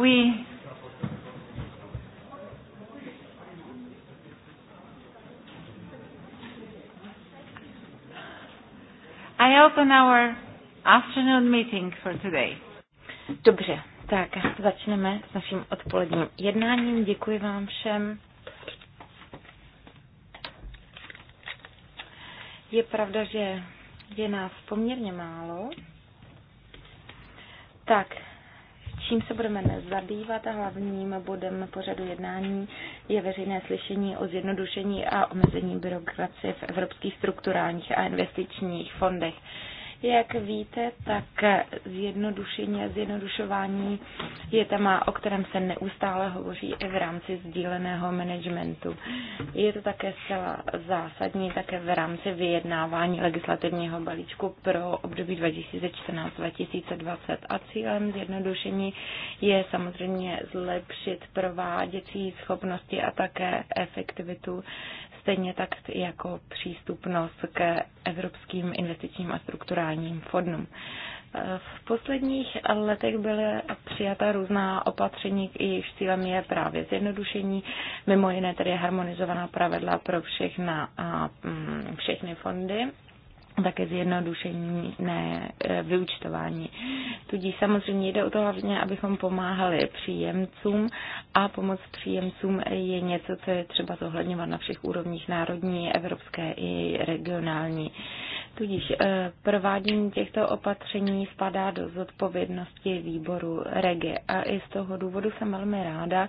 we I open our afternoon meeting for today. Dobře, tak začneme s naším odpoledním jednáním. Děkuji vám všem. Je pravda, že je nás poměrně málo. Tak, čím se budeme zabývat a hlavním bodem pořadu jednání je veřejné slyšení o zjednodušení a omezení byrokracie v evropských strukturálních a investičních fondech. Jak víte, tak zjednodušení a zjednodušování je téma, o kterém se neustále hovoří i v rámci sdíleného managementu. Je to také zcela zásadní také v rámci vyjednávání legislativního balíčku pro období 2014-2020 a cílem zjednodušení je samozřejmě zlepšit prováděcí schopnosti a také efektivitu stejně tak jako přístupnost k evropským investičním a strukturálním fondům. V posledních letech byly přijata různá opatření, jejichž cílem je právě zjednodušení, mimo jiné tedy harmonizovaná pravidla pro všechna, mm, všechny fondy také zjednodušení ne e, vyučtování. Tudíž samozřejmě jde o to hlavně, abychom pomáhali příjemcům a pomoc příjemcům je něco, co je třeba zohledňovat na všech úrovních národní, evropské i regionální. Tudíž e, provádění těchto opatření spadá do zodpovědnosti výboru REGE a i z toho důvodu jsem velmi ráda,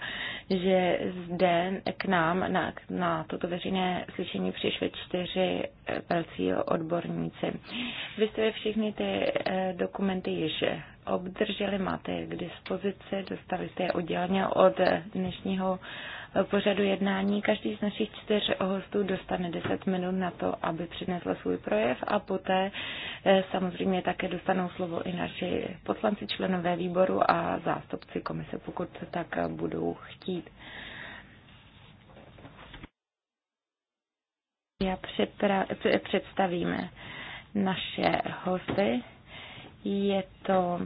že zde k nám na, na toto veřejné slyšení přišly čtyři velcí odborní právníci. Vy jste všechny ty eh, dokumenty již obdrželi, máte je k dispozici, dostali jste je odděleně od eh, dnešního eh, pořadu jednání. Každý z našich čtyř hostů dostane 10 minut na to, aby přednesl svůj projev a poté samozřejmě také dostanou slovo i naši poslanci, členové výboru a zástupci komise, pokud tak budou chtít. Já představíme naše hosty. Je to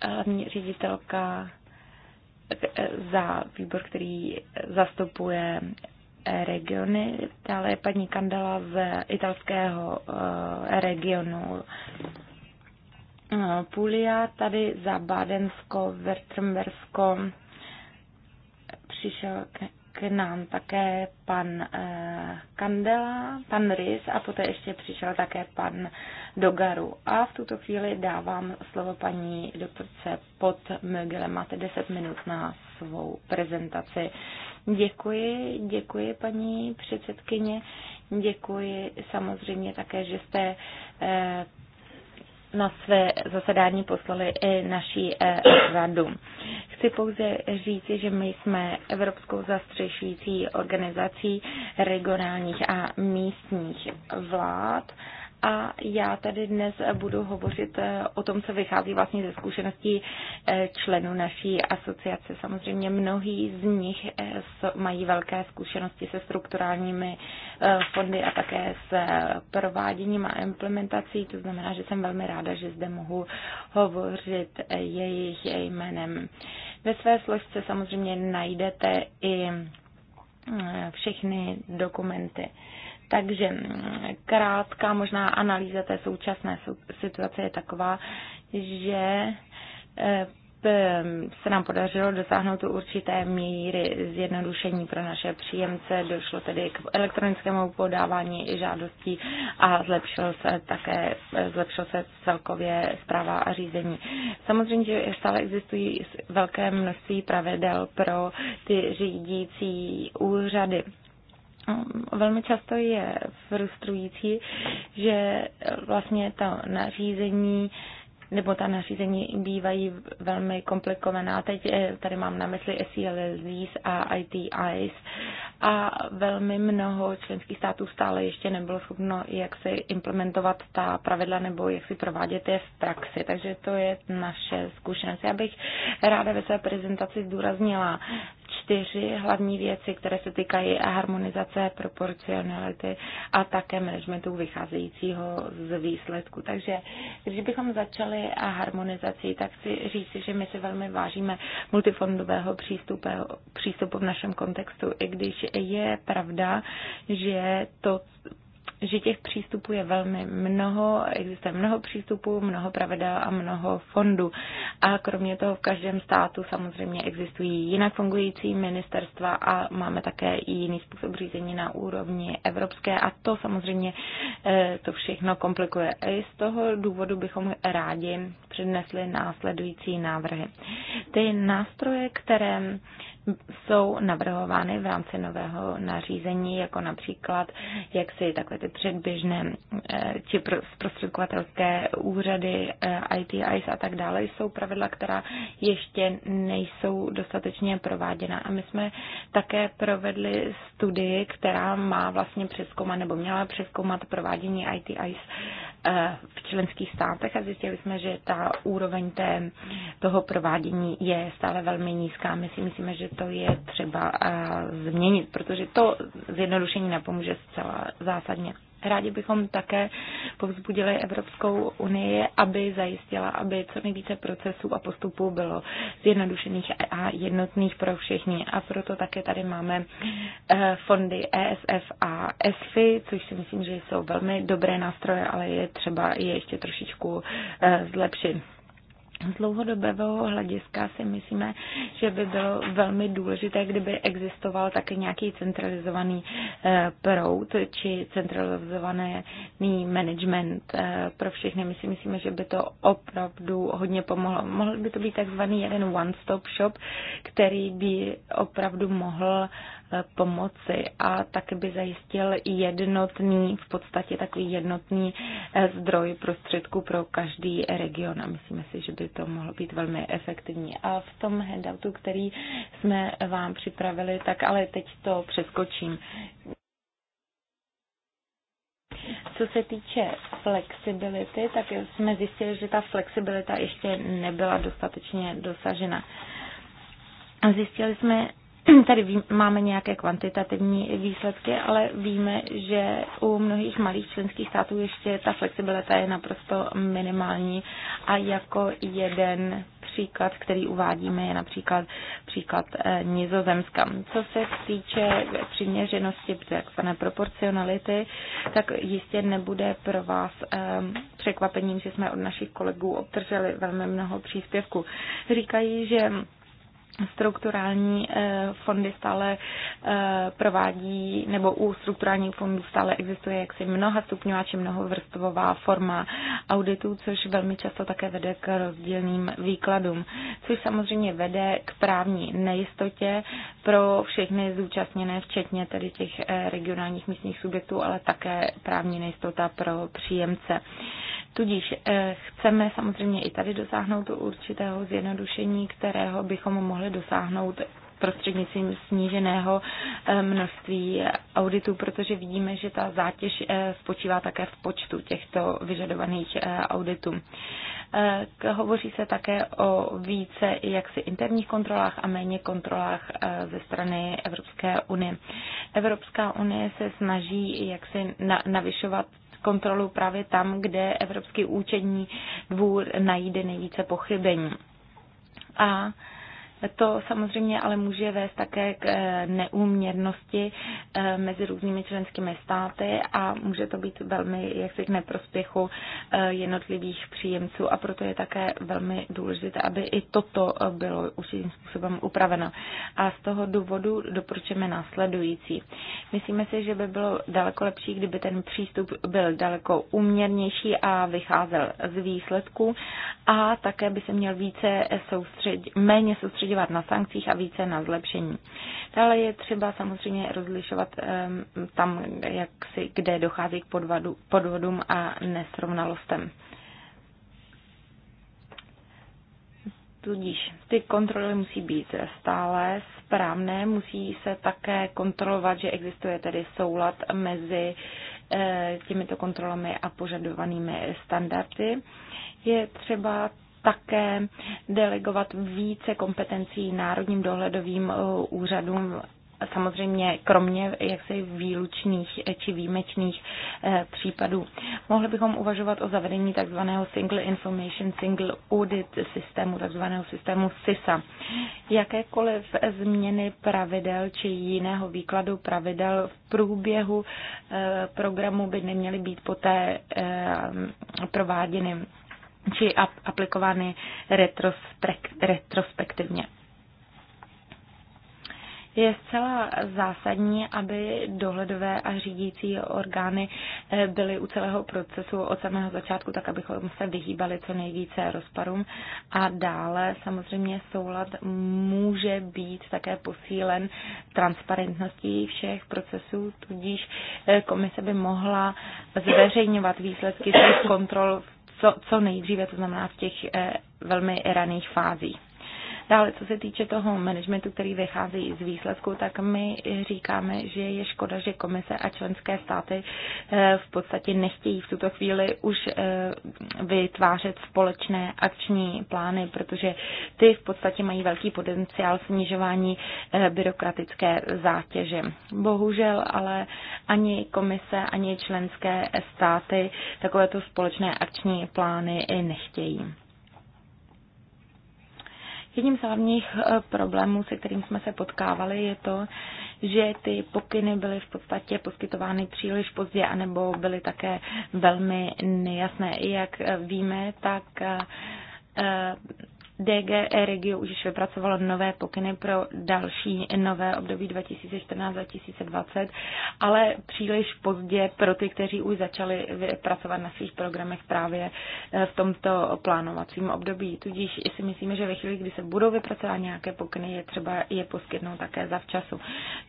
eh, hlavní ředitelka eh, za výbor, který zastupuje regiony. Dále je paní Kandela z italského eh, regionu Puglia, tady za Bádensko, Vertrmbersko přišel k nám také pan eh, Kandela, pan Rys a poté ještě přišel také pan Dogaru. A v tuto chvíli dávám slovo paní doktorce pod Mögele. Máte 10 minut na svou prezentaci. Děkuji, děkuji paní předsedkyně. Děkuji samozřejmě také, že jste eh, na své zasedání poslali i naší eh, radu. Chci pouze říci, že my jsme Evropskou zastřešující organizací regionálních a místních vlád a já tady dnes budu hovořit eh, o tom, co vychází vlastně ze zkušeností eh, členů naší asociace. Samozřejmě mnohí z nich eh, mají velké zkušenosti se strukturálními fondy a také s prováděním a implementací, to znamená, že jsem velmi ráda, že zde mohu hovořit jejich jménem. Ve své složce samozřejmě najdete i všechny dokumenty. Takže mm, krátká možná analýza té současné situace je taková, že eh, se nám podařilo dosáhnout tu určité míry zjednodušení pro naše příjemce. Došlo tedy k elektronickému podávání žádostí a zlepšilo se také, eh, zlepšilo se celkově zpráva a řízení. Samozřejmě, že stále existují velké množství pravidel pro ty řídící úřady velmi často je frustrující, že vlastně to nařízení nebo ta nařízení bývají velmi komplikovaná. Teď eh, tady mám na mysli SELLs a ITIs a velmi mnoho členských států stále ještě nebylo schopno, jak se implementovat ta pravidla nebo jak si provádět je v praxi. Takže to je naše zkušenost. Já bych ráda ve své prezentaci zdůraznila, čtyři hlavní věci, které se týkají harmonizace, proporcionality a také managementu vycházejícího z výsledku. Takže když bychom začali a harmonizací, tak si říci, že my si velmi vážíme multifondového přístupu, přístupu v našem kontextu, i když je pravda, že to že těch přístupů je velmi mnoho, existuje mnoho přístupů, mnoho pravidel a mnoho fondů. A kromě toho v každém státu samozřejmě existují jinak fungující ministerstva a máme také i jiný způsob řízení na úrovni evropské a to samozřejmě eh, to všechno komplikuje. A z toho důvodu bychom rádi přednesli následující návrhy. Ty nástroje, které jsou navrhovány v rámci nového nařízení, jako například, jak si takové ty předběžné eh, či zprostředkovatelské úřady, eh, ITIs a tak dále, jsou pravidla, která ještě nejsou dostatečně prováděna. A my jsme také provedli studii, která má vlastně přeskoumat nebo měla přeskoumat provádění ITIs eh, v členských státech a zjistili jsme, že ta úroveň té, toho provádění je stále velmi nízká. My si myslíme, že to je třeba eh, změnit, protože to zjednodušení napomůže zcela zásadně. Rádi bychom také povzbudili Evropskou unii, aby zajistila, aby co nejvíce procesů a postupů bylo zjednodušených a jednotných pro všechny. A proto také tady máme eh, fondy ESF a ESFI, což si myslím, že jsou velmi dobré nástroje, ale je třeba je ještě trošičku eh, zlepšit. Z dlouhodobého hlediska si myslíme, že by bylo velmi důležité, kdyby existoval také nějaký centralizovaný eh, proud či centralizovaný management eh, pro všechny. My si myslíme, že by to opravdu hodně pomohlo. Mohl by to být takzvaný jeden one-stop shop, který by opravdu mohl pomoci a taky by zajistil jednotný, v podstatě takový jednotný eh, zdroj prostředků pro každý region a myslíme si, že by to mohlo být velmi efektivní. A v tom handoutu, který jsme vám připravili, tak ale teď to přeskočím. Co se týče flexibility, tak jsme zjistili, že ta flexibilita ještě nebyla dostatečně dosažena. Zjistili jsme, Tady ví, máme nějaké kvantitativní výsledky, ale víme, že u mnohých malých členských států ještě ta flexibilita je naprosto minimální. A jako jeden příklad, který uvádíme, je například příklad eh, Nizozemska. Co se týče přiměřenosti, takzvané proporcionality, tak jistě nebude pro vás eh, překvapením, že jsme od našich kolegů obdrželi velmi mnoho příspěvků. Říkají, že strukturální eh, fondy stále eh, provádí, nebo u strukturálních fondů stále existuje jaksi mnoha stupňová či mnohovrstvová forma auditů, což velmi často také vede k rozdílným výkladům, což samozřejmě vede k právní nejistotě pro všechny zúčastněné, včetně tedy těch eh, regionálních místních subjektů, ale také právní nejistota pro příjemce. Tudíž chceme samozřejmě i tady dosáhnout určitého zjednodušení, kterého bychom mohli mohli dosáhnout prostřednictvím sníženého eh, množství auditů, protože vidíme, že ta zátěž eh, spočívá také v počtu těchto vyžadovaných eh, auditů. Hovoří se také o více jaksi interních kontrolách a méně kontrolách ze strany Evropské unie. Evropská unie se snaží jaksi navyšovat kontrolu právě tam, kde Evropský účetní dvůr najde nejvíce pochybení. A to samozřejmě ale může vést také k eh, neúměrnosti eh, mezi různými členskými státy a může to být velmi jaksi k neprospěchu eh, jednotlivých příjemců a proto je také velmi důležité, aby i toto bylo určitým způsobem upraveno. A z toho důvodu doporučujeme následující. Myslíme si, že by bylo daleko lepší, kdyby ten přístup byl daleko uměrnější a vycházel z výsledků a také by se měl více soustředit, méně soustředit podívat na sankcích a více na zlepšení. Dále je třeba samozřejmě rozlišovat tam, jak si, kde dochází k podvodu, podvodům a nesrovnalostem. Tudíž ty kontroly musí být stále správné, musí se také kontrolovat, že existuje tedy soulad mezi eh, těmito kontrolami a požadovanými standardy. Je třeba také delegovat více kompetencí národním dohledovým eh, úřadům samozřejmě kromě jaksi výlučných eh, či výjimečných eh, případů. Mohli bychom uvažovat o zavedení takzvaného Single Information Single Audit systému, takzvaného systému SISA. Jakékoliv změny pravidel či jiného výkladu pravidel v průběhu programu by neměly být poté prováděny či aplikovány retrospektivně. Je zcela zásadní, aby dohledové a řídící orgány eh, byly u celého procesu od samého začátku, tak abychom se vyhýbali co nejvíce rozparům. A dále samozřejmě soulad může být také posílen transparentností všech procesů, tudíž eh, komise by mohla zveřejňovat výsledky svých kontrol v co, co nejdříve, to znamená v těch eh, velmi raných fázích. Dále, co se týče toho managementu, který vychází z výsledku, tak my říkáme, že je škoda, že komise a členské státy eh, v podstatě nechtějí v tuto chvíli už eh, vytvářet společné akční plány, protože ty v podstatě mají velký potenciál snižování eh, byrokratické zátěže. Bohužel ale ani komise, ani členské státy takovéto společné akční plány nechtějí. Jedním z hlavních eh, problémů, se kterým jsme se potkávali, je to, že ty pokyny byly v podstatě poskytovány příliš pozdě, anebo byly také velmi nejasné. I Jak eh, víme, tak eh, DGE Regio už vypracovalo nové pokyny pro další nové období 2014-2020, ale příliš pozdě pro ty, kteří už začali pracovat na svých programech právě eh, v tomto plánovacím období. Tudíž si myslíme, že ve chvíli, kdy se budou vypracovat nějaké pokyny, je třeba je poskytnout také za včasu.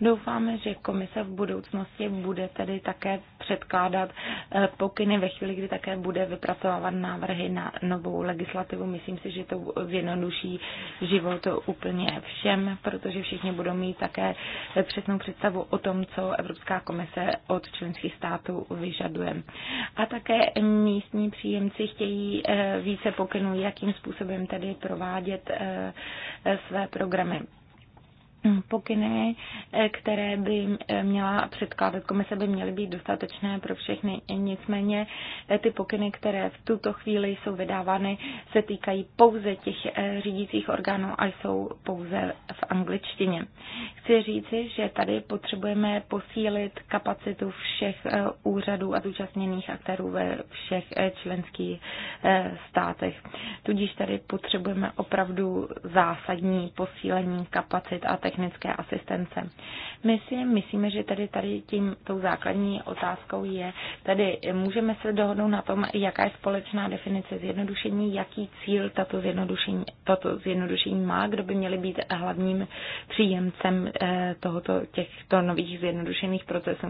Doufáme, že komise v budoucnosti bude tedy také předkládat eh, pokyny ve chvíli, kdy také bude vypracovávat návrhy na novou legislativu. Myslím si, že to zjednoduší život úplně všem, protože všichni budou mít také přesnou představu o tom, co Evropská komise od členských států vyžaduje. A také místní příjemci chtějí eh, více pokynů, jakým způsobem tedy provádět eh, své programy pokyny, eh, které by eh, měla předkládat komise, by měly být dostatečné pro všechny. Nicméně eh, ty pokyny, které v tuto chvíli jsou vydávány, se týkají pouze těch řídících orgánů a jsou pouze v angličtině. Chci říci, že tady potřebujeme posílit kapacitu všech úřadů a zúčastněných aktérů ve všech členských státech. Tudíž tady potřebujeme opravdu zásadní posílení kapacit a technologií technické asistence. My si myslíme, že tady, tady tím tou základní otázkou je, tady můžeme se dohodnout na tom, jaká je společná definice zjednodušení, jaký cíl tato zjednodušení, tato zjednodušení má, kdo by měli být hlavním příjemcem eh, tohoto, těchto nových zjednodušených procesů.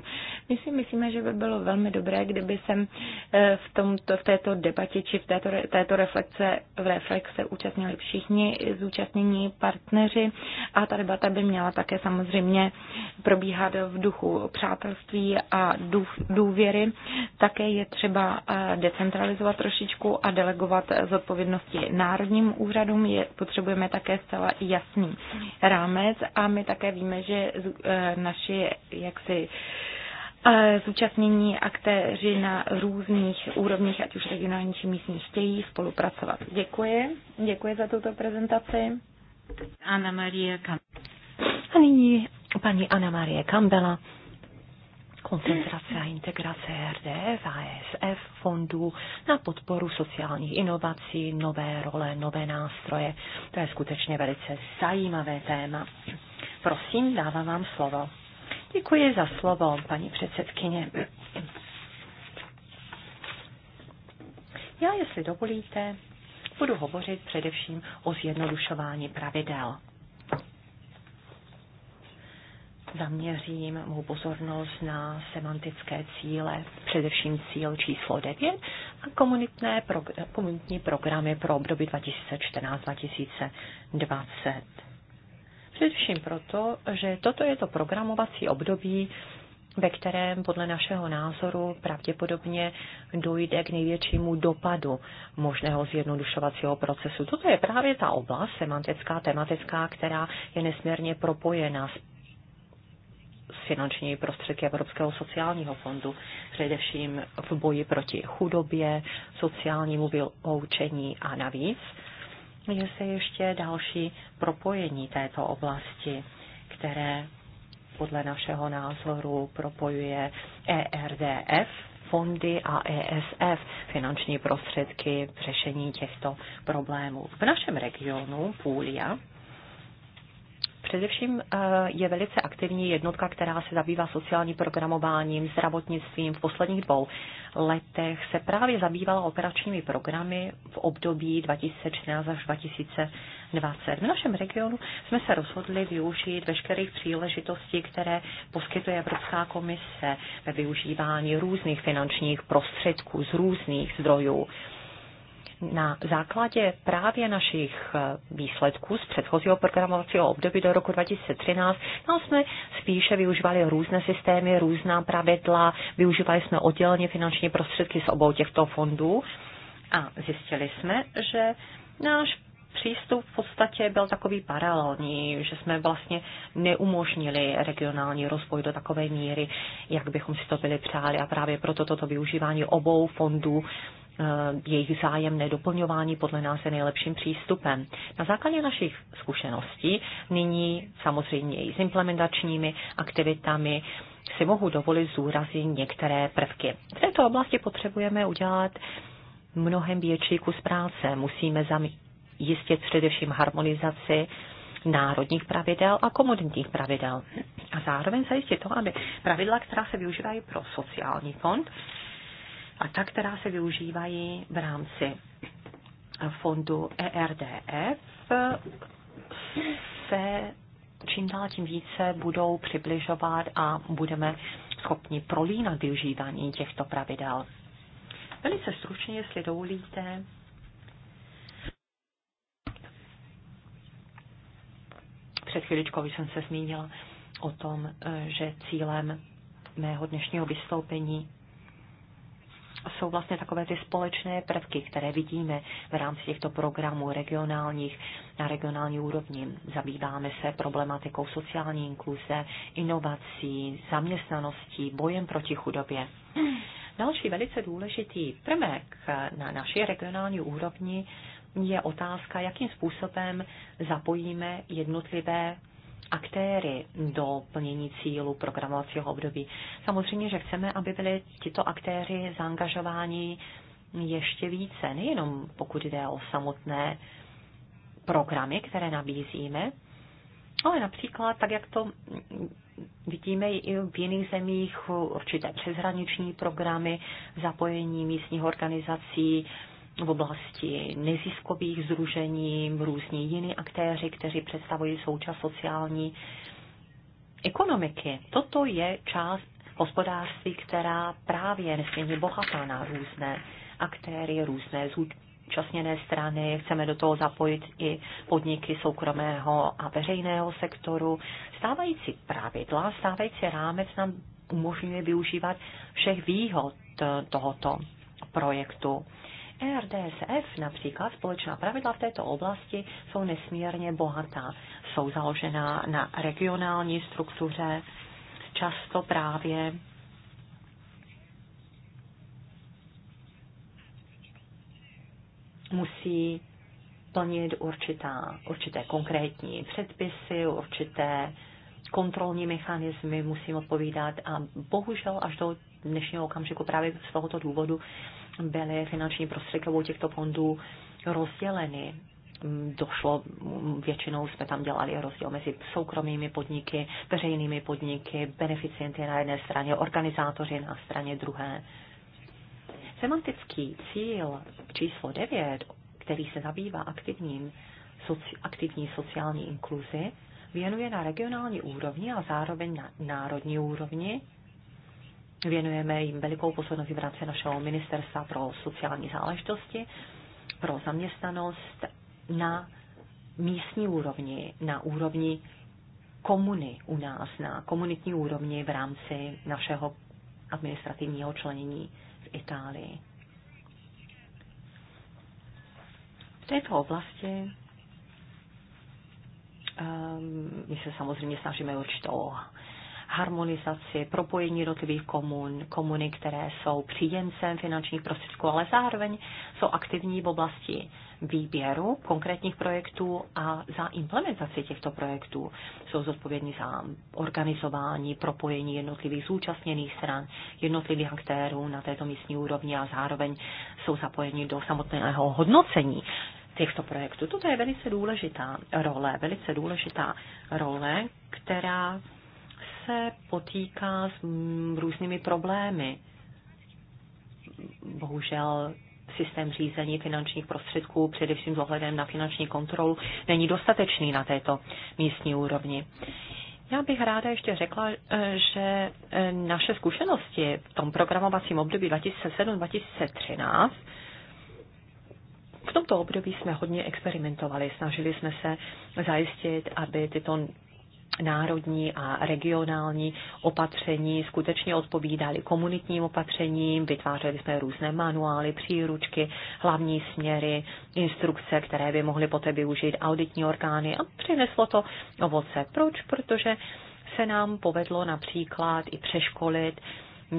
My si myslíme, že by bylo velmi dobré, kdyby jsem eh, v, tomto, v této debatě či v této, této reflexe, v reflexe účastnili všichni zúčastnění partneři a ta debata by měla také samozřejmě probíhat v duchu přátelství a důvěry. Také je třeba eh, decentralizovat trošičku a delegovat zodpovědnosti národním úřadům. Je, potřebujeme také zcela jasný rámec a my také víme, že eh, naši jaksi eh, zúčastnění aktéři na různých úrovních, ať už regionálních či místních, chtějí spolupracovat. Děkuji. Děkuji za tuto prezentaci. Anna Maria Kam. A nyní paní Anna Marie Kambela, koncentrace a integrace RDF a ESF fondů na podporu sociálních inovací, nové role, nové nástroje. To je skutečně velice zajímavé téma. Prosím, dávám vám slovo. Děkuji za slovo, paní předsedkyně. Já, jestli dovolíte, budu hovořit především o zjednodušování pravidel zaměřím mou pozornost na semantické cíle, především cíl číslo 9 a komunitné prog- komunitní programy pro období 2014-2020. Především proto, že toto je to programovací období, ve kterém podle našeho názoru pravděpodobně dojde k největšímu dopadu možného zjednodušovacího procesu. Toto je právě ta oblast semantická, tematická, která je nesmírně propojená s finanční prostředky Evropského sociálního fondu, především v boji proti chudobě, sociálnímu vyloučení a navíc. Je se ještě další propojení této oblasti, které podle našeho názoru propojuje ERDF, fondy a ESF, finanční prostředky v řešení těchto problémů. V našem regionu Půlia Především eh, je velice aktivní jednotka, která se zabývá sociální programováním, zdravotnictvím. V posledních dvou letech se právě zabývala operačními programy v období 2014 až 2020. V našem regionu jsme se rozhodli využít veškerých příležitostí, které poskytuje Evropská komise ve využívání různých finančních prostředků z různých zdrojů na základě právě našich eh, výsledků z předchozího programovacího období do roku 2013 no, jsme spíše využívali různé systémy, různá pravidla, využívali jsme odděleně finanční prostředky z obou těchto fondů a zjistili jsme, že náš přístup v podstatě byl takový paralelní, že jsme vlastně neumožnili regionální rozvoj do takové míry, jak bychom si to byli přáli a právě proto toto využívání obou fondů eh, jejich zájemné doplňování podle nás je nejlepším přístupem. Na základě našich zkušeností nyní samozřejmě i s implementačními aktivitami si mohu dovolit zúrazit některé prvky. V této oblasti potřebujeme udělat mnohem větší kus práce. Musíme jistě především harmonizaci národních pravidel a komoditních pravidel. A zároveň zajistit to, aby pravidla, která se využívají pro sociální fond a ta, která se využívají v rámci fondu ERDF, se čím dál tím více budou přibližovat a budeme schopni prolínat využívání těchto pravidel. Velice stručně, jestli dovolíte, Před chvíličkou jsem se zmínila o tom, e, že cílem mého dnešního vystoupení jsou vlastně takové ty společné prvky, které vidíme v rámci těchto programů regionálních na regionální úrovni. Zabýváme se problematikou sociální inkluze, inovací, zaměstnaností, bojem proti chudobě. Další velice důležitý prvek na naší regionální úrovni je otázka, jakým způsobem zapojíme jednotlivé aktéry do plnění cílu programovacího období. Samozřejmě, že chceme, aby byli tito aktéři zaangažováni ještě více, nejenom pokud jde o samotné programy, které nabízíme, ale například, tak jak to vidíme i v jiných zemích, určité přeshraniční programy, zapojení místních organizací, v oblasti neziskových združení, různí jiní aktéři, kteří představují součást sociální ekonomiky. Toto je část hospodářství, která právě nesmírně bohatá na různé aktéry, různé zúčastněné strany. Chceme do toho zapojit i podniky soukromého a veřejného sektoru. Stávající pravidla, stávající rámec nám umožňuje využívat všech výhod tohoto projektu. ERDSF například společná pravidla v této oblasti jsou nesmírně bohatá. Jsou založená na regionální struktuře, často právě musí plnit určitá, určité konkrétní předpisy, určité kontrolní mechanismy, musím odpovídat a bohužel až do dnešního okamžiku právě z tohoto důvodu byly finanční prostředky u těchto fondů rozděleny. Došlo, většinou jsme tam dělali rozdíl mezi soukromými podniky, veřejnými podniky, beneficienty na jedné straně, organizátoři na straně druhé. Semantický cíl číslo 9, který se zabývá aktivním, soci, aktivní sociální inkluzi, věnuje na regionální úrovni a zároveň na národní úrovni Věnujeme jim velikou pozornost v rámci našeho ministerstva pro sociální záležitosti, pro zaměstnanost na místní úrovni, na úrovni komuny u nás, na komunitní úrovni v rámci našeho administrativního členění v Itálii. V této oblasti um, my se samozřejmě snažíme určitou harmonizaci, propojení jednotlivých komun, komuny, které jsou příjemcem finančních prostředků, ale zároveň jsou aktivní v oblasti výběru konkrétních projektů a za implementaci těchto projektů. Jsou zodpovědní za organizování, propojení jednotlivých zúčastněných stran, jednotlivých aktérů na této místní úrovni a zároveň jsou zapojeni do samotného hodnocení těchto projektů. Toto je velice důležitá role, velice důležitá role, která se potýká s různými problémy. Bohužel systém řízení finančních prostředků, především s ohledem na finanční kontrolu, není dostatečný na této místní úrovni. Já bych ráda ještě řekla, eh, že eh, naše zkušenosti v tom programovacím období 2007-2013 v tomto období jsme hodně experimentovali. Snažili jsme se zajistit, aby tyto národní a regionální opatření skutečně odpovídaly komunitním opatřením, vytvářeli jsme různé manuály, příručky, hlavní směry, instrukce, které by mohly poté využít auditní orgány a přineslo to ovoce. Proč? Protože se nám povedlo například i přeškolit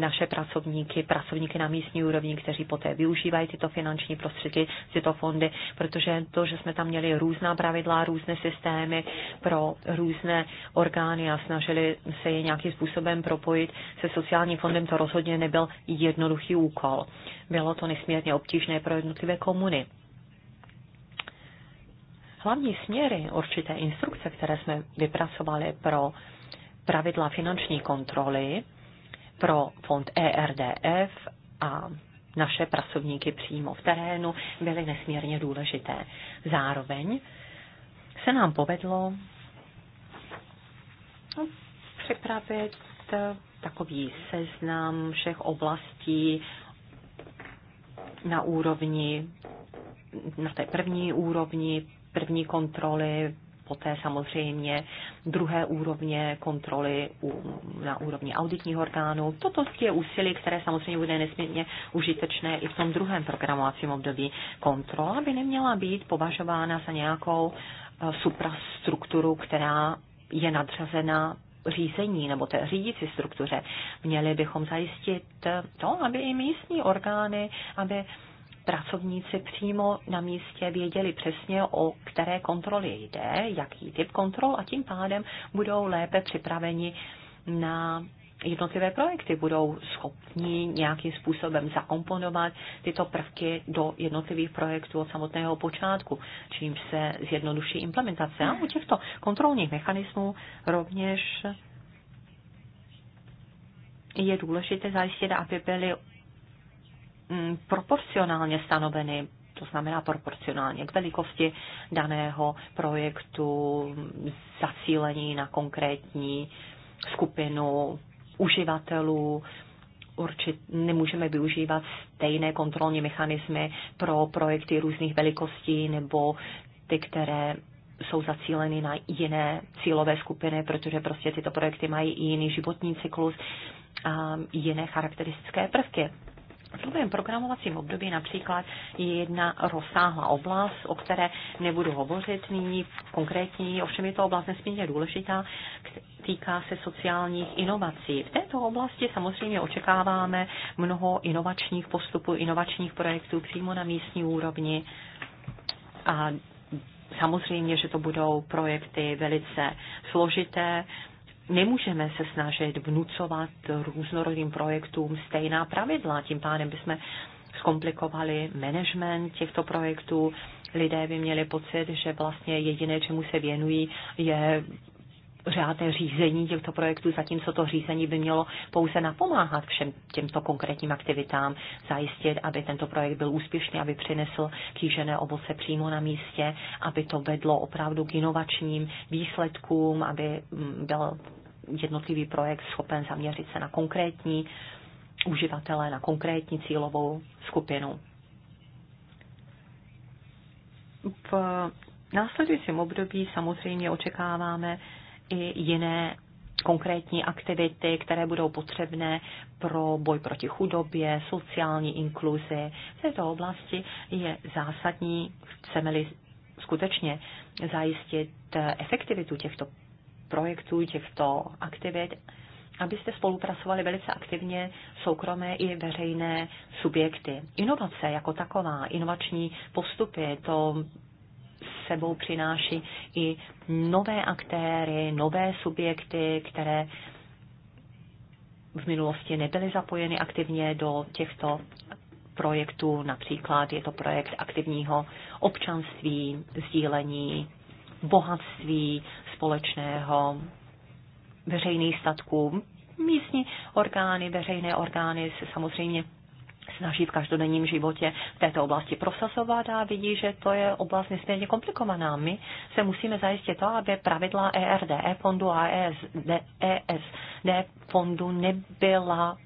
naše pracovníky, pracovníky na místní úrovni, kteří poté využívají tyto finanční prostředky, tyto fondy, protože to, že jsme tam měli různá pravidla, různé systémy pro různé orgány a snažili se je nějakým způsobem propojit se sociálním fondem, to rozhodně nebyl jednoduchý úkol. Bylo to nesmírně obtížné pro jednotlivé komuny hlavní směry, určité instrukce, které jsme vypracovali pro pravidla finanční kontroly, pro fond ERDF a naše pracovníky přímo v terénu byly nesmírně důležité. Zároveň se nám povedlo připravit takový seznam všech oblastí na úrovni, na té první úrovni, první kontroly poté samozřejmě druhé úrovně kontroly u, na úrovni auditního orgánu. Toto je úsilí, které samozřejmě bude nesmírně užitečné i v tom druhém programovacím období. Kontrola aby neměla být považována za nějakou eh, suprastrukturu, která je nadřazena řízení nebo té řídící struktuře. Měli bychom zajistit to, aby i místní orgány, aby pracovníci přímo na místě věděli přesně, o které kontroly jde, jaký typ kontrol a tím pádem budou lépe připraveni na jednotlivé projekty budou schopni nějakým způsobem zakomponovat tyto prvky do jednotlivých projektů od samotného počátku, čím se zjednoduší implementace. A u těchto kontrolních mechanismů rovněž je důležité zajistit, aby byly Mm, proporcionálně stanoveny, to znamená proporcionálně k velikosti daného projektu, zacílení na konkrétní skupinu uživatelů, určitě nemůžeme využívat stejné kontrolní mechanismy pro projekty různých velikostí nebo ty, které jsou zacíleny na jiné cílové skupiny, protože prostě tyto projekty mají i jiný životní cyklus a jiné charakteristické prvky. V novém programovacím období například je jedna rozsáhlá oblast, o které nebudu hovořit nyní konkrétní, ovšem je to oblast nesmírně důležitá, týká se sociálních inovací. V této oblasti samozřejmě očekáváme mnoho inovačních postupů, inovačních projektů přímo na místní úrovni a Samozřejmě, že to budou projekty velice složité, nemůžeme se snažit vnucovat různorodým projektům stejná pravidla. Tím pádem bychom zkomplikovali management těchto projektů. Lidé by měli pocit, že vlastně jediné, čemu se věnují, je řádné řízení těchto projektů, zatímco to řízení by mělo pouze napomáhat všem těmto konkrétním aktivitám, zajistit, aby tento projekt byl úspěšný, aby přinesl kýžené ovoce přímo na místě, aby to vedlo opravdu k inovačním výsledkům, aby mm, byl jednotlivý projekt schopen zaměřit se na konkrétní uživatele, na konkrétní cílovou skupinu. V následujícím období samozřejmě očekáváme i jiné konkrétní aktivity, které budou potřebné pro boj proti chudobě, sociální inkluzi. V této oblasti je zásadní, chceme-li skutečně zajistit efektivitu těchto projektů, těchto aktivit, abyste spolupracovali velice aktivně soukromé i veřejné subjekty. Inovace jako taková, inovační postupy, to sebou přináší i nové aktéry, nové subjekty, které v minulosti nebyly zapojeny aktivně do těchto projektů. Například je to projekt aktivního občanství, sdílení bohatství společného, veřejných statků. Místní orgány, veřejné orgány se samozřejmě snaží v každodenním životě v této oblasti prosazovat a vidí, že to je oblast nesmírně komplikovaná. My se musíme zajistit to, aby pravidla ERDE e fondu a ESD e fondu nebyla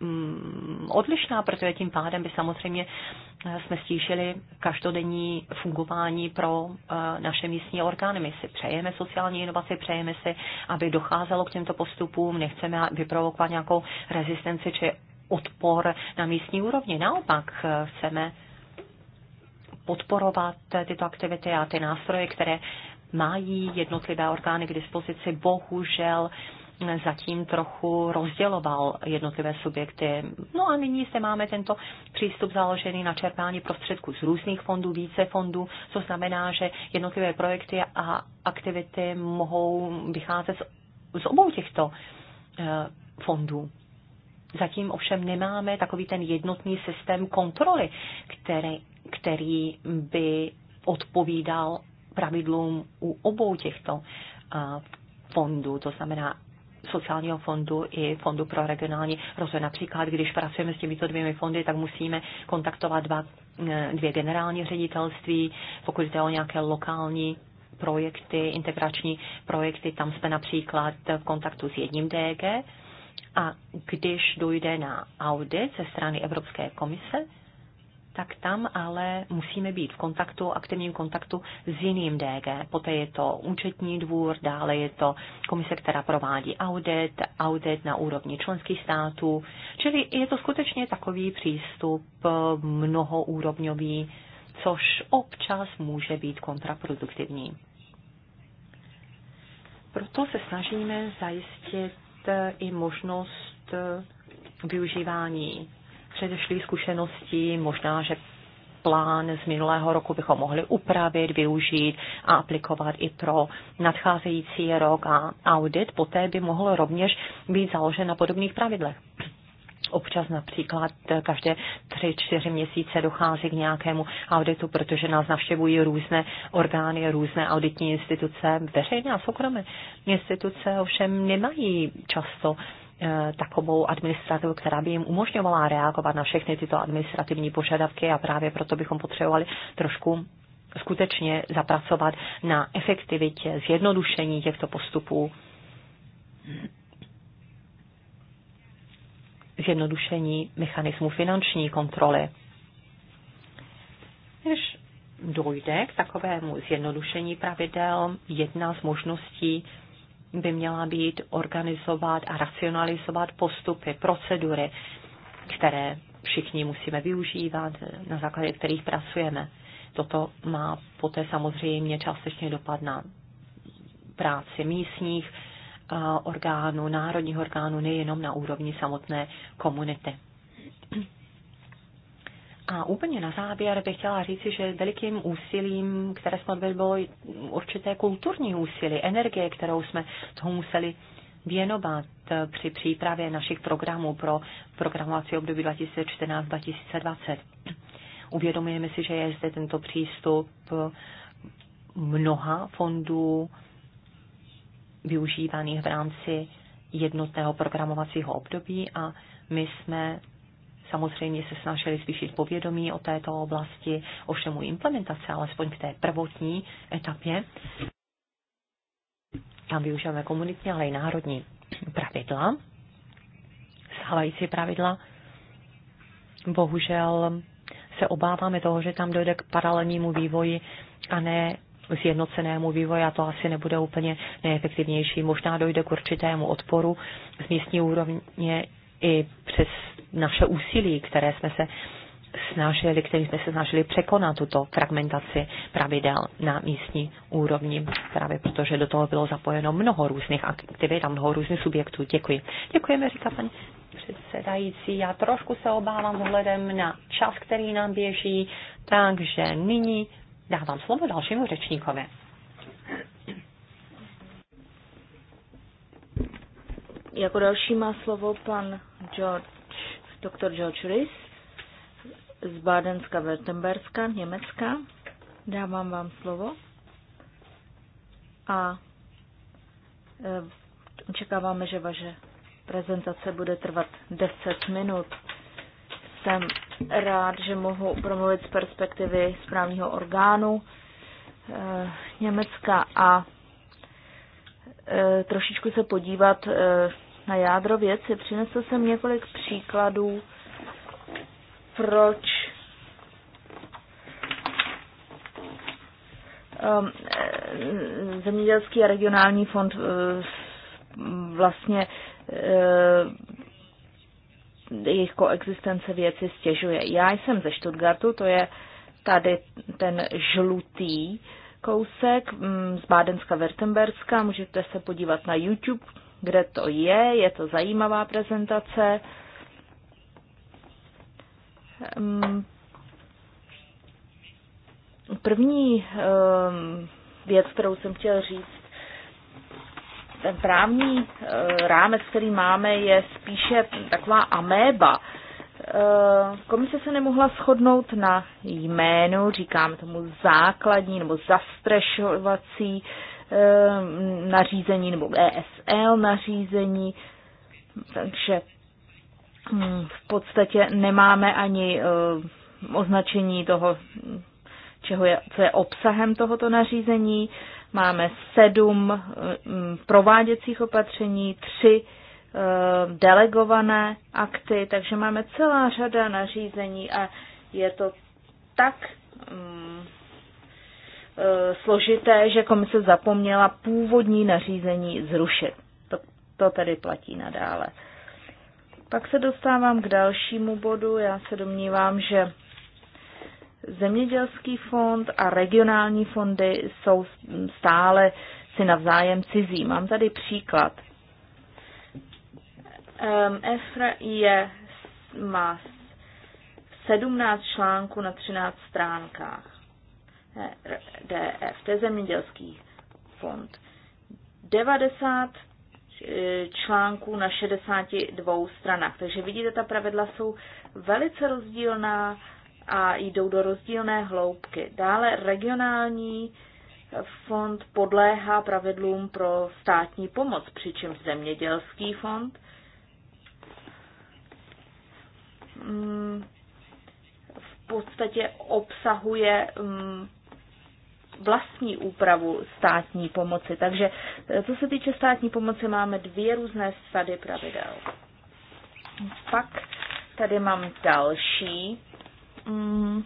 mm, odlišná, protože tím pádem by samozřejmě eh, jsme stížili každodenní fungování pro eh, naše místní orgány. My si přejeme sociální inovaci, přejeme si, aby docházelo k těmto postupům, nechceme vyprovokovat nějakou rezistenci či odpor na místní úrovni. Naopak eh, chceme podporovat tyto aktivity a ty nástroje, které mají jednotlivé orgány k dispozici, bohužel zatím trochu rozděloval jednotlivé subjekty. No a nyní se máme tento přístup založený na čerpání prostředků z různých fondů, více fondů, co znamená, že jednotlivé projekty a aktivity mohou vycházet z, z obou těchto eh, fondů. Zatím ovšem nemáme takový ten jednotný systém kontroly, který, který by odpovídal pravidlům u obou těchto fondů, to znamená sociálního fondu i fondu pro regionální rozvoj. Například, když pracujeme s těmito dvěmi fondy, tak musíme kontaktovat dva, e, dvě generální ředitelství, pokud jde o nějaké lokální projekty, integrační projekty, tam jsme například v kontaktu s jedním DG, a když dojde na audit ze strany Evropské komise, tak tam ale musíme být v kontaktu, aktivním kontaktu s jiným DG. Poté je to účetní dvůr, dále je to komise, která provádí audit, audit na úrovni členských států. Čili je to skutečně takový přístup eh, mnohoúrovňový, což občas může být kontraproduktivní. Proto se snažíme zajistit E, i možnost e, využívání předešlých zkušeností, možná, že plán z minulého roku bychom mohli upravit, využít a aplikovat i pro nadcházející rok a audit poté by mohl rovněž být založen na podobných pravidlech. Občas například každé tři, čtyři měsíce dochází k nějakému auditu, protože nás navštěvují různé orgány, různé auditní instituce, veřejné a soukromé instituce, ovšem nemají často eh, takovou administrativu, která by jim umožňovala reagovat na všechny tyto administrativní požadavky a právě proto bychom potřebovali trošku skutečně zapracovat na efektivitě, zjednodušení těchto postupů zjednodušení mechanismu finanční kontroly. Když dojde k takovému zjednodušení pravidel, jedna z možností by měla být organizovat a racionalizovat postupy, procedury, které všichni musíme využívat, na základě kterých pracujeme. Toto má poté samozřejmě částečně dopad na práci místních orgánů, národních orgánů, nejenom na úrovni samotné komunity. A úplně na závěr bych chtěla říci, že velikým úsilím, které jsme odvedli, bylo určité kulturní úsilí, energie, kterou jsme toho museli věnovat při přípravě našich programů pro programovací období 2014-2020. Uvědomujeme si, že je zde tento přístup mnoha fondů, využívaných v rámci jednotného programovacího období a my jsme samozřejmě se snažili zvýšit povědomí o této oblasti, o všemu implementace, alespoň v té prvotní etapě. Tam využíváme komunitní, ale i národní pravidla, stávající pravidla. Bohužel se obáváme toho, že tam dojde k paralelnímu vývoji a ne zjednocenému vývoji a to asi nebude úplně nejefektivnější. Možná dojde k určitému odporu z místní úrovně i přes naše úsilí, které jsme se snažili, který jsme se snažili překonat tuto fragmentaci pravidel na místní úrovni, právě protože do toho bylo zapojeno mnoho různých aktivit a mnoho různých subjektů. Děkuji. Děkujeme, říká paní předsedající. Já trošku se obávám vzhledem na čas, který nám běží, takže nyní Dávám slovo dalšímu řečníkovi. Jako další má slovo pan George, doktor George Rys z Bádenska, Württemberska, Německa. Dávám vám slovo. A eh, očekáváme, že vaše prezentace bude trvat 10 minut. Jsem rád, že mohu promluvit z perspektivy správního orgánu e, Německa a e, trošičku se podívat e, na jádro věci. Přinesl jsem několik příkladů, proč ehm, Zemědělský a regionální fond vlastně jejich koexistence věci stěžuje. Já jsem ze Stuttgartu, to je tady ten žlutý kousek mm, z bádenska Wertemberska. můžete se podívat na YouTube, kde to je, je to zajímavá prezentace. Mm. První ehm, věc, kterou jsem chtěl říct, ten právní eh, rámec, který máme, je spíše taková améba. Eh, komise se nemohla shodnout na jménu, říkáme tomu základní nebo zastrešovací eh, nařízení nebo ESL nařízení, takže hm, v podstatě nemáme ani označení toho, čeho je, co je obsahem tohoto nařízení. Máme sedm mm, prováděcích opatření, tři eh, delegované akty, takže máme celá řada nařízení a je to tak mm, eh, složité, že komise zapomněla původní nařízení zrušit. To, to tedy platí nadále. Pak se dostávám k dalšímu bodu. Já se domnívám, že Zemědělský fond a regionální fondy jsou stále si navzájem cizí. Mám tady příklad. EFRA je, má 17 článků na 13 stránkách. E DF, to je zemědělský fond. 90 e, článků na 62 stranách. Takže vidíte, ta pravidla jsou velice rozdílná a jdou do rozdílné hloubky. Dále regionální fond podléhá pravidlům pro státní pomoc, přičemž zemědělský fond mm, v podstatě obsahuje mm, vlastní úpravu státní pomoci. Takže eh, co se týče státní pomoci, máme dvě různé sady pravidel. Pak tady mám další mm,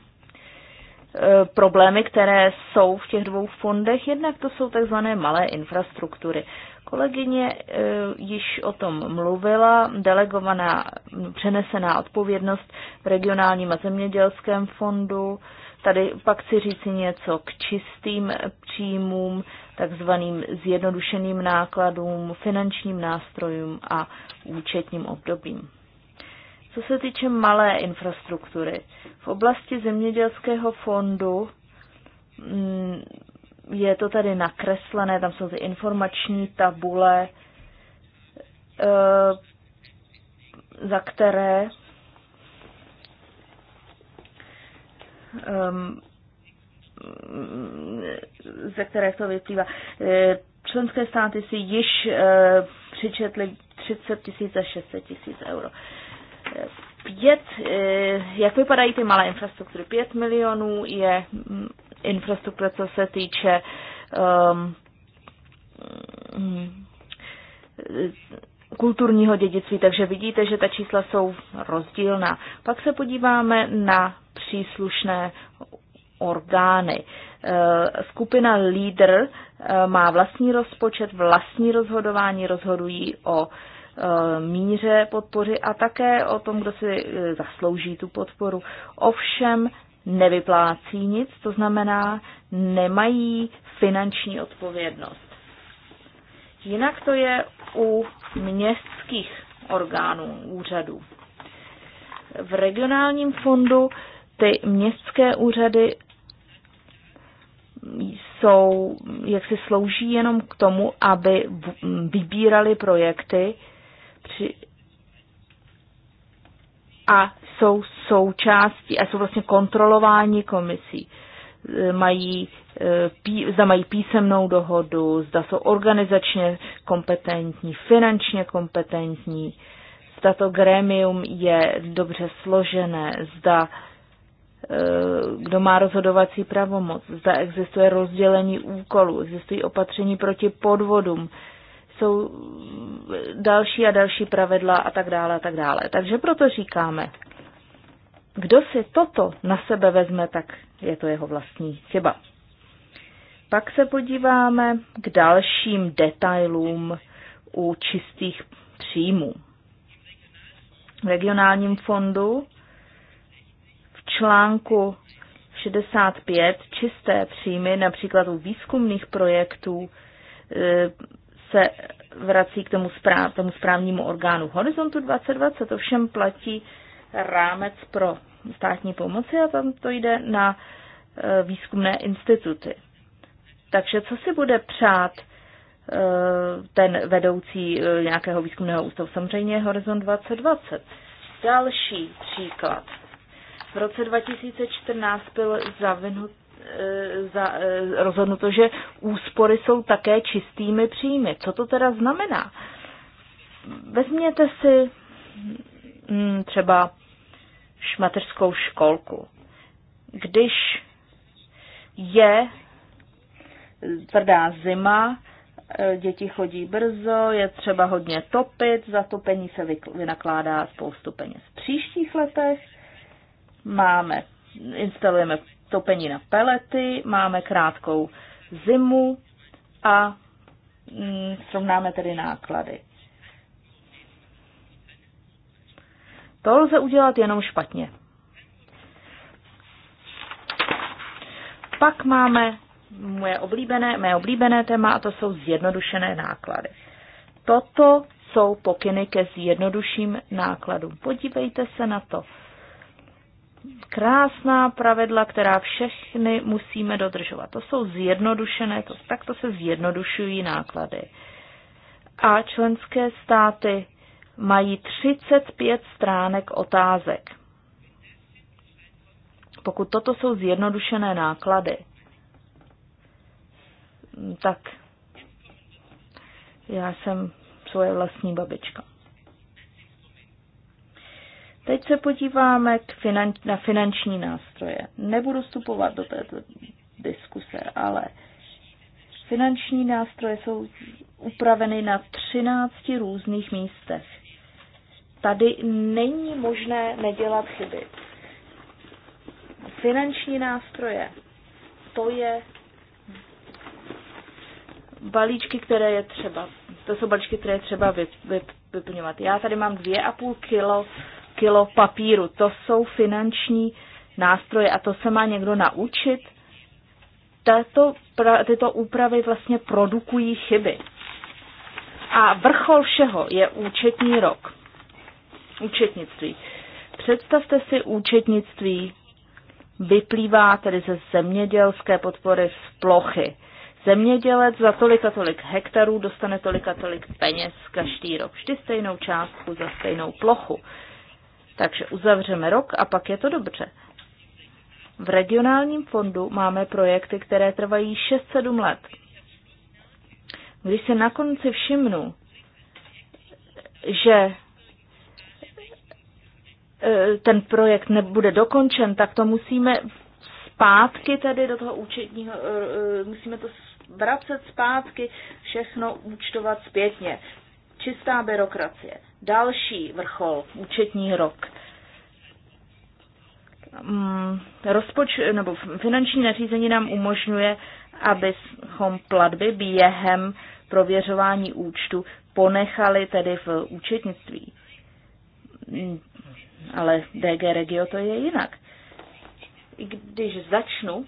eh, problémy, které jsou v těch dvou fondech. Jednak to jsou takzvané malé infrastruktury. Kolegyně e, již o tom mluvila, delegovaná, přenesená odpovědnost v regionálním a zemědělském fondu. Tady pak chci říci něco k čistým příjmům, takzvaným zjednodušeným nákladům, finančním nástrojům a účetním obdobím. Co se týče malé infrastruktury, v oblasti zemědělského fondu mm, je to tady nakreslené, tam jsou ty informační tabule, e, za které mm, ze které to vyplývá. E, členské státy si již e, přičetly 30 tisíc a 600 tisíc euro. Pět, eh, jak vypadají ty malé infrastruktury? Pět milionů je mm, infrastruktura, co se týče um, kulturního dědictví, takže vidíte, že ta čísla jsou rozdílná. Pak se podíváme na příslušné orgány. Eh, skupina LEADER eh, má vlastní rozpočet, vlastní rozhodování, rozhodují o Eh, míře podpory a také o tom, kdo si eh, zaslouží tu podporu. Ovšem nevyplácí nic, to znamená, nemají finanční odpovědnost. Jinak to je u městských orgánů, úřadů. V regionálním fondu ty městské úřady jsou, jak si slouží jenom k tomu, aby vybírali projekty, při, a jsou součástí a jsou vlastně kontrolováni komisí. Mají, eh, pí, zda mají písemnou dohodu, zda jsou organizačně kompetentní, finančně kompetentní, zda to grémium je dobře složené, zda eh, kdo má rozhodovací pravomoc, zda existuje rozdělení úkolů, existují opatření proti podvodům, jsou další a další pravidla a tak dále a tak dále. Takže proto říkáme, kdo si toto na sebe vezme, tak je to jeho vlastní chyba. Pak se podíváme k dalším detailům u čistých příjmů. V regionálním fondu v článku 65 čisté příjmy, například u výzkumných projektů, se vrací k tomu, správ, tomu správnímu orgánu Horizontu 2020. To všem platí rámec pro státní pomoci a tam to jde na e, výzkumné instituty. Takže co si bude přát e, ten vedoucí e, nějakého výzkumného ústavu? Samozřejmě Horizon 2020. Další příklad. V roce 2014 byl zavinut E, za, e, rozhodnuto, že úspory jsou také čistými příjmy. Co to teda znamená? Vezměte si mm, třeba šmateřskou školku. Když je tvrdá zima, e, děti chodí brzo, je třeba hodně topit, za topení se vynakládá spoustu peněz. V příštích letech máme, instalujeme topení na pelety, máme krátkou zimu a mm, srovnáme tedy náklady. To lze udělat jenom špatně. Pak máme moje oblíbené, mé oblíbené téma a to jsou zjednodušené náklady. Toto jsou pokyny ke zjednoduším nákladům. Podívejte se na to krásná pravidla, která všechny musíme dodržovat. To jsou zjednodušené, to, tak, to se zjednodušují náklady. A členské státy mají 35 stránek otázek. Pokud toto jsou zjednodušené náklady, tak já jsem svoje vlastní babička. Teď se podíváme k finan- na finanční nástroje. Nebudu vstupovat do této diskuse, ale finanční nástroje jsou upraveny na 13 různých místech. Tady není možné nedělat chyby. Finanční nástroje, to je balíčky, které je třeba, to jsou balíčky, které je třeba vyplňovat. Já tady mám dvě a půl kilo kilo papíru. To jsou finanční nástroje a to se má někdo naučit. Tato, pra, tyto úpravy vlastně produkují chyby. A vrchol všeho je účetní rok. Účetnictví. Představte si účetnictví vyplývá tedy ze zemědělské podpory z plochy. Zemědělec za tolik a tolik hektarů dostane tolik a tolik peněz každý rok, vždy stejnou částku za stejnou plochu. Takže uzavřeme rok a pak je to dobře. V regionálním fondu máme projekty, které trvají 6-7 let. Když se na konci všimnu, že e, ten projekt nebude dokončen, tak to musíme zpátky tedy do toho účetního, e, e, musíme to vracet zpátky, všechno účtovat zpětně. Čistá byrokracie. Další vrchol, účetní rok. Mm, rozpoč, nebo finanční nařízení nám umožňuje, abychom platby během prověřování účtu ponechali tedy v účetnictví. Mm, ale DG Regio to je jinak. I když začnu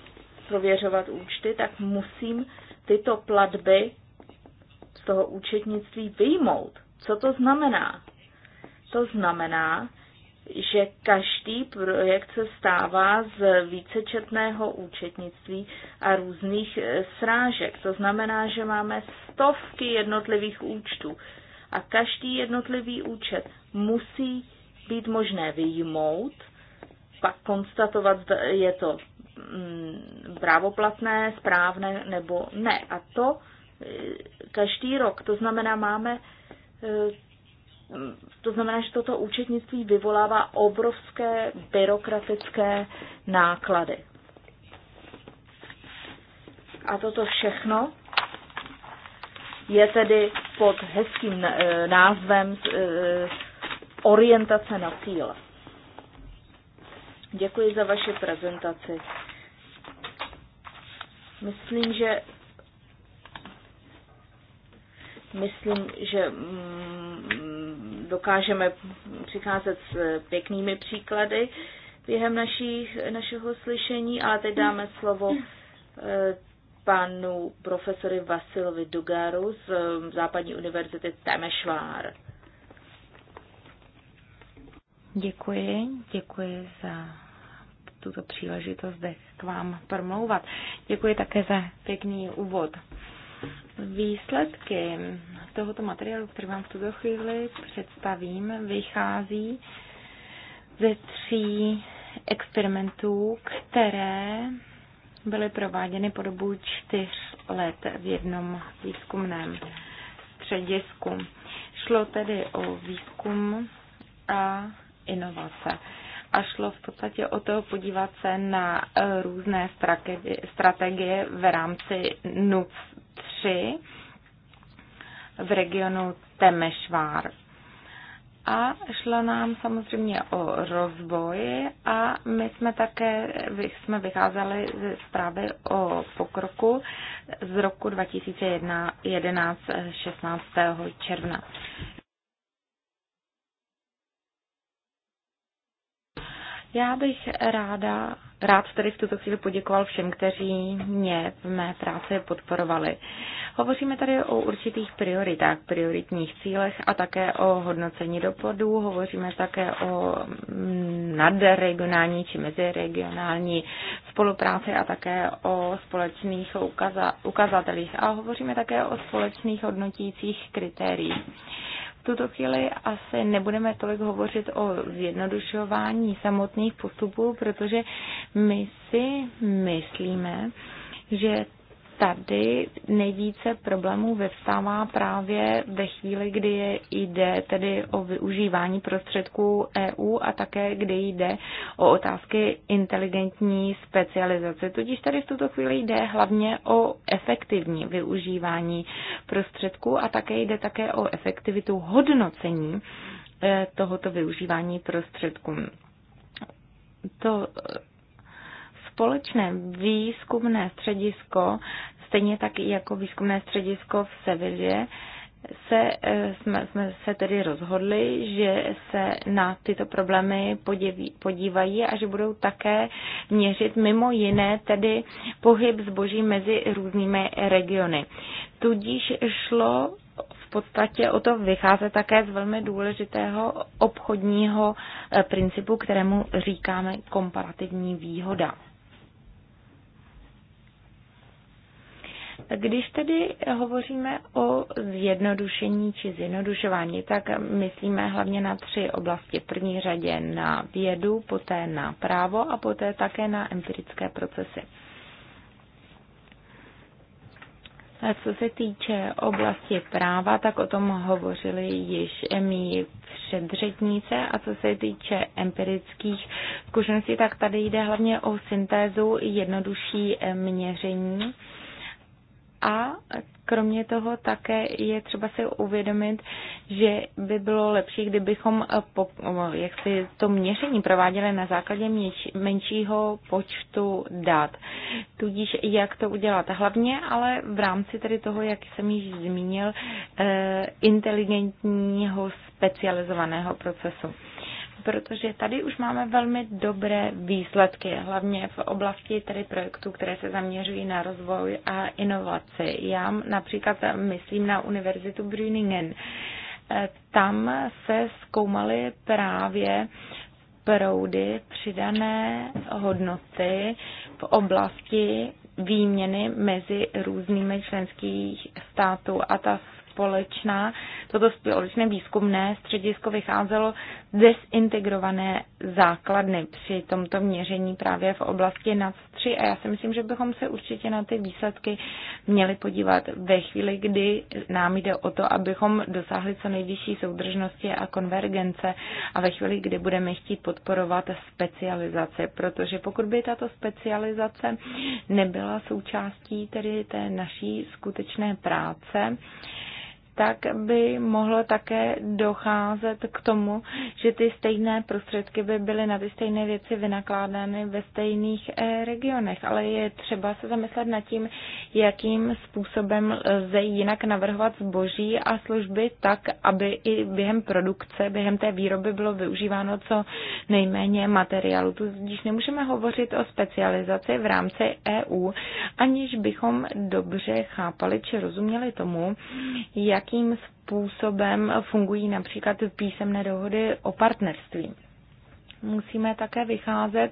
prověřovat účty, tak musím tyto platby toho účetnictví vyjmout. Co to znamená? To znamená, že každý projekt se stává z vícečetného účetnictví a různých e, srážek. To znamená, že máme stovky jednotlivých účtů a každý jednotlivý účet musí být možné vyjmout, pak konstatovat, je to mm, právoplatné, správné nebo ne. A to každý rok. To znamená, máme eh, to znamená, že toto účetnictví vyvolává obrovské byrokratické náklady. A toto všechno je tedy pod hezkým eh, názvem eh, orientace na cíl. Děkuji za vaši prezentaci. Myslím, že myslím, že mm, dokážeme přicházet s pěknými příklady během našich, našeho slyšení, ale teď dáme slovo eh, panu profesory Vasilovi Dugaru z eh, Západní univerzity Temešvár. Děkuji, děkuji za tuto příležitost zde k vám promlouvat. Děkuji také za pěkný úvod. Výsledky tohoto materiálu, který vám v tuto chvíli představím, vychází ze tří experimentů, které byly prováděny po dobu čtyř let v jednom výzkumném středisku. Šlo tedy o výzkum a inovace a šlo v podstatě o to podívat se na eh, různé strategie v rámci NUC 3 v regionu Temešvár. A šlo nám samozřejmě o rozvoj a my jsme také jsme vycházeli ze zprávy o pokroku z roku 2011 16. června. Já bych ráda, rád tady v tuto chvíli poděkoval všem, kteří mě v mé práci podporovali. Hovoříme tady o určitých prioritách, prioritních cílech a také o hodnocení dopadů. Hovoříme také o mm, nadregionální či meziregionální spolupráci a také o společných ukazatelích. A hovoříme také o společných hodnotících kritériích tuto chvíli asi nebudeme tolik hovořit o zjednodušování samotných postupů, protože my si myslíme, že tady nejvíce problémů vyvstává právě ve chvíli, kdy je jde tedy o využívání prostředků EU a také kdy jde o otázky inteligentní specializace. Tudíž tady v tuto chvíli jde hlavně o efektivní využívání prostředků a také jde také o efektivitu hodnocení eh, tohoto využívání prostředků. To společné výzkumné středisko, stejně tak jako výzkumné středisko v Sevilě, se, eh, jsme, jsme se tedy rozhodli, že se na tyto problémy podíví, podívají a že budou také měřit mimo jiné tedy pohyb zboží mezi různými regiony. Tudíž šlo v podstatě o to vycházet také z velmi důležitého obchodního eh, principu, kterému říkáme komparativní výhoda. Když tedy hovoříme o zjednodušení či zjednodušování, tak myslíme hlavně na tři oblasti. V první řadě na vědu, poté na právo a poté také na empirické procesy. A co se týče oblasti práva, tak o tom hovořili již mý předřetnice a co se týče empirických zkušeností, tak tady jde hlavně o syntézu jednodušší měření a kromě toho také je třeba si uvědomit, že by bylo lepší, kdybychom eh, eh, jak si to měření prováděli na základě menšího počtu dat. Tudíž jak to udělat hlavně, ale v rámci tedy toho, jak jsem již zmínil, eh, inteligentního specializovaného procesu protože tady už máme velmi dobré výsledky, hlavně v oblasti tedy projektů, které se zaměřují na rozvoj a inovaci. Já například myslím na Univerzitu Brüningen. E, tam se zkoumaly právě proudy přidané hodnoty v oblasti výměny mezi různými členských států a ta společná, toto společné výzkumné středisko vycházelo z desintegrované základny při tomto měření právě v oblasti NAC 3 a já si myslím, že bychom se určitě na ty výsledky měli podívat ve chvíli, kdy nám jde o to, abychom dosáhli co nejvyšší soudržnosti a konvergence a ve chvíli, kdy budeme chtít podporovat specializace, protože pokud by tato specializace nebyla součástí tedy té naší skutečné práce, tak by mohlo také docházet k tomu, že ty stejné prostředky by byly na ty stejné věci vynakládány ve stejných eh, regionech. Ale je třeba se zamyslet nad tím, jakým způsobem lze jinak navrhovat zboží a služby tak, aby i během produkce, během té výroby bylo využíváno co nejméně materiálu. Tu když nemůžeme hovořit o specializaci v rámci EU, aniž bychom dobře chápali či rozuměli tomu, jak jakým způsobem fungují například písemné dohody o partnerství. Musíme také vycházet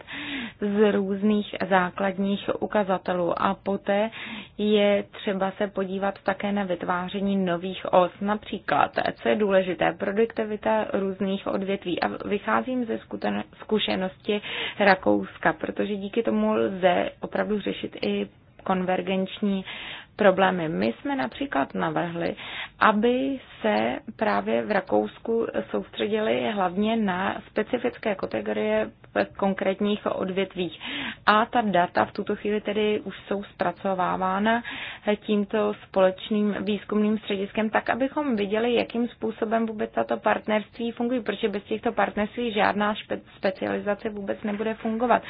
z různých základních ukazatelů a poté je třeba se podívat také na vytváření nových os. Například, co je důležité, produktivita různých odvětví. A vycházím ze zkušenosti Rakouska, protože díky tomu lze opravdu řešit i konvergenční problémy. My jsme například navrhli, aby se právě v Rakousku soustředili hlavně na specifické kategorie v konkrétních odvětvích. A ta data v tuto chvíli tedy už jsou zpracovávána tímto společným výzkumným střediskem, tak abychom viděli, jakým způsobem vůbec tato partnerství fungují, protože bez těchto partnerství žádná špe- specializace vůbec nebude fungovat.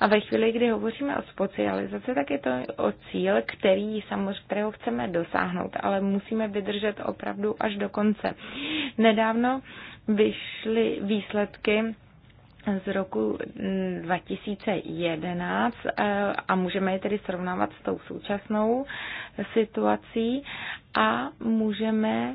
A ve chvíli, kdy hovoříme o specializaci, tak je to o cíl, který samozřejmě kterého chceme dosáhnout, ale musíme vydržet opravdu až do konce. Nedávno vyšly výsledky z roku 2011 eh, a můžeme je tedy srovnávat s tou současnou situací a můžeme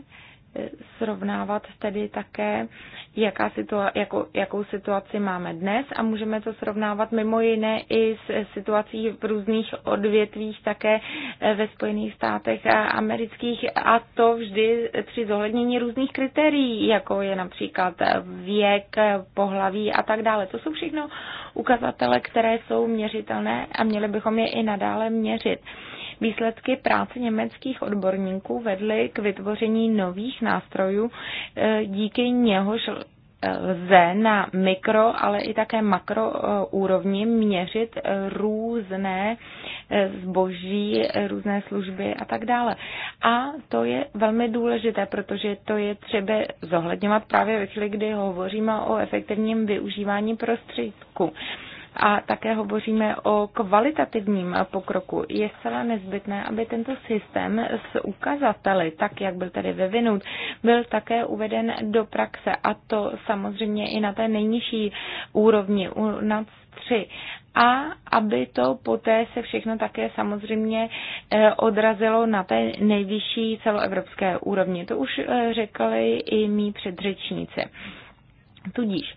srovnávat tedy také, jaká situa- jako, jakou situaci máme dnes a můžeme to srovnávat mimo jiné i s situací v různých odvětvích také eh, ve Spojených státech amerických a to vždy při zohlednění různých kritérií, jako je například věk, pohlaví a tak dále. To jsou všechno ukazatele, které jsou měřitelné a měli bychom je i nadále měřit. Výsledky práce německých odborníků vedly k vytvoření nových nástrojů, eh, díky něhož lze na mikro, ale i také makro eh, úrovni měřit eh, různé zboží, různé služby a tak dále. A to je velmi důležité, protože to je třeba zohledňovat právě ve chvíli, kdy hovoříme o efektivním využívání prostředků a také hovoříme o kvalitativním pokroku, je zcela nezbytné, aby tento systém s ukazateli, tak jak byl tedy vyvinut, byl také uveden do praxe a to samozřejmě i na té nejnižší úrovni, u nad 3 a aby to poté se všechno také samozřejmě eh, odrazilo na té nejvyšší celoevropské úrovni. To už eh, řekli i mý předřečníci. Tudíž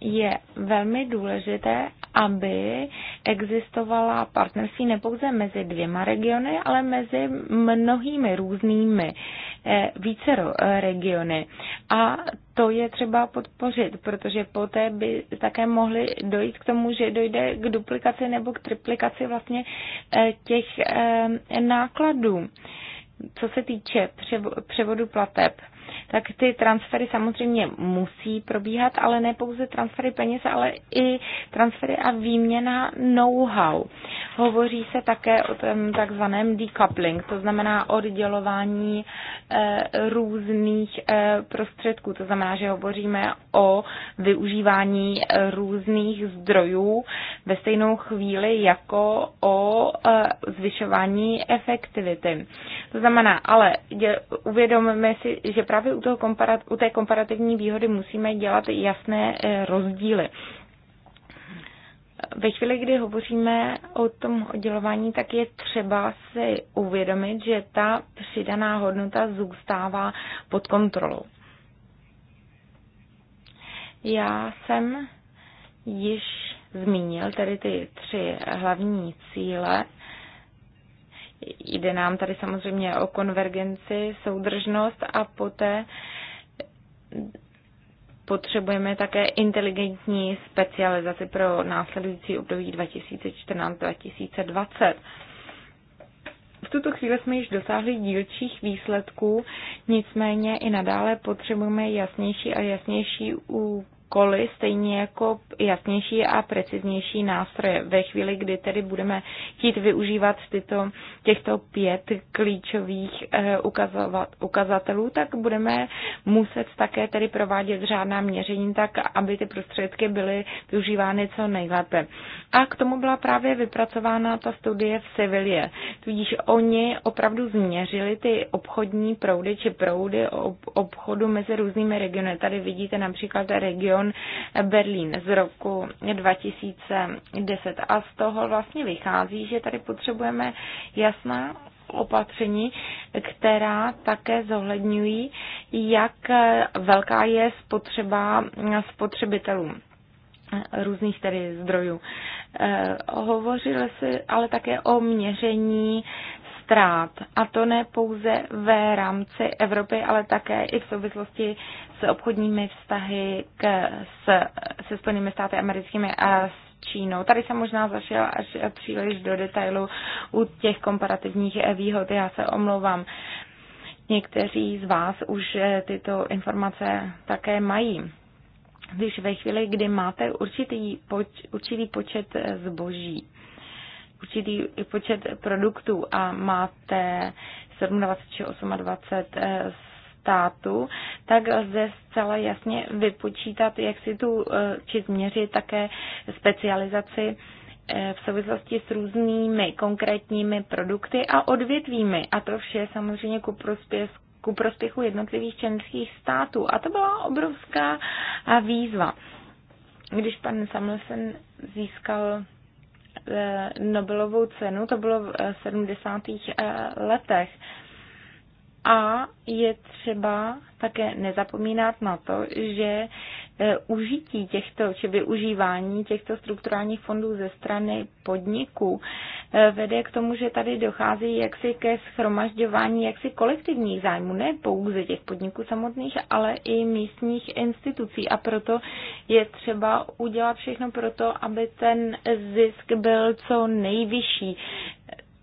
je velmi důležité, aby existovala partnerství nepouze mezi dvěma regiony, ale mezi mnohými různými eh, více eh, regiony. A to je třeba podpořit, protože poté by také mohly dojít k tomu, že dojde k duplikaci nebo k triplikaci vlastně eh, těch nákladů. Co se týče převodu plateb, tak ty transfery samozřejmě musí probíhat, ale ne pouze transfery peněz, ale i transfery a výměna know-how. Hovoří se také o tom takzvaném decoupling, to znamená oddělování eh, různých eh, prostředků. To znamená, že hovoříme o využívání eh, různých zdrojů ve stejnou chvíli jako o zvyšování efektivity. To znamená, ale uvědomíme si, že právě u, toho komparat, u té komparativní výhody musíme dělat jasné eh, rozdíly. Ve chvíli, kdy hovoříme o tom oddělování, tak je třeba si uvědomit, že ta přidaná hodnota zůstává pod kontrolou. Já jsem již zmínil tedy ty tři hlavní cíle Jde nám tady samozřejmě o konvergenci, soudržnost a poté potřebujeme také inteligentní specializaci pro následující období 2014-2020. V tuto chvíli jsme již dosáhli dílčích výsledků, nicméně i nadále potřebujeme jasnější a jasnější úkoly, stejně jako jasnější a preciznější nástroje. Ve chvíli, kdy tedy budeme chtít využívat tyto, těchto pět klíčových eh, ukazovat, ukazatelů, tak budeme muset také tedy provádět řádná měření tak, aby ty prostředky byly využívány co nejlépe. A k tomu byla právě vypracována ta studie v Sevilie. Tudíž oni opravdu změřili ty obchodní proudy či proudy obchodu mezi různými regiony. Tady vidíte například region, Union Berlín z roku 2010. A z toho vlastně vychází, že tady potřebujeme jasná opatření, která také zohledňují, jak velká je spotřeba spotřebitelů různých tedy zdrojů. Eh, hovořil se ale také o měření ztrát. A to ne pouze ve rámci Evropy, ale také i v souvislosti s obchodními vztahy k, s, se Spojenými státy americkými a s Čínou. Tady jsem možná zašel až příliš do detailu u těch komparativních výhod, já se omlouvám. Někteří z vás už tyto informace také mají. Když ve chvíli, kdy máte určitý, poč, určitý počet zboží, určitý počet produktů a máte 27 či 28 eh, státu, tak lze zcela jasně vypočítat, jak si tu eh, či změřit také specializaci eh, v souvislosti s různými konkrétními produkty a odvětvími. A to vše samozřejmě ku prospěchu ku prospěchu jednotlivých členských států. A to byla obrovská výzva. Když pan Samuelsen získal Eh, Nobelovou cenu, to bylo v 70. Eh, eh, letech. A je třeba také nezapomínat na to, že E, užití těchto, či využívání těchto strukturálních fondů ze strany podniků e, vede k tomu, že tady dochází jaksi ke schromažďování jaksi kolektivních zájmů, ne pouze těch podniků samotných, ale i místních institucí a proto je třeba udělat všechno pro to, aby ten zisk byl co nejvyšší.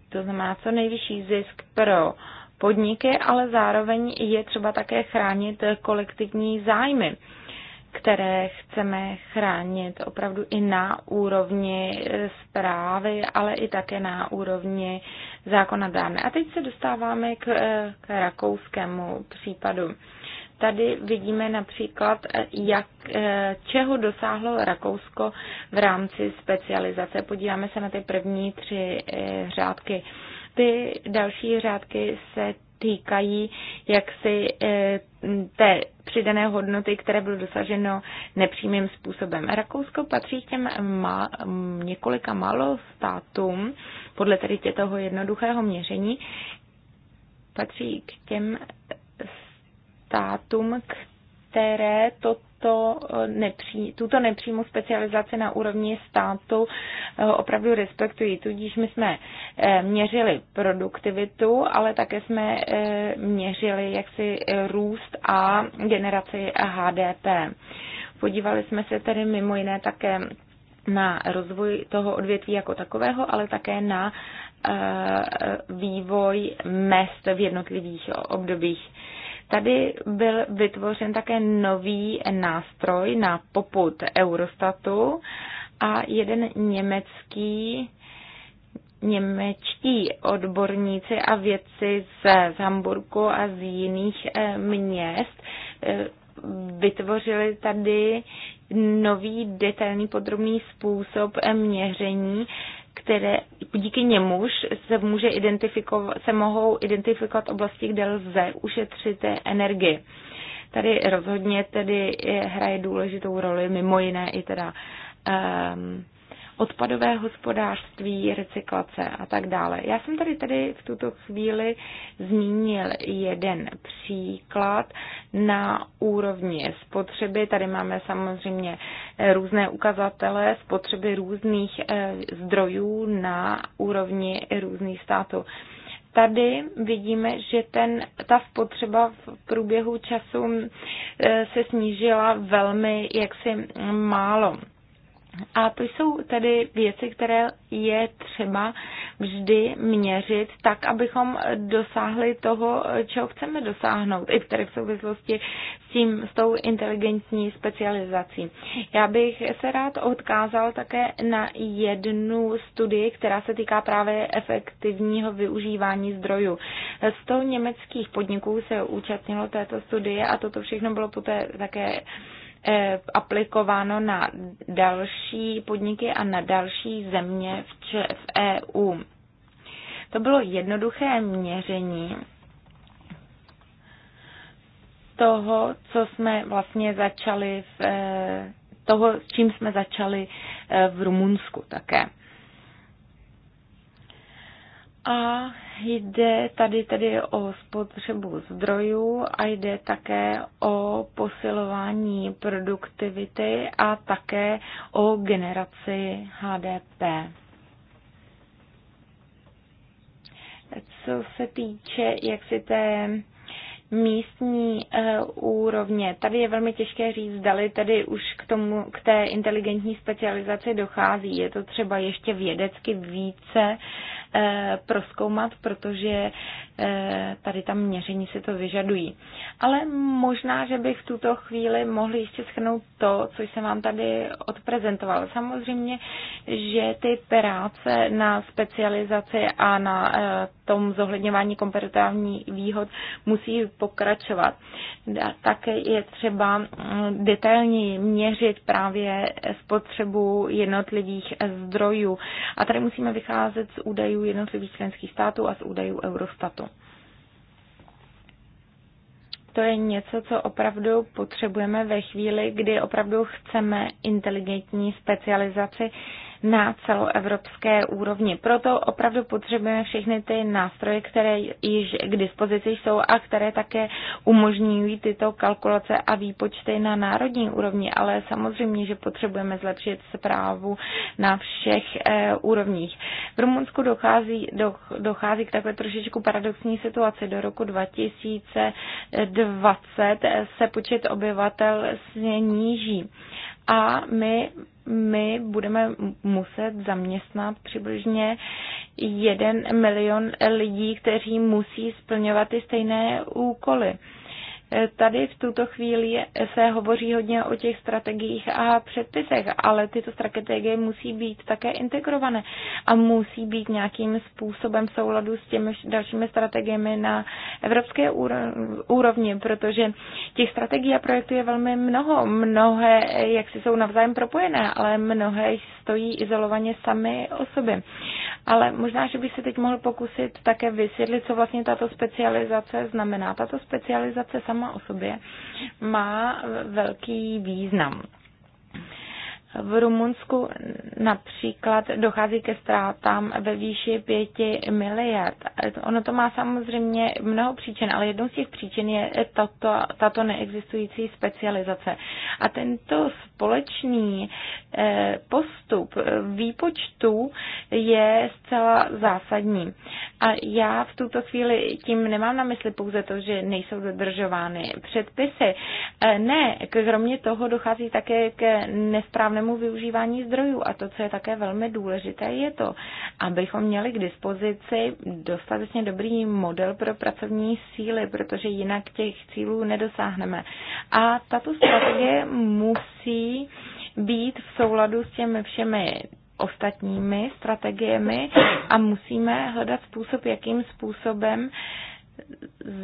To znamená co nejvyšší zisk pro podniky, ale zároveň je třeba také chránit kolektivní zájmy které chceme chránit opravdu i na úrovni zprávy, ale i také na úrovni dáme. A teď se dostáváme k, k rakouskému případu. Tady vidíme například, jak, čeho dosáhlo Rakousko v rámci specializace. Podíváme se na ty první tři eh, řádky. Ty další řádky se týkají jaksi eh, té přidané hodnoty, které bylo dosaženo nepřímým způsobem. Rakousko patří k těm má, několika málo státům, podle tedy toho jednoduchého měření, patří k těm státům, které toto tuto, nepří, tuto nepřímou specializaci na úrovni státu eh, opravdu respektují. Tudíž my jsme eh, měřili produktivitu, ale také jsme eh, měřili jaksi růst a generaci HDP. Podívali jsme se tedy mimo jiné také na rozvoj toho odvětví jako takového, ale také na vývoj mest v jednotlivých obdobích. Tady byl vytvořen také nový nástroj na poput Eurostatu a jeden německý němečtí odborníci a vědci z, z Hamburgu a z jiných eh, měst eh, vytvořili tady nový detailní podrobný způsob eh, měření které díky němuž se, může identifikovat, se mohou identifikovat oblasti, kde lze ušetřit energii. Tady rozhodně tedy hraje důležitou roli mimo jiné i teda um, odpadové hospodářství, recyklace a tak dále. Já jsem tady tedy v tuto chvíli zmínil jeden příklad na úrovni spotřeby. Tady máme samozřejmě různé ukazatele spotřeby různých eh, zdrojů na úrovni různých států tady vidíme, že ten, ta spotřeba v průběhu času eh, se snížila velmi jaksi málo. A to jsou tedy věci, které je třeba vždy měřit tak, abychom dosáhli toho, čeho chceme dosáhnout, i tedy v souvislosti s, tím, s tou inteligentní specializací. Já bych se rád odkázal také na jednu studii, která se týká právě efektivního využívání zdrojů. 100 německých podniků se účastnilo této studie a toto všechno bylo poté také Eh, aplikováno na další podniky a na další země v EU. To bylo jednoduché měření toho, co jsme vlastně začali v, eh, toho, s čím jsme začali eh, v Rumunsku také. A jde tady tedy o spotřebu zdrojů a jde také o posilování produktivity a také o generaci HDP. Co se týče jak si té místní eh, úrovně. Tady je velmi těžké říct, dali tady už k, tomu, k té inteligentní specializaci dochází. Je to třeba ještě vědecky více Eh, proskoumat, protože eh, tady tam měření si to vyžadují. Ale možná, že bych v tuto chvíli mohli ještě schrnout to, co jsem vám tady odprezentoval. Samozřejmě, že ty práce na specializaci a na eh, tom zohledňování komparativní výhod musí pokračovat. Také je třeba mm, detailně měřit právě spotřebu jednotlivých zdrojů. A tady musíme vycházet z údajů jednotlivých členských států a z údajů Eurostatu. To je něco, co opravdu potřebujeme ve chvíli, kdy opravdu chceme inteligentní specializaci na celoevropské úrovni. Proto opravdu potřebujeme všechny ty nástroje, které již k dispozici jsou a které také umožňují tyto kalkulace a výpočty na národní úrovni, ale samozřejmě, že potřebujeme zlepšit zprávu na všech eh, úrovních. V Rumunsku dochází, dochází k takové trošičku paradoxní situaci. Do roku 2020 se počet obyvatel sníží a my, my budeme muset zaměstnat přibližně jeden milion lidí, kteří musí splňovat ty stejné úkoly. Tady v tuto chvíli se hovoří hodně o těch strategiích a předpisech, ale tyto strategie musí být také integrované a musí být nějakým způsobem v souladu s těmi dalšími strategiemi na evropské úrovni, protože těch strategií a projektů je velmi mnoho. Mnohé, jak si jsou navzájem propojené, ale mnohé stojí izolovaně sami o sobě. Ale možná, že bych se teď mohl pokusit také vysvětlit, co vlastně tato specializace znamená. Tato specializace sama sama o sobě má velký význam. V Rumunsku například dochází ke ztrátám ve výši 5 miliard. Ono to má samozřejmě mnoho příčin, ale jednou z těch příčin je tato, tato neexistující specializace. A tento společný eh, postup výpočtu je zcela zásadní. A já v tuto chvíli tím nemám na mysli pouze to, že nejsou dodržovány předpisy. Eh, ne, kromě toho dochází také k nesprávnému účelnému využívání zdrojů. A to, co je také velmi důležité, je to, abychom měli k dispozici dostatečně dobrý model pro pracovní síly, protože jinak těch cílů nedosáhneme. A tato strategie musí být v souladu s těmi všemi ostatními strategiemi a musíme hledat způsob, jakým způsobem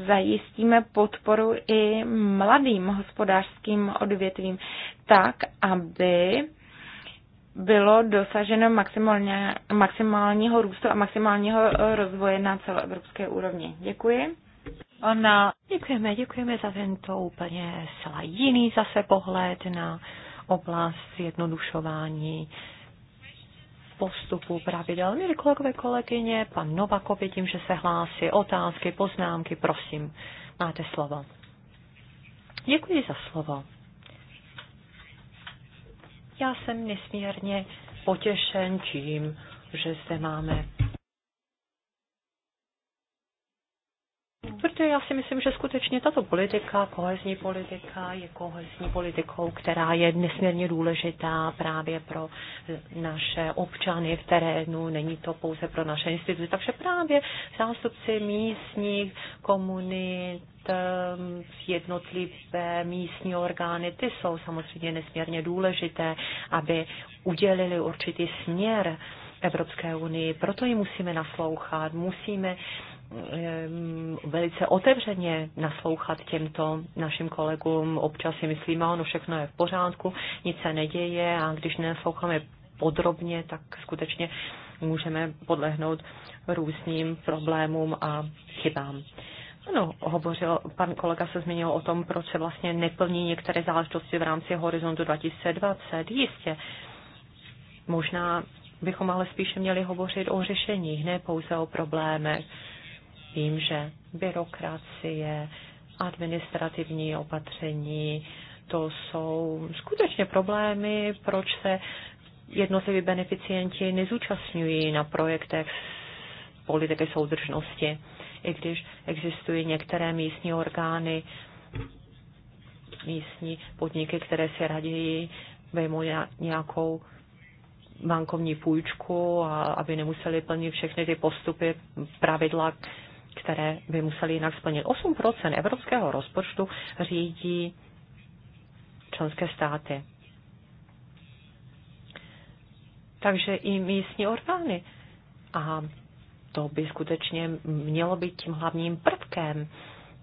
zajistíme podporu i mladým hospodářským odvětvím, tak, aby bylo dosaženo maximálně, maximálního růstu a maximálního rozvoje na celoevropské úrovni. Děkuji. Ona. Děkujeme, děkujeme za tento úplně zcela jiný zase pohled na oblast zjednodušování postupu pravidel. Milí kolegové, kolegyně, pan Novakov, tím, že se hlásí. Otázky, poznámky, prosím, máte slovo. Děkuji za slovo. Já jsem nesmírně potěšen tím, že zde máme protože já si myslím, že skutečně tato politika, kohezní politika, je kohezní politikou, která je nesmírně důležitá právě pro naše občany v terénu, není to pouze pro naše instituce. Takže právě zástupci místních komunit, ehm, jednotlivé místní orgány, ty jsou samozřejmě nesmírně důležité, aby udělili určitý směr Evropské unii. Proto ji musíme naslouchat, musíme velice otevřeně naslouchat těmto našim kolegům. Občas si myslíme, ono všechno je v pořádku, nic se neděje a když nesloucháme podrobně, tak skutečně můžeme podlehnout různým problémům a chybám. Ano, hovořil, pan kolega se zmínil o tom, proč se vlastně neplní některé záležitosti v rámci Horizontu 2020. Jistě, možná bychom ale spíše měli hovořit o řešeních, ne pouze o problémech. Vím, že byrokracie, administrativní opatření, to jsou skutečně problémy, proč se jednotliví beneficienti nezúčastňují na projektech politiky soudržnosti, i když existují některé místní orgány, místní podniky, které si raději vejmou nějakou bankovní půjčku, a aby nemuseli plnit všechny ty postupy, pravidla, které by museli jinak splnit. 8% evropského rozpočtu řídí členské státy. Takže i místní orgány. A to by skutečně mělo být tím hlavním prvkem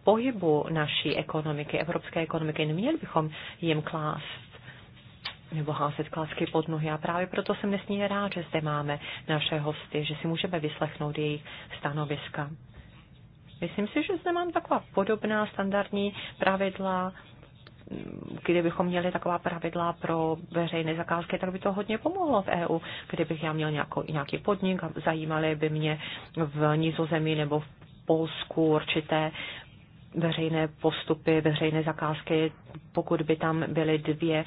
pohybu naší ekonomiky, evropské ekonomiky. Neměli bychom jim klást nebo házet klásky pod nohy. A právě proto jsem nesmírně rád, že zde máme naše hosty, že si můžeme vyslechnout jejich stanoviska. Myslím si, že zde mám taková podobná standardní pravidla, kdybychom měli taková pravidla pro veřejné zakázky, tak by to hodně pomohlo v EU. Kdybych já měl nějakou, nějaký podnik, zajímaly by mě v Nizozemí nebo v Polsku určité veřejné postupy, veřejné zakázky, pokud by tam byly dvě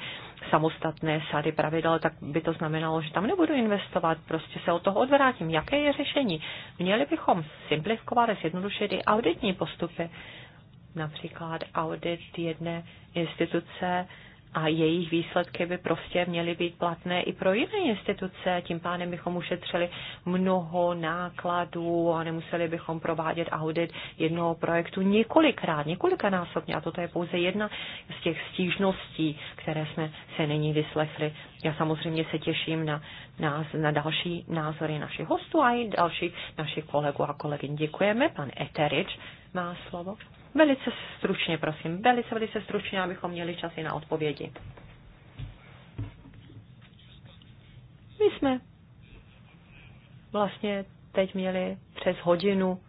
samostatné sady pravidel, tak by to znamenalo, že tam nebudu investovat, prostě se od toho odvrátím. Jaké je řešení? Měli bychom simplifikovat a zjednodušit i auditní postupy. Například audit jedné instituce a jejich výsledky by prostě měly být platné i pro jiné instituce. Tím pádem bychom ušetřili mnoho nákladů a nemuseli bychom provádět audit jednoho projektu několikrát, několikanásobně. A toto je pouze jedna z těch stížností, které jsme se nyní vyslechli. Já samozřejmě se těším na, na, na další názory našich hostů a i dalších našich kolegů a kolegyn. Děkujeme. Pan Eterič má slovo. Velice stručně, prosím, velice, velice stručně, abychom měli čas i na odpovědi. My jsme vlastně teď měli přes hodinu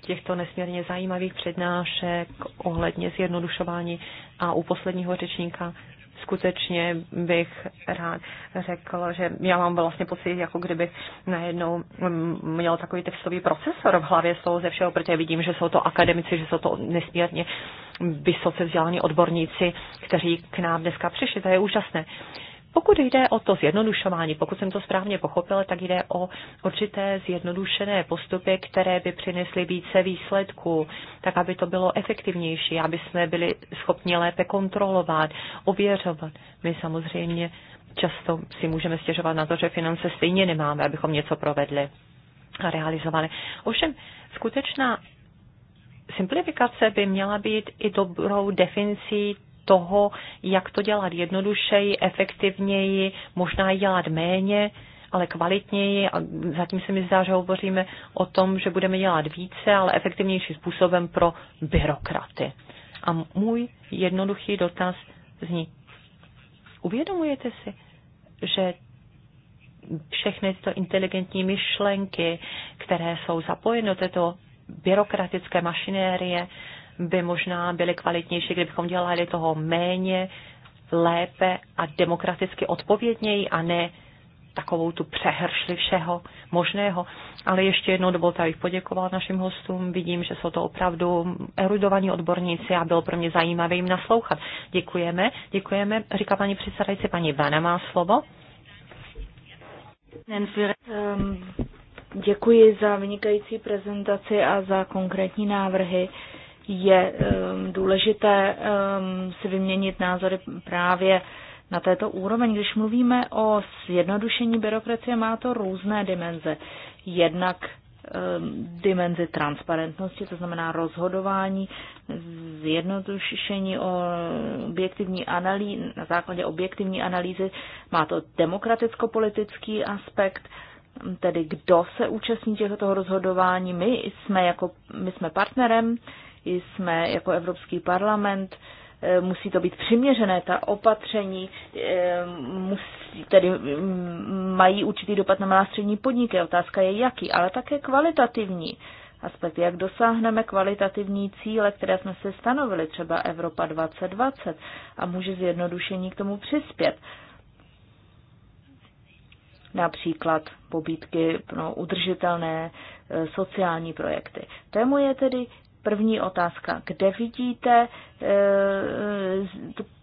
těchto nesmírně zajímavých přednášek ohledně zjednodušování a u posledního řečníka skutečně bych rád řekl, že já mám vlastně pocit, jako kdyby najednou mm, měl takový textový procesor v hlavě z toho ze všeho, protože vidím, že jsou to akademici, že jsou to nesmírně vysoce vzdělaní odborníci, kteří k nám dneska přišli. To je úžasné. Pokud jde o to zjednodušování, pokud jsem to správně pochopil, tak jde o určité zjednodušené postupy, které by přinesly více výsledků, tak aby to bylo efektivnější, aby jsme byli schopni lépe kontrolovat, ověřovat. My samozřejmě často si můžeme stěžovat na to, že finance stejně nemáme, abychom něco provedli a realizovali. Ovšem, skutečná simplifikace by měla být i dobrou definicí toho, jak to dělat jednodušeji, efektivněji, možná i dělat méně, ale kvalitněji a zatím se mi zdá, že hovoříme o tom, že budeme dělat více, ale efektivnější způsobem pro byrokraty. A můj jednoduchý dotaz zní, uvědomujete si, že všechny tyto inteligentní myšlenky, které jsou zapojeny do této byrokratické mašinérie, by možná byly kvalitnější, kdybychom dělali toho méně, lépe a demokraticky odpovědněji a ne takovou tu přehršli všeho možného. Ale ještě jednou dovolte, abych poděkoval našim hostům. Vidím, že jsou to opravdu erudovaní odborníci a bylo pro mě zajímavé jim naslouchat. Děkujeme, děkujeme. Říká paní předsedající, paní Vana má slovo. Ehm, děkuji za vynikající prezentaci a za konkrétní návrhy je um, důležité um, si vyměnit názory právě na této úroveň. Když mluvíme o zjednodušení byrokracie, má to různé dimenze. Jednak ehm, dimenzi transparentnosti, to znamená rozhodování, zjednodušení o objektivní analý, na základě objektivní analýzy, má to demokraticko-politický aspekt, tedy kdo se účastní těchto rozhodování. My jsme, jako, my jsme partnerem, jsme jako Evropský parlament, eh, musí to být přiměřené, ta opatření eh, musí, tedy mm, mají určitý dopad na malá střední podniky, otázka je jaký, ale také kvalitativní aspekt, jak dosáhneme kvalitativní cíle, které jsme si stanovili, třeba Evropa 2020 a může zjednodušení k tomu přispět. Například pobídky pro udržitelné eh, sociální projekty. Tému je tedy, První otázka. Kde vidíte eh,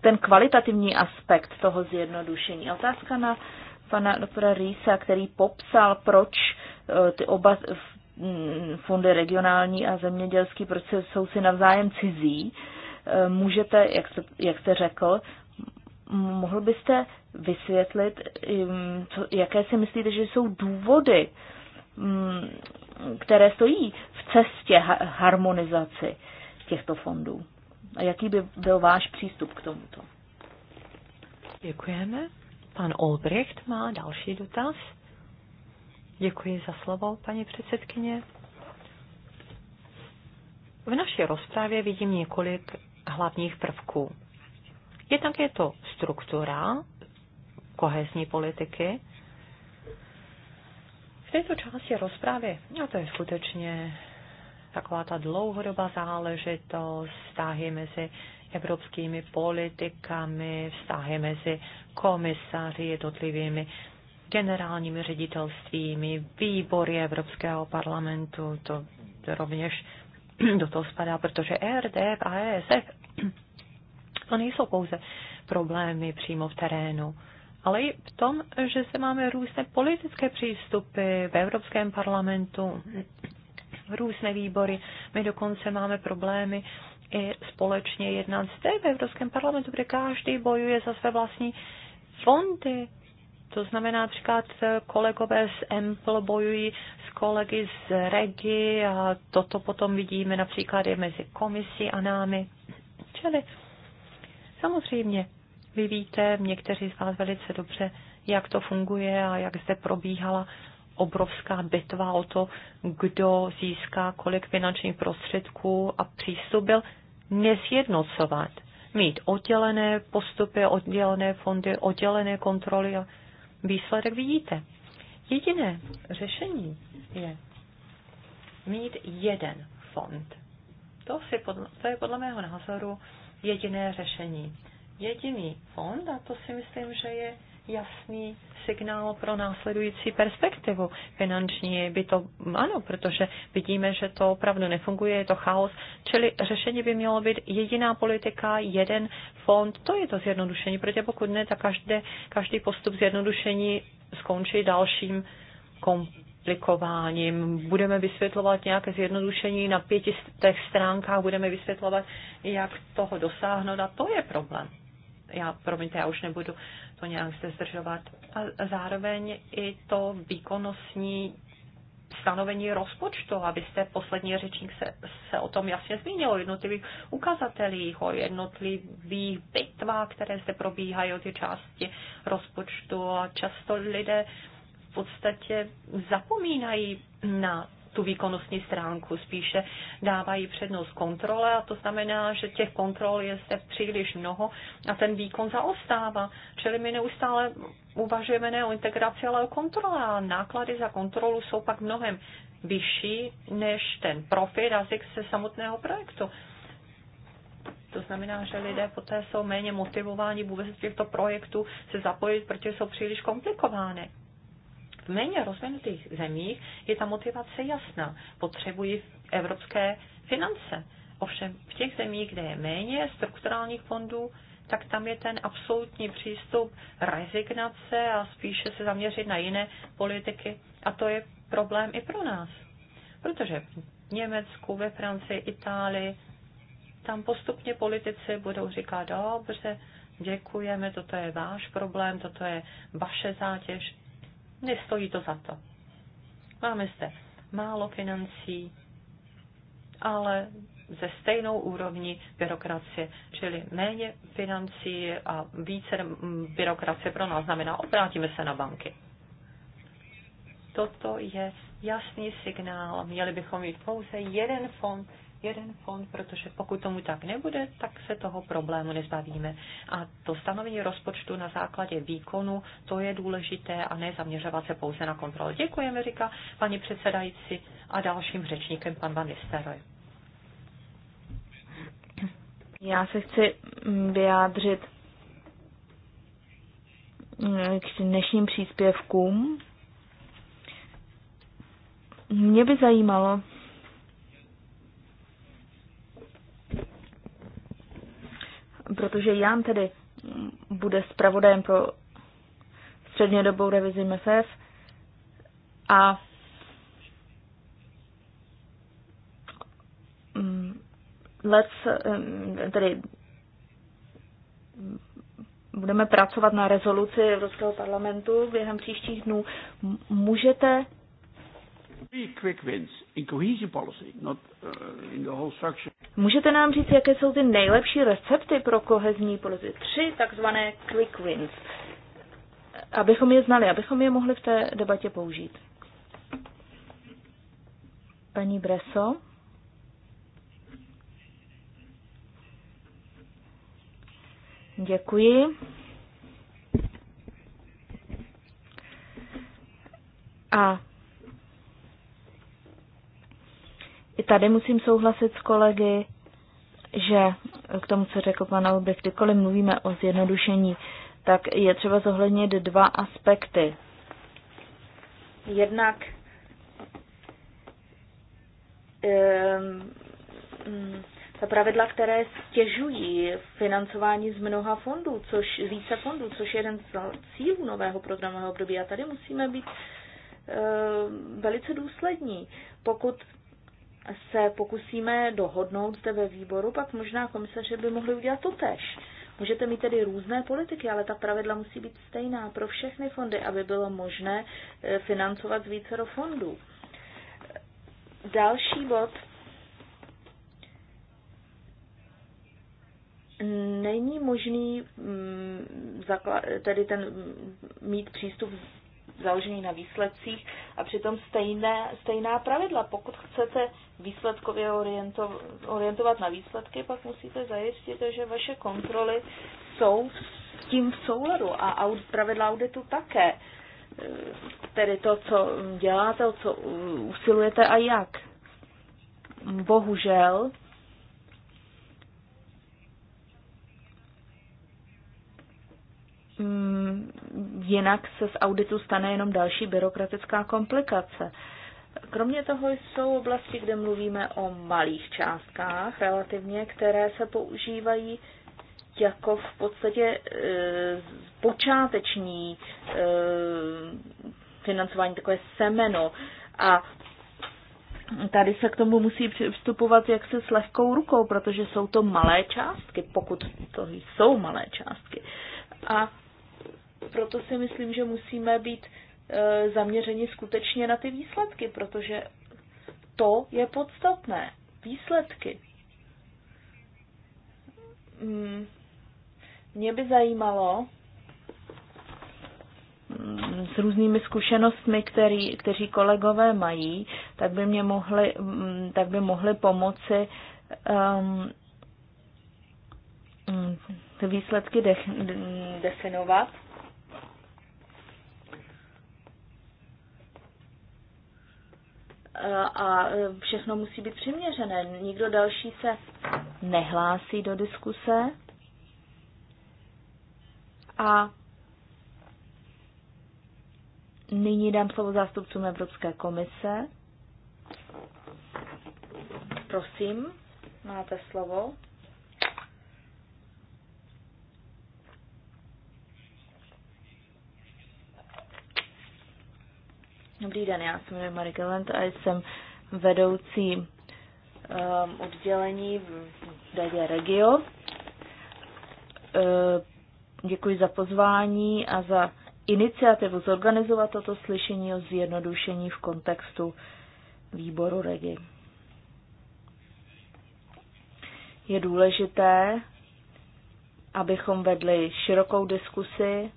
ten kvalitativní aspekt toho zjednodušení? Otázka na pana doktora Rýsa, který popsal, proč eh, ty oba mm, fondy regionální a zemědělský, proč jsou si navzájem cizí. Eh, můžete, jak jste, jak jste řekl, mohl byste vysvětlit, hm, jaké si myslíte, že jsou důvody hm, které stojí v cestě harmonizaci těchto fondů. A jaký by byl váš přístup k tomuto? Děkujeme. Pan Olbricht má další dotaz. Děkuji za slovo, paní předsedkyně. V naší rozprávě vidím několik hlavních prvků. Jednak je to struktura kohezní politiky, této části rozprávy, no to je skutečně taková ta dlouhodobá záležitost, vztahy mezi evropskými politikami, vztahy mezi komisaři, jednotlivými generálními ředitelstvími, výbory Evropského parlamentu, to rovněž do toho spadá, protože ERD a ESF to nejsou pouze problémy přímo v terénu ale i v tom, že se máme různé politické přístupy v Evropském parlamentu, různé výbory. My dokonce máme problémy i společně jednat zde v Evropském parlamentu, kde každý bojuje za své vlastní fondy. To znamená například kolegové z EMPL bojují s kolegy z REGI a toto potom vidíme například i mezi komisí a námi. Čili samozřejmě vy víte, někteří z vás velice dobře, jak to funguje a jak zde probíhala obrovská bitva o to, kdo získá kolik finančních prostředků a přístup byl nesjednocovat. Mít oddělené postupy, oddělené fondy, oddělené kontroly a výsledek vidíte. Jediné řešení je mít jeden fond. To, si podle, to je podle mého názoru jediné řešení jediný fond a to si myslím, že je jasný signál pro následující perspektivu finanční. By to, ano, protože vidíme, že to opravdu nefunguje, je to chaos, čili řešení by mělo být jediná politika, jeden fond, to je to zjednodušení, protože pokud ne, tak každé, každý postup zjednodušení skončí dalším komplikováním. budeme vysvětlovat nějaké zjednodušení na pěti těch stránkách, budeme vysvětlovat, jak toho dosáhnout a to je problém já, promiňte, já už nebudu to nějak zde zdržovat. A zároveň i to výkonnostní stanovení rozpočtu, abyste poslední řečník se, se o tom jasně zmínil, o jednotlivých ukazatelích, o jednotlivých bitvách, které zde probíhají o ty části rozpočtu a často lidé v podstatě zapomínají na tu výkonnostní stránku, spíše dávají přednost kontrole a to znamená, že těch kontrol je se příliš mnoho a ten výkon zaostává. Čili my neustále uvažujeme ne o integraci, ale o kontrole a náklady za kontrolu jsou pak mnohem vyšší než ten profit a zisk se samotného projektu. To znamená, že lidé poté jsou méně motivováni vůbec z těchto projektů se zapojit, protože jsou příliš komplikovány. V méně rozvinutých zemích je ta motivace jasná. Potřebují evropské finance. Ovšem v těch zemích, kde je méně strukturálních fondů, tak tam je ten absolutní přístup rezignace a spíše se zaměřit na jiné politiky. A to je problém i pro nás. Protože v Německu, ve Francii, Itálii, tam postupně politici budou říkat, dobře, děkujeme, toto je váš problém, toto je vaše zátěž. Nestojí to za to. Máme zde málo financí, ale ze stejnou úrovní byrokracie, čili méně financí a více byrokracie pro nás znamená, obrátíme se na banky. Toto je jasný signál. Měli bychom mít pouze jeden fond, jeden fond, protože pokud tomu tak nebude, tak se toho problému nezbavíme. A to stanovení rozpočtu na základě výkonu, to je důležité a ne zaměřovat se pouze na kontrolu. Děkujeme, říká paní předsedající a dalším řečníkem pan Van Nistelrooy. Já se chci vyjádřit k dnešním příspěvkům. Mě by zajímalo, protože Jan tedy bude zpravodajem pro střednědobou revizi MFF a mm, let's, mm, tedy budeme pracovat na rezoluci Evropského parlamentu během příštích dnů. Můžete Můžete nám říct, jaké jsou ty nejlepší recepty pro kohezní politiku? Tři takzvané quick wins. Abychom je znali, abychom je mohli v té debatě použít. Paní Breso? Děkuji. A I tady musím souhlasit s kolegy, že k tomu, co řekl pan Albrecht, kdykoliv mluvíme o zjednodušení, tak je třeba zohlednit dva aspekty. Jednak um, ta pravidla, které stěžují financování z mnoha fondů, což více fondů, což je jeden z cílů nového programového období. A tady musíme být ehm, velice důslední. Pokud se pokusíme dohodnout zde ve výboru, pak možná komisaři by mohli udělat to tež. Můžete mít tedy různé politiky, ale ta pravidla musí být stejná pro všechny fondy, aby bylo možné eh, financovat z do fondů. Další bod. Není možný mm, tedy ten, mm, mít přístup založený na výsledcích a přitom stejné, stejná pravidla. Pokud chcete výsledkově oriento, orientovat na výsledky, pak musíte zajistit, že vaše kontroly jsou s tím v souladu a aud, pravidla auditu také. Tedy to, co děláte, co usilujete a jak. Bohužel, Mm, jinak se z auditu stane jenom další byrokratická komplikace. Kromě toho jsou oblasti, kde mluvíme o malých částkách relativně, které se používají jako v podstatě e, počáteční e, financování, takové semeno. A tady se k tomu musí přistupovat jaksi s lehkou rukou, protože jsou to malé částky, pokud to jsou malé částky. A proto si myslím, že musíme být e, zaměřeni skutečně na ty výsledky, protože to je podstatné. Výsledky. Hmm. Mě by zajímalo hmm, s různými zkušenostmi, který, kteří kolegové mají, tak by mě mohli, hmm, tak by mohli pomoci um, výsledky de, de, definovat a všechno musí být přiměřené. Nikdo další se nehlásí do diskuse. A nyní dám slovo zástupcům Evropské komise. Prosím, máte slovo. Dobrý den, já jsem Marie Gallant a jsem vedoucí um, oddělení v Dadě Regio. Uh, děkuji za pozvání a za iniciativu zorganizovat toto slyšení o zjednodušení v kontextu výboru Regi. Je důležité, abychom vedli širokou diskusi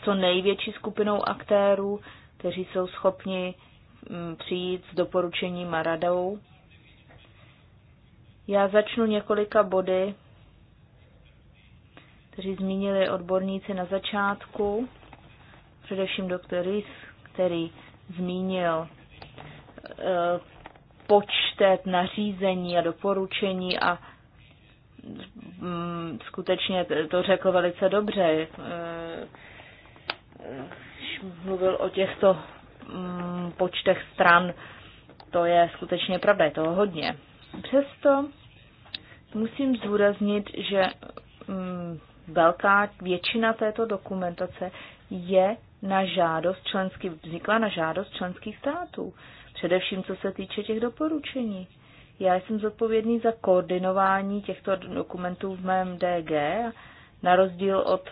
s co největší skupinou aktérů, kteří jsou schopni mm, přijít s doporučením a radou. Já začnu několika body, kteří zmínili odborníci na začátku, především doktor Rys, který zmínil e, počtet nařízení a doporučení a mm, skutečně to řekl velice dobře e, e, mluvil o těchto mm, počtech stran, to je skutečně pravda, je toho hodně. Přesto musím zúraznit, že mm, velká většina této dokumentace je na žádost členský, vznikla na žádost členských států, především co se týče těch doporučení. Já jsem zodpovědný za koordinování těchto dokumentů v mém DG, na rozdíl od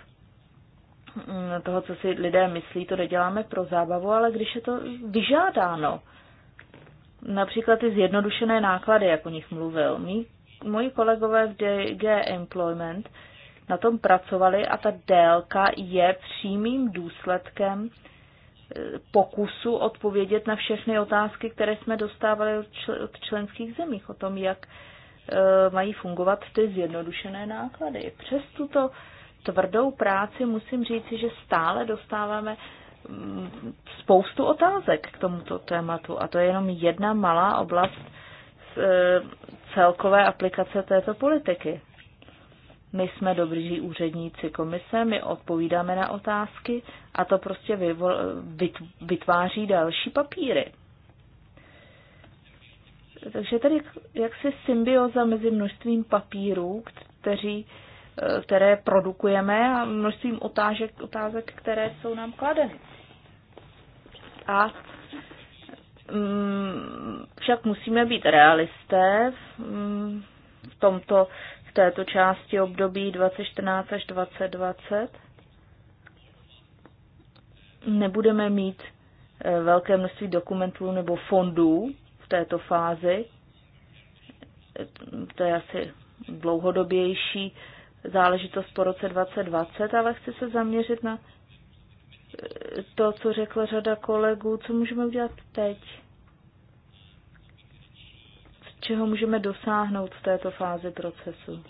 toho, co si lidé myslí, to neděláme pro zábavu, ale když je to vyžádáno. Například ty zjednodušené náklady, jak o nich mluvil. Mí, moji kolegové v DG Employment na tom pracovali a ta délka je přímým důsledkem e, pokusu odpovědět na všechny otázky, které jsme dostávali od, členských zemích o tom, jak e, mají fungovat ty zjednodušené náklady. Přes tuto e, tvrdou práci musím říci, že stále dostáváme mm, spoustu otázek k tomuto tématu a to je jenom jedna malá oblast z e, celkové aplikace této politiky. My jsme dobří úředníci komise, my odpovídáme na otázky a to prostě vyvol, vytváří další papíry. Takže tady jaksi symbioza mezi množstvím papírů, kteří Eh, které produkujeme a množstvím otážek, otázek, které jsou nám kladeny. A mm, však musíme být realisté mm, v, tomto, v této části období 2014 až 2020. Nebudeme mít eh, velké množství dokumentů nebo fondů v této fázi. To je asi dlouhodobější záležitost po roce 2020, ale chci se zaměřit na eh, to, co řekla řada kolegů, co můžeme udělat teď, z čeho můžeme dosáhnout v této fázi procesu.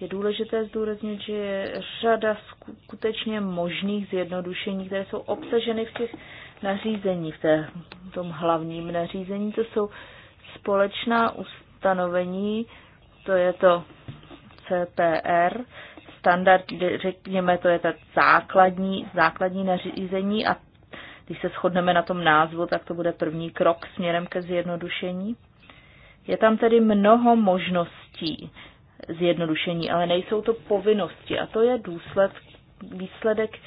Je důležité zdůraznit, že je řada skutečně možných zjednodušení, které jsou obsaženy v těch nařízení, v té, v tom hlavním nařízení. To jsou společná ustanovení, to je to CPR, standard, řekněme, to je ta základní, základní nařízení a když se shodneme na tom názvu, tak to bude první krok směrem ke zjednodušení. Je tam tedy mnoho možností zjednodušení, ale nejsou to povinnosti a to je důsled, výsledek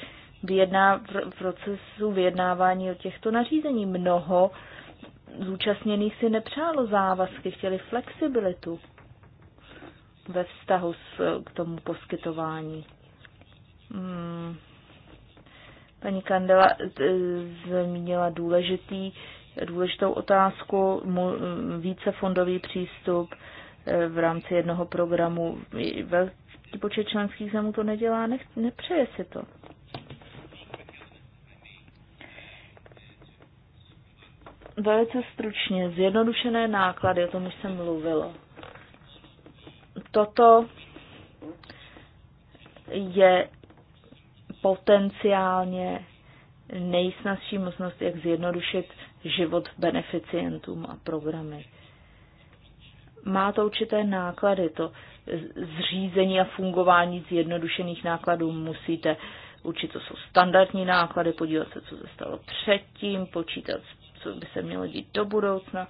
vyjedná, procesu vyjednávání o těchto nařízení. Mnoho zúčastněných si nepřálo závazky, chtěli flexibilitu ve vztahu s, k tomu poskytování. Hmm. Paní Kandela eh, zmínila důležitý, důležitou otázku, hm, více fondový přístup eh, v rámci jednoho programu. Velký počet členských zemů to nedělá, nech, nepřeje si to. Velice stručně, zjednodušené náklady, o tom už jsem mluvila toto je potenciálně nejsnazší možnost, jak zjednodušit život beneficientům a programy. Má to určité náklady, to zřízení a fungování zjednodušených nákladů musíte učit, co jsou standardní náklady, podívat se, co se stalo předtím, počítat, co by se mělo dít do budoucna.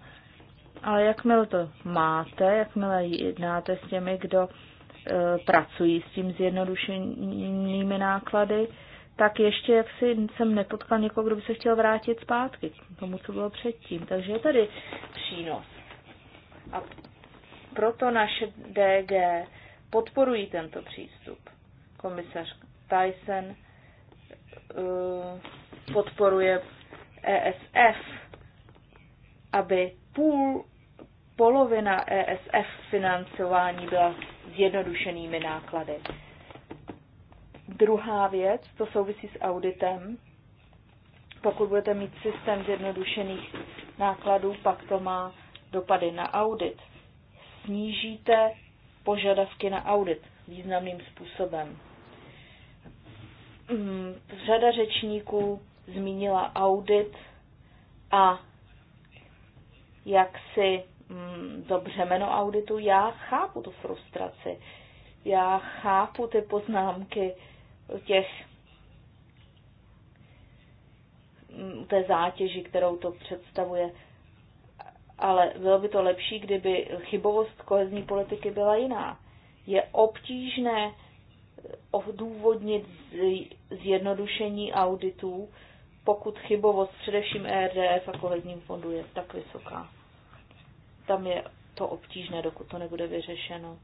Ale jakmile to máte, jakmile jednáte s těmi, kdo e, pracují s tím zjednodušenými náklady, tak ještě jaksi jsem nepotkal někoho, kdo by se chtěl vrátit zpátky k tomu, co bylo předtím. Takže je tady přínos. A proto naše DG podporují tento přístup. Komisař Tyson e, podporuje ESF, aby půl polovina ESF financování byla zjednodušenými náklady. Druhá věc, to souvisí s auditem. Pokud budete mít systém zjednodušených nákladů, pak to má dopady na audit. Snížíte požadavky na audit významným způsobem. Hmm, řada řečníků zmínila audit a jak si Mm, to břemeno auditu. Já chápu tu frustraci, já chápu ty poznámky těch mm, té zátěži, kterou to představuje. Ale bylo by to lepší, kdyby chybovost kohezní politiky byla jiná. Je obtížné odůvodnit zjednodušení auditů, pokud chybovost především ERDF a kohezním fondu je tak vysoká tam je to obtížné, dokud to nebude vyřešeno.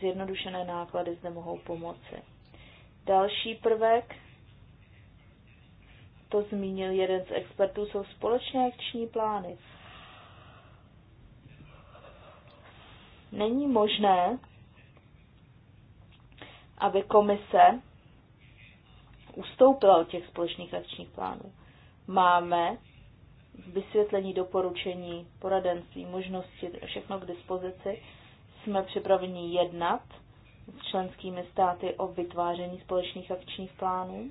Zjednodušené náklady zde mohou pomoci. Další prvek, to zmínil jeden z expertů, jsou společné akční plány. Není možné, aby komise ustoupila od těch společných akčních plánů. Máme vysvětlení, doporučení, poradenství, možnosti, všechno k dispozici. Jsme připraveni jednat s členskými státy o vytváření společných akčních plánů. E,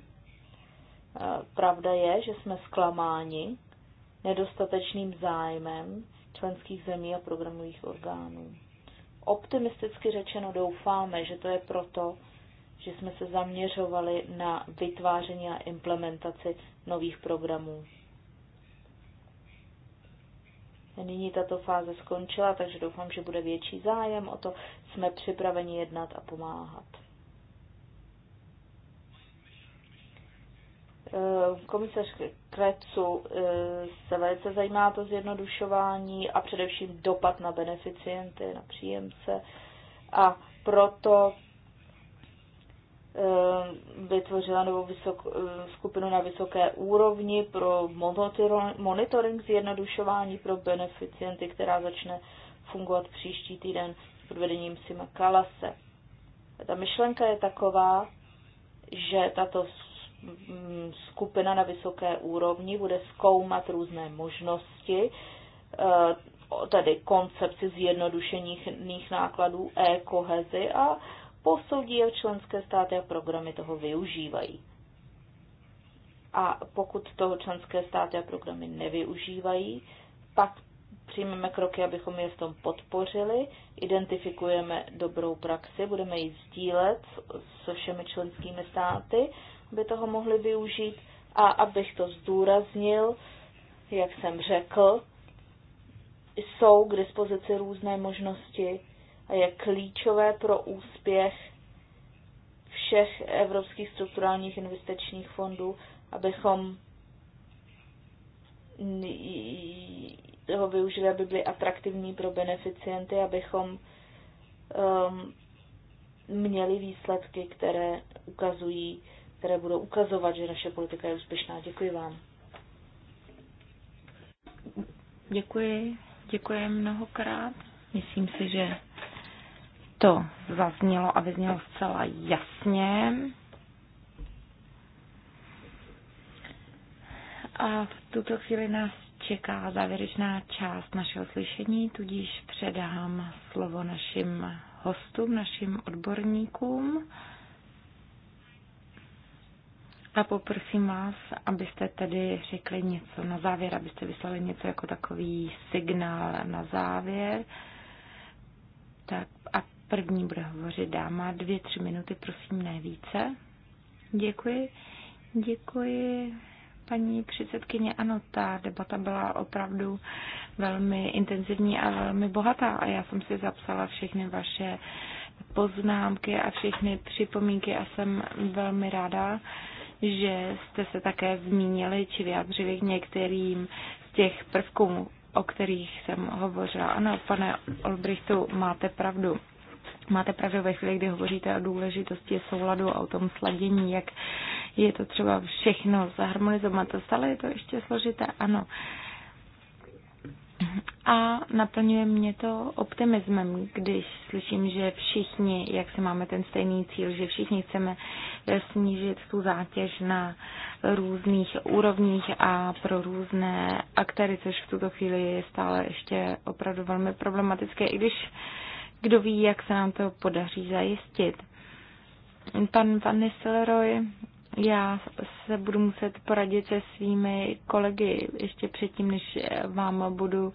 pravda je, že jsme zklamáni nedostatečným zájmem členských zemí a programových orgánů. Optimisticky řečeno doufáme, že to je proto, že jsme se zaměřovali na vytváření a implementaci nových programů. Nyní tato fáze skončila, takže doufám, že bude větší zájem o to. Jsme připraveni jednat a pomáhat. Eh, komisař Krecu eh, se velice zajímá to zjednodušování a především dopad na beneficienty, na příjemce. A proto Eh, vytvořila novou vysok, eh, skupinu na vysoké úrovni pro monitoring zjednodušování pro beneficienty, která začne fungovat příští týden pod vedením Sima Kalase. Ta myšlenka je taková, že tato mm, skupina na vysoké úrovni bude zkoumat různé možnosti, eh, tedy koncepci zjednodušených nákladů e-kohezy a posoudí, jak členské státy a programy toho využívají. A pokud toho členské státy a programy nevyužívají, pak přijmeme kroky, abychom je v tom podpořili, identifikujeme dobrou praxi, budeme ji sdílet se všemi členskými státy, aby toho mohli využít. A abych to zdůraznil, jak jsem řekl, jsou k dispozici různé možnosti a je klíčové pro úspěch všech evropských strukturálních investičních fondů, abychom ho využili, aby byly atraktivní pro beneficienty, abychom um, měli výsledky, které ukazují, které budou ukazovat, že naše politika je úspěšná. Děkuji vám. Děkuji, děkuji mnohokrát. Myslím si, že to zaznělo a vyznělo zcela jasně. A v tuto chvíli nás čeká závěrečná část našeho slyšení, tudíž předám slovo našim hostům, našim odborníkům. A poprosím vás, abyste tedy řekli něco na závěr, abyste vyslali něco jako takový signál na závěr. Tak a První bude hovořit dáma dvě, tři minuty, prosím, ne více. Děkuji. Děkuji, paní předsedkyně. Ano, ta debata byla opravdu velmi intenzivní a velmi bohatá a já jsem si zapsala všechny vaše poznámky a všechny připomínky a jsem velmi ráda, že jste se také zmínili či vyjádřili k některým z těch prvků, o kterých jsem hovořila. Ano, pane Olbrichtu, máte pravdu. Máte pravdu ve chvíli, kdy hovoříte o důležitosti souladu a o tom sladění, jak je to třeba všechno zaharmonizovat. To stále je to ještě složité, ano. A naplňuje mě to optimismem, když slyším, že všichni, jak se máme ten stejný cíl, že všichni chceme eh, snížit tu zátěž na různých úrovních a pro různé aktéry, což v tuto chvíli je stále ještě opravdu velmi problematické, i když kdo ví, jak se nám to podaří zajistit. Pan Van Nistelrooy já se budu muset poradit se svými kolegy ještě předtím, než vám budu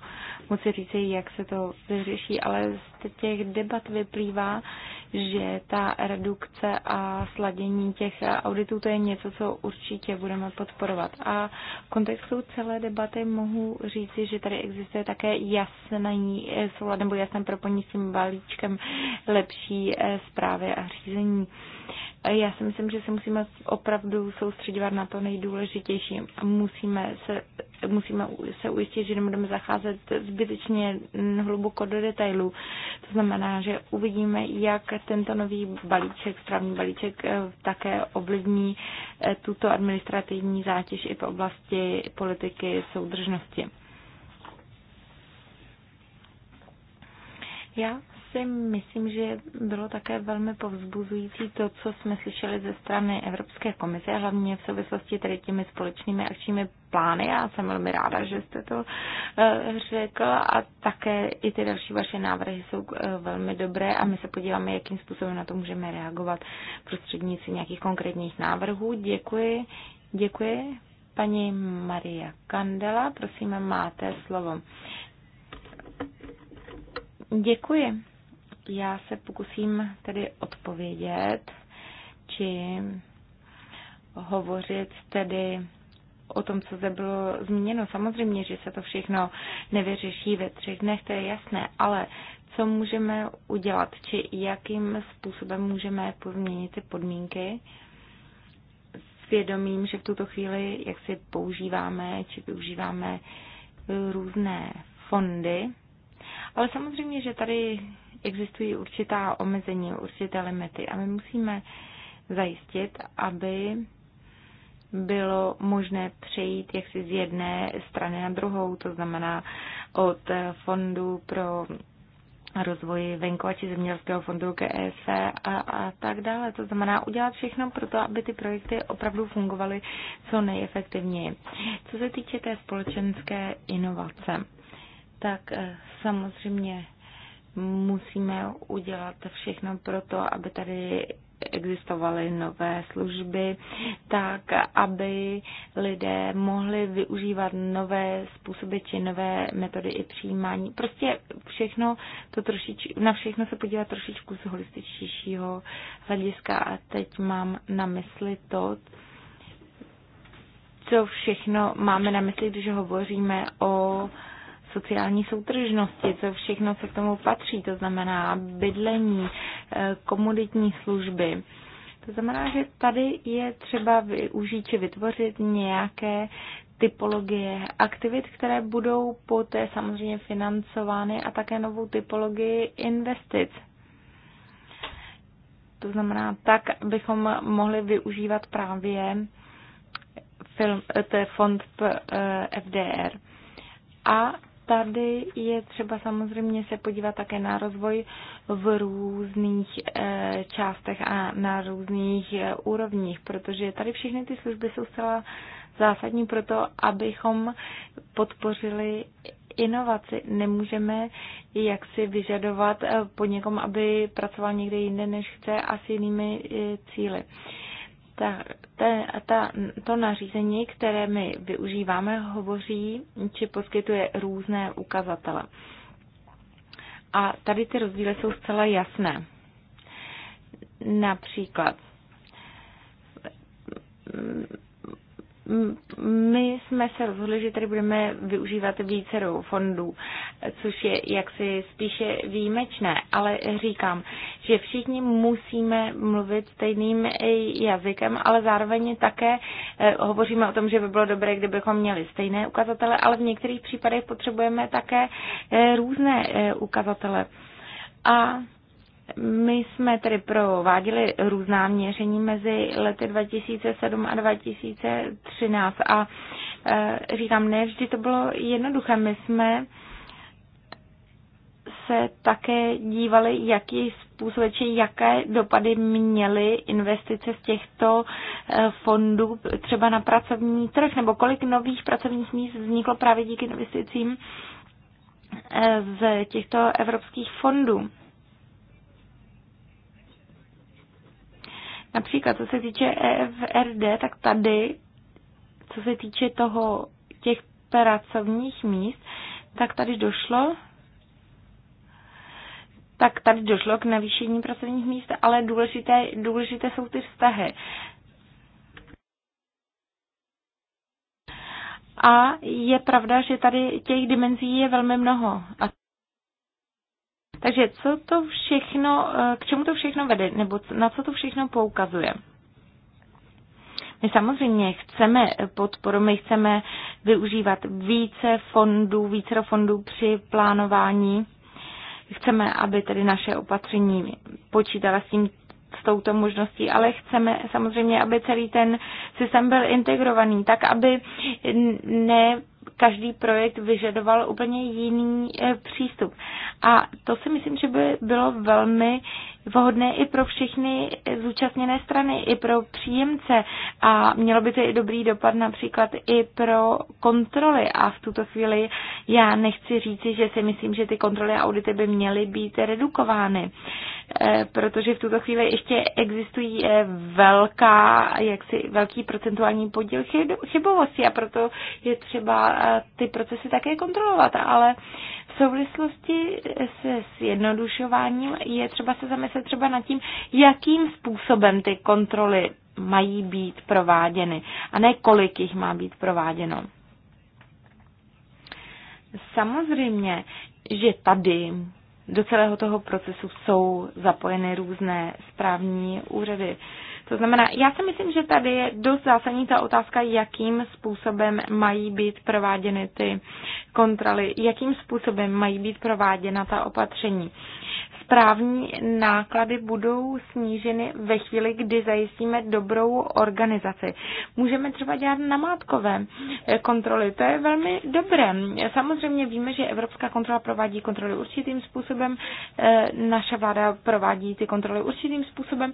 moci říct, jak se to vyřeší, ale z těch debat vyplývá, že ta redukce a sladění těch auditů, to je něco, co určitě budeme podporovat. A v kontextu celé debaty mohu říci, že tady existuje také jasný soulad nebo jasné propojení s tím balíčkem lepší zprávy eh, a řízení. Já si myslím, že se musíme opravdu soustředovat na to nejdůležitější. Musíme se, musíme se ujistit, že nebudeme zacházet zbytečně hluboko do detailů. To znamená, že uvidíme, jak tento nový balíček, správný balíček, eh, také ovlivní eh, tuto administrativní zátěž i v oblasti politiky soudržnosti. Já si myslím, že bylo také velmi povzbuzující to, co jsme slyšeli ze strany Evropské komise, hlavně v souvislosti tedy těmi společnými akčními plány. Já jsem velmi ráda, že jste to eh, řekl a také i ty další vaše návrhy jsou eh, velmi dobré a my se podíváme, jakým způsobem na to můžeme reagovat prostřednictvím nějakých konkrétních návrhů. Děkuji. Děkuji. Paní Maria Kandela, prosím, máte slovo. Děkuji. Já se pokusím tedy odpovědět, či hovořit tedy o tom, co zde bylo zmíněno. Samozřejmě, že se to všechno nevyřeší ve třech dnech, to je jasné, ale co můžeme udělat, či jakým způsobem můžeme pozměnit ty podmínky, vědomím, že v tuto chvíli, jak si používáme, či využíváme různé fondy, ale samozřejmě, že tady existují určitá omezení, určité limity a my musíme zajistit, aby bylo možné přejít jaksi z jedné strany na druhou, to znamená od fondu pro rozvoji venkovači zemědělského fondu GSF e e a, a tak dále. To znamená udělat všechno pro to, aby ty projekty opravdu fungovaly co nejefektivněji. Co se týče té společenské inovace, tak eh, samozřejmě musíme udělat všechno pro to, aby tady existovaly nové služby, tak aby lidé mohli využívat nové způsoby či nové metody i přijímání. Prostě všechno to trošič, na všechno se podívat trošičku z holističtějšího hlediska a teď mám na mysli to, co všechno máme na mysli, když hovoříme o sociální soutržnosti, co všechno se k tomu patří, to znamená bydlení, eh, komoditní služby. To znamená, že tady je třeba využít či vytvořit nějaké typologie aktivit, které budou poté samozřejmě financovány a také novou typologii investic. To znamená tak, abychom mohli využívat právě film, to je fond eh, FDR. A tady je třeba samozřejmě se podívat také na rozvoj v různých eh, částech a na různých eh, úrovních, protože tady všechny ty služby jsou zcela zásadní pro to, abychom podpořili inovaci. Nemůžeme jak si vyžadovat eh, po někom, aby pracoval někde jinde, než chce a s jinými cíly ta, ta, ta, to nařízení, které my využíváme, hovoří či poskytuje různé ukazatele. A tady ty rozdíly jsou zcela jasné. Například my jsme se rozhodli, že tady budeme využívat více fondů, což je jaksi spíše výjimečné, ale říkám, že všichni musíme mluvit stejným jazykem, ale zároveň také eh, hovoříme o tom, že by bylo dobré, kdybychom měli stejné ukazatele, ale v některých případech potřebujeme také eh, různé eh, ukazatele. A my jsme tedy prováděli různá měření mezi lety 2007 a 2013 a e, říkám, ne vždy to bylo jednoduché. My jsme se také dívali, jaký způsob, či jaké dopady měly investice z těchto e, fondů třeba na pracovní trh, nebo kolik nových pracovních míst vzniklo právě díky investicím e, z těchto evropských fondů. Například, co se týče EFRD, tak tady, co se týče toho těch pracovních míst, tak tady došlo tak tady došlo k navýšení pracovních míst, ale důležité, důležité jsou ty vztahy. A je pravda, že tady těch dimenzí je velmi mnoho. A takže co to všechno, eh, k čemu to všechno vede, nebo na co to všechno poukazuje? My samozřejmě chceme podporu, my chceme využívat více fondů, více fondů při plánování. Chceme, aby tedy naše opatření počítala s tím, s touto možností, ale chceme samozřejmě, aby celý ten systém byl integrovaný, tak aby ne, každý projekt vyžadoval úplně jiný e, přístup. A to si myslím, že by bylo velmi vhodné i pro všechny zúčastněné strany, i pro příjemce a mělo by to i dobrý dopad například i pro kontroly a v tuto chvíli já nechci říci, že si myslím, že ty kontroly a audity by měly být redukovány, e, protože v tuto chvíli ještě existují e, velká, jaksi, velký procentuální podíl chybovosti a proto je třeba ty procesy také kontrolovat, ale v souvislosti se zjednodušováním je třeba se zamyslet třeba nad tím, jakým způsobem ty kontroly mají být prováděny a ne kolik jich má být prováděno. Samozřejmě, že tady do celého toho procesu jsou zapojeny různé správní úřady. To znamená, já si myslím, že tady je dost zásadní ta otázka, jakým způsobem mají být prováděny ty kontroly, jakým způsobem mají být prováděna ta opatření. Správní náklady budou sníženy ve chvíli, kdy zajistíme dobrou organizaci. Můžeme třeba dělat namátkové kontroly, to je velmi dobré. Samozřejmě víme, že Evropská kontrola provádí kontroly určitým způsobem, eh, naše vláda provádí ty kontroly určitým způsobem,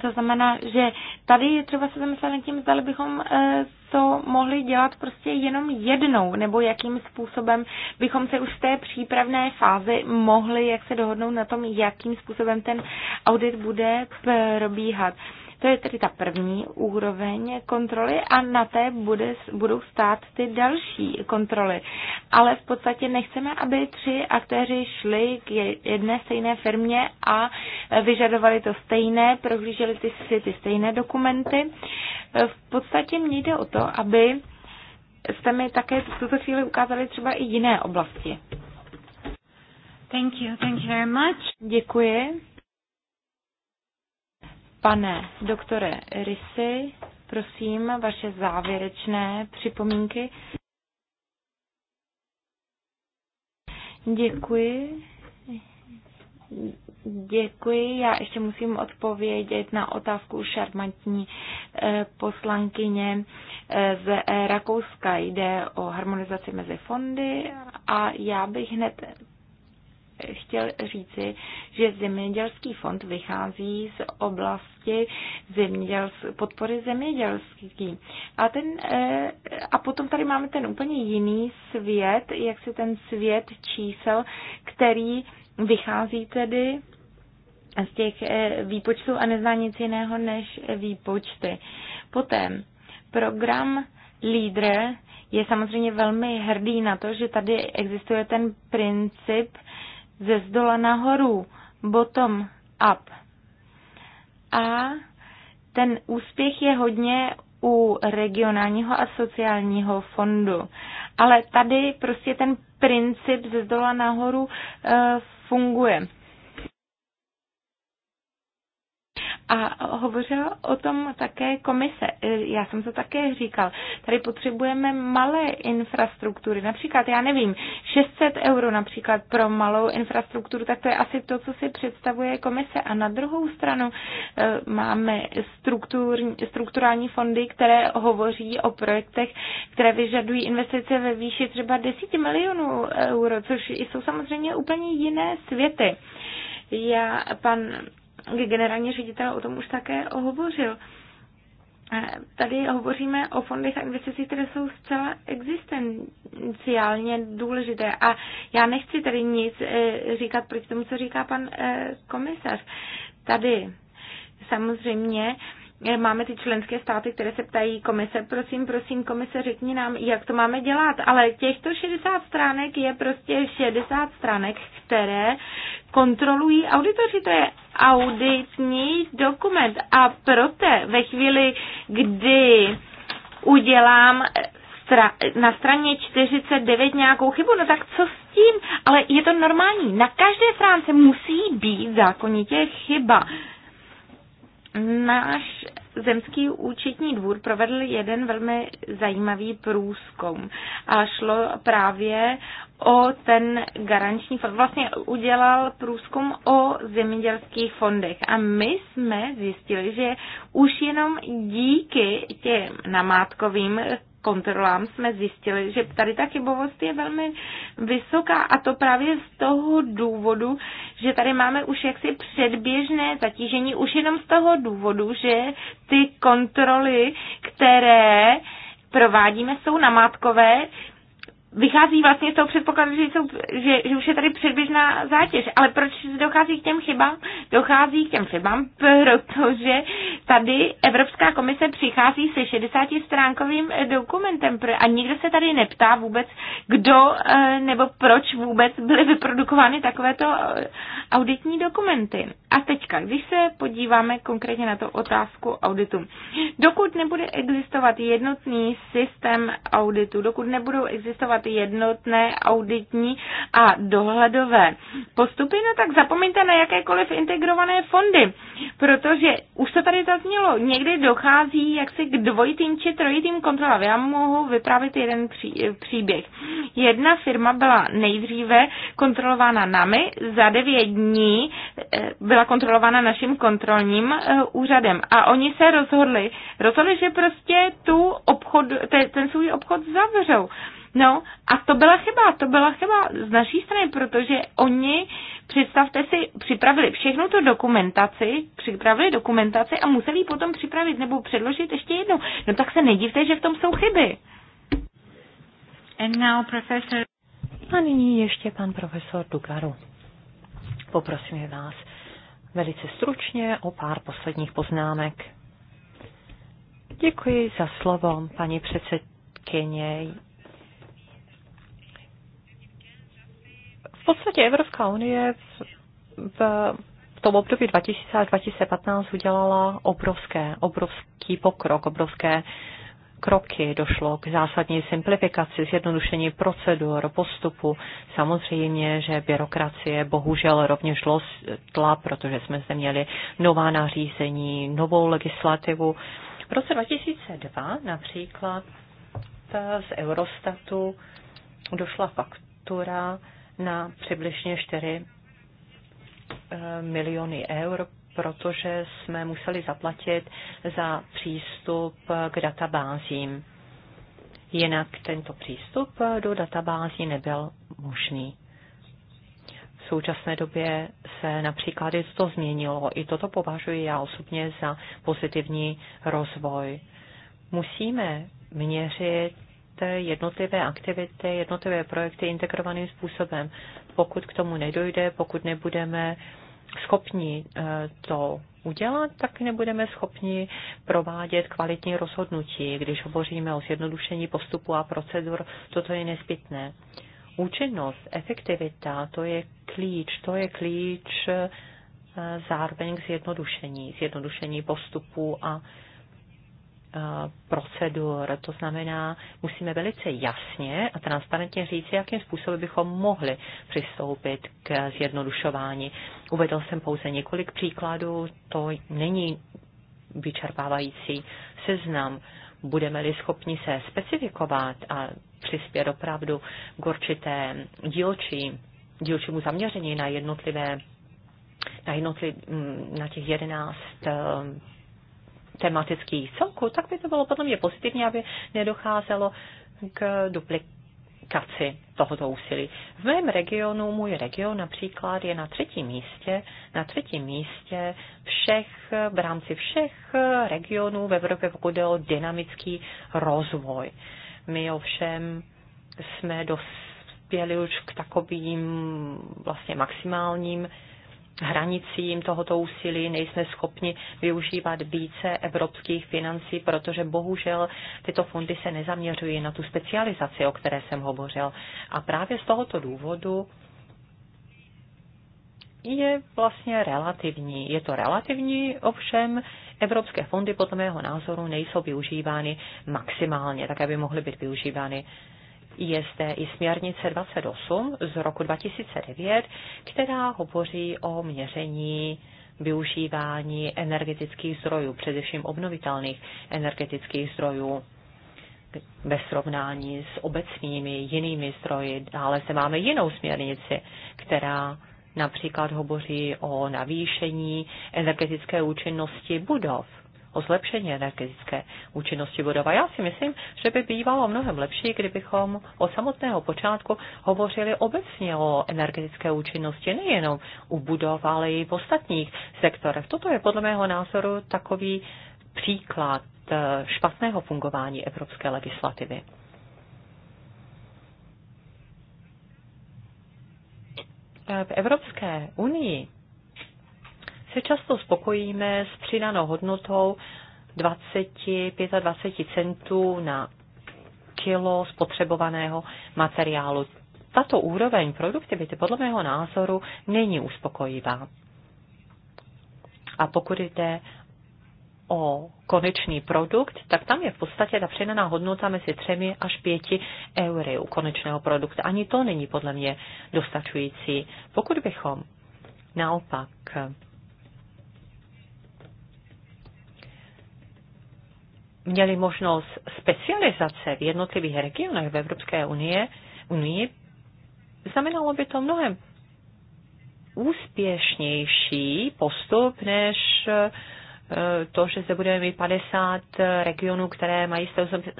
to znamená, že tady je třeba se zamyslet nad tím, zda bychom eh, to mohli dělat prostě jenom jednou, nebo jakým způsobem bychom se už v té přípravné fázi mohli jak se dohodnout na tom, jakým způsobem ten audit bude probíhat. To je tedy ta první úroveň kontroly a na té bude, budou stát ty další kontroly. Ale v podstatě nechceme, aby tři aktéři šli k jedné stejné firmě a vyžadovali to stejné, prohlíželi ty, si ty stejné dokumenty. V podstatě mně jde o to, aby jste mi také v tuto chvíli ukázali třeba i jiné oblasti. Thank you, thank you very much. Děkuji. Pane doktore Rysy, prosím vaše závěrečné připomínky. Děkuji. Děkuji. Já ještě musím odpovědět na otázku šarmantní eh, poslankyně eh, z eh, Rakouska. Jde o harmonizaci mezi fondy a já bych hned chtěl říci, že zemědělský fond vychází z oblasti zeměděls, podpory zemědělský. A, ten, eh, a potom tady máme ten úplně jiný svět, jak se ten svět čísel, který vychází tedy z těch eh, výpočtů a nezná nic jiného než výpočty. Poté program Lídr je samozřejmě velmi hrdý na to, že tady existuje ten princip ze zdola nahoru, bottom up. A ten úspěch je hodně u regionálního a sociálního fondu. Ale tady prostě ten princip ze zdola nahoru eh, funguje. A hovořila o tom také komise. E, já jsem to také říkal. Tady potřebujeme malé infrastruktury. Například, já nevím, 600 euro například pro malou infrastrukturu, tak to je asi to, co si představuje komise. A na druhou stranu e, máme strukturální fondy, které hovoří o projektech, které vyžadují investice ve výši třeba 10 milionů euro, což jsou samozřejmě úplně jiné světy. Já, pan generální ředitel o tom už také hovořil. Tady hovoříme o fondech a investicích, které jsou zcela existenciálně důležité. A já nechci tady nic eh, říkat proti tomu, co říká pan eh, komisař. Tady samozřejmě Eh, máme ty členské státy, které se ptají komise, prosím, prosím, komise, řekni nám, jak to máme dělat. Ale těchto 60 stránek je prostě 60 stránek, které kontrolují auditoři. To je auditní dokument. A proto ve chvíli, kdy udělám eh, na straně 49 nějakou chybu, no tak co s tím? Ale je to normální. Na každé stránce musí být zákonitě chyba. Náš zemský účetní dvůr provedl jeden velmi zajímavý průzkum a šlo právě o ten garanční fond. Vlastně udělal průzkum o zemědělských fondech a my jsme zjistili, že už jenom díky těm namátkovým kontrolám jsme zjistili, že tady ta chybovost je velmi vysoká a to právě z toho důvodu, že tady máme už jaksi předběžné zatížení, už jenom z toho důvodu, že ty kontroly, které provádíme, jsou namátkové, vychází vlastně z toho předpokladu, že, jsou, že, že už je tady předběžná zátěž. Ale proč dochází k těm chybám? Dochází k těm chybám, protože tady Evropská komise přichází se 60-stránkovým dokumentem a nikdo se tady neptá vůbec, kdo eh, nebo proč vůbec byly vyprodukovány takovéto eh, auditní dokumenty. A teďka, když se podíváme konkrétně na tu otázku auditu. Dokud nebude existovat jednotný systém auditu, dokud nebudou existovat aplikovat jednotné auditní a dohledové postupy, no tak zapomeňte na jakékoliv integrované fondy, protože už to tady zaznělo, někdy dochází jaksi k dvojitým či trojitým kontrolám. Já mohu vypravit jeden pří, příběh. Jedna firma byla nejdříve kontrolována námi, za devět dní eh, byla kontrolována naším kontrolním eh, úřadem a oni se rozhodli, rozhodli, že prostě tu obchod, ten svůj obchod zavřou. No a to byla chyba, to byla chyba z naší strany, protože oni, představte si, připravili všechnu tu dokumentaci, připravili dokumentaci a museli ji potom připravit nebo předložit ještě jednou. No tak se nedivte, že v tom jsou chyby. And now professor... A nyní ještě pan profesor Dugaru. Poprosím vás velice stručně o pár posledních poznámek. Děkuji za slovo, paní předsedkyně. podstatě Evropská unie v, v tom období 2000 až 2015 udělala obrovské, obrovský pokrok, obrovské kroky. Došlo k zásadní simplifikaci, zjednodušení procedur, postupu. Samozřejmě, že byrokracie bohužel rovněž tla, protože jsme zde měli nová nařízení, novou legislativu. V roce 2002 například z Eurostatu došla faktura na přibližně 4 eh, miliony eur, protože jsme museli zaplatit za přístup k databázím. Jinak tento přístup do databází nebyl možný. V současné době se například i to změnilo. I toto považuji já osobně za pozitivní rozvoj. Musíme měřit jednotlivé aktivity, jednotlivé projekty integrovaným způsobem. Pokud k tomu nedojde, pokud nebudeme schopni eh, to udělat, tak nebudeme schopni provádět kvalitní rozhodnutí. Když hovoříme o zjednodušení postupu a procedur, toto je nezbytné. Účinnost, efektivita, to je klíč, to je klíč eh, zároveň k zjednodušení, zjednodušení postupu a Eh, procedur. To znamená, musíme velice jasně a transparentně říct, jakým způsobem bychom mohli přistoupit k zjednodušování. Uvedl jsem pouze několik příkladů, to není vyčerpávající seznam. Budeme-li schopni se specifikovat a přispět opravdu k určité dílčí, dílčímu zaměření na jednotlivé na, jednotlivé na těch jedenáct tematický celků, tak by to bylo podle mě pozitivní, aby nedocházelo k duplikaci tohoto úsilí. V mém regionu, můj region například je na třetím místě, na třetím místě všech, v rámci všech regionů v Evropě, pokud jde o dynamický rozvoj. My ovšem jsme dospěli už k takovým vlastně maximálním hranicím tohoto úsilí, nejsme schopni využívat více evropských financí, protože bohužel tyto fondy se nezaměřují na tu specializaci, o které jsem hovořil. A právě z tohoto důvodu je vlastně relativní. Je to relativní, ovšem evropské fondy podle mého názoru nejsou využívány maximálně, tak aby mohly být využívány je zde i směrnice 28 z roku 2009, která hovoří o měření využívání energetických zdrojů, především obnovitelných energetických zdrojů ve srovnání s obecnými jinými zdroji. Dále se máme jinou směrnici, která například hovoří o navýšení energetické účinnosti budov o zlepšení energetické účinnosti budov. A já si myslím, že by bývalo mnohem lepší, kdybychom od samotného počátku hovořili obecně o energetické účinnosti, nejenom u budov, ale i v ostatních sektorech. Toto je podle mého názoru takový příklad eh, špatného fungování evropské legislativy. V Evropské unii se často spokojíme s přidanou hodnotou 20-25 centů na kilo spotřebovaného materiálu. Tato úroveň produktivity podle mého názoru není uspokojivá. A pokud jde o konečný produkt, tak tam je v podstatě ta přidaná hodnota mezi třemi až pěti eury u konečného produktu. Ani to není podle mě dostačující. Pokud bychom naopak měli možnost specializace v jednotlivých regionech v Evropské unie, unii, znamenalo by to mnohem úspěšnější postup než eh, to, že se budeme mít 50 regionů, které mají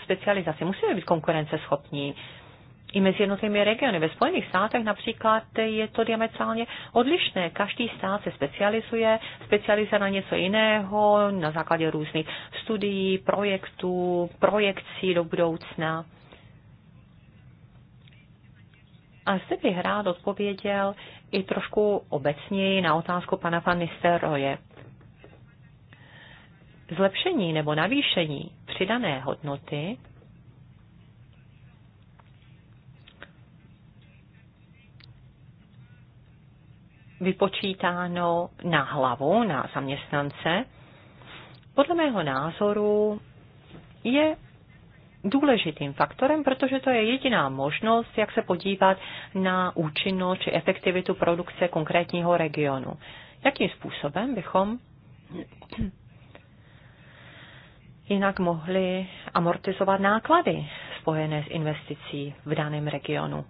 specializaci. Musíme být konkurenceschopní i mezi jednotlivými regiony. Ve Spojených státech například je to diametrálně odlišné. Každý stát se specializuje, specializuje na něco jiného na základě různých studií, projektů, projekcí do budoucna. A zde bych rád odpověděl i trošku obecněji na otázku pana pan Roje. Zlepšení nebo navýšení přidané hodnoty vypočítáno na hlavu, na zaměstnance, podle mého názoru je důležitým faktorem, protože to je jediná možnost, jak se podívat na účinnost či efektivitu produkce konkrétního regionu. Jakým způsobem bychom jinak mohli amortizovat náklady spojené s investicí v daném regionu?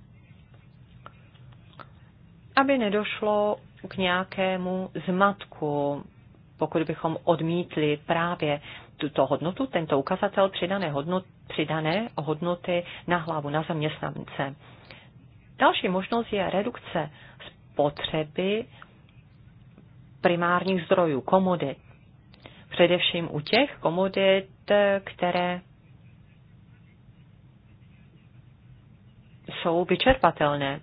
aby nedošlo k nějakému zmatku, pokud bychom odmítli právě tuto hodnotu, tento ukazatel přidané, hodnot, přidané hodnoty na hlavu, na zaměstnance. Další možnost je redukce spotřeby primárních zdrojů, komodit. Především u těch komodit, které jsou vyčerpatelné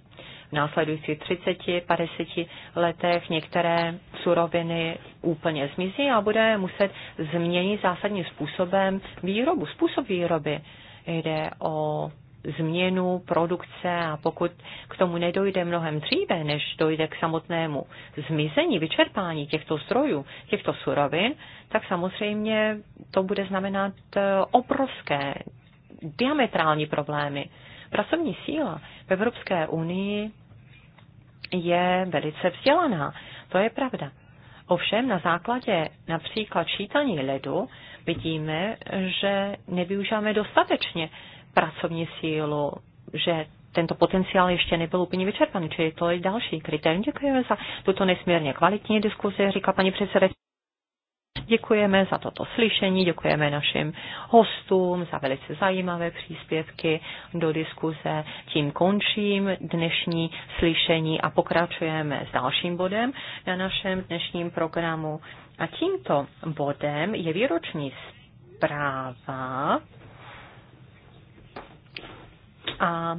následujících 30-50 letech některé suroviny úplně zmizí a bude muset změnit zásadním způsobem výrobu, způsob výroby. Jde o změnu produkce a pokud k tomu nedojde mnohem dříve, než dojde k samotnému zmizení, vyčerpání těchto zdrojů, těchto surovin, tak samozřejmě to bude znamenat eh, obrovské, diametrální problémy. Pracovní síla v Evropské unii je velice vzdělaná. To je pravda. Ovšem na základě například čítání ledu vidíme, že nevyužíváme dostatečně pracovní sílu, že tento potenciál ještě nebyl úplně vyčerpaný, čili to je další kritérium. Děkujeme za tuto nesmírně kvalitní diskuzi, říká paní předsedající. Děkujeme za toto slyšení, děkujeme našim hostům za velice zajímavé příspěvky do diskuze. Tím končím dnešní slyšení a pokračujeme s dalším bodem na našem dnešním programu. A tímto bodem je výroční zpráva a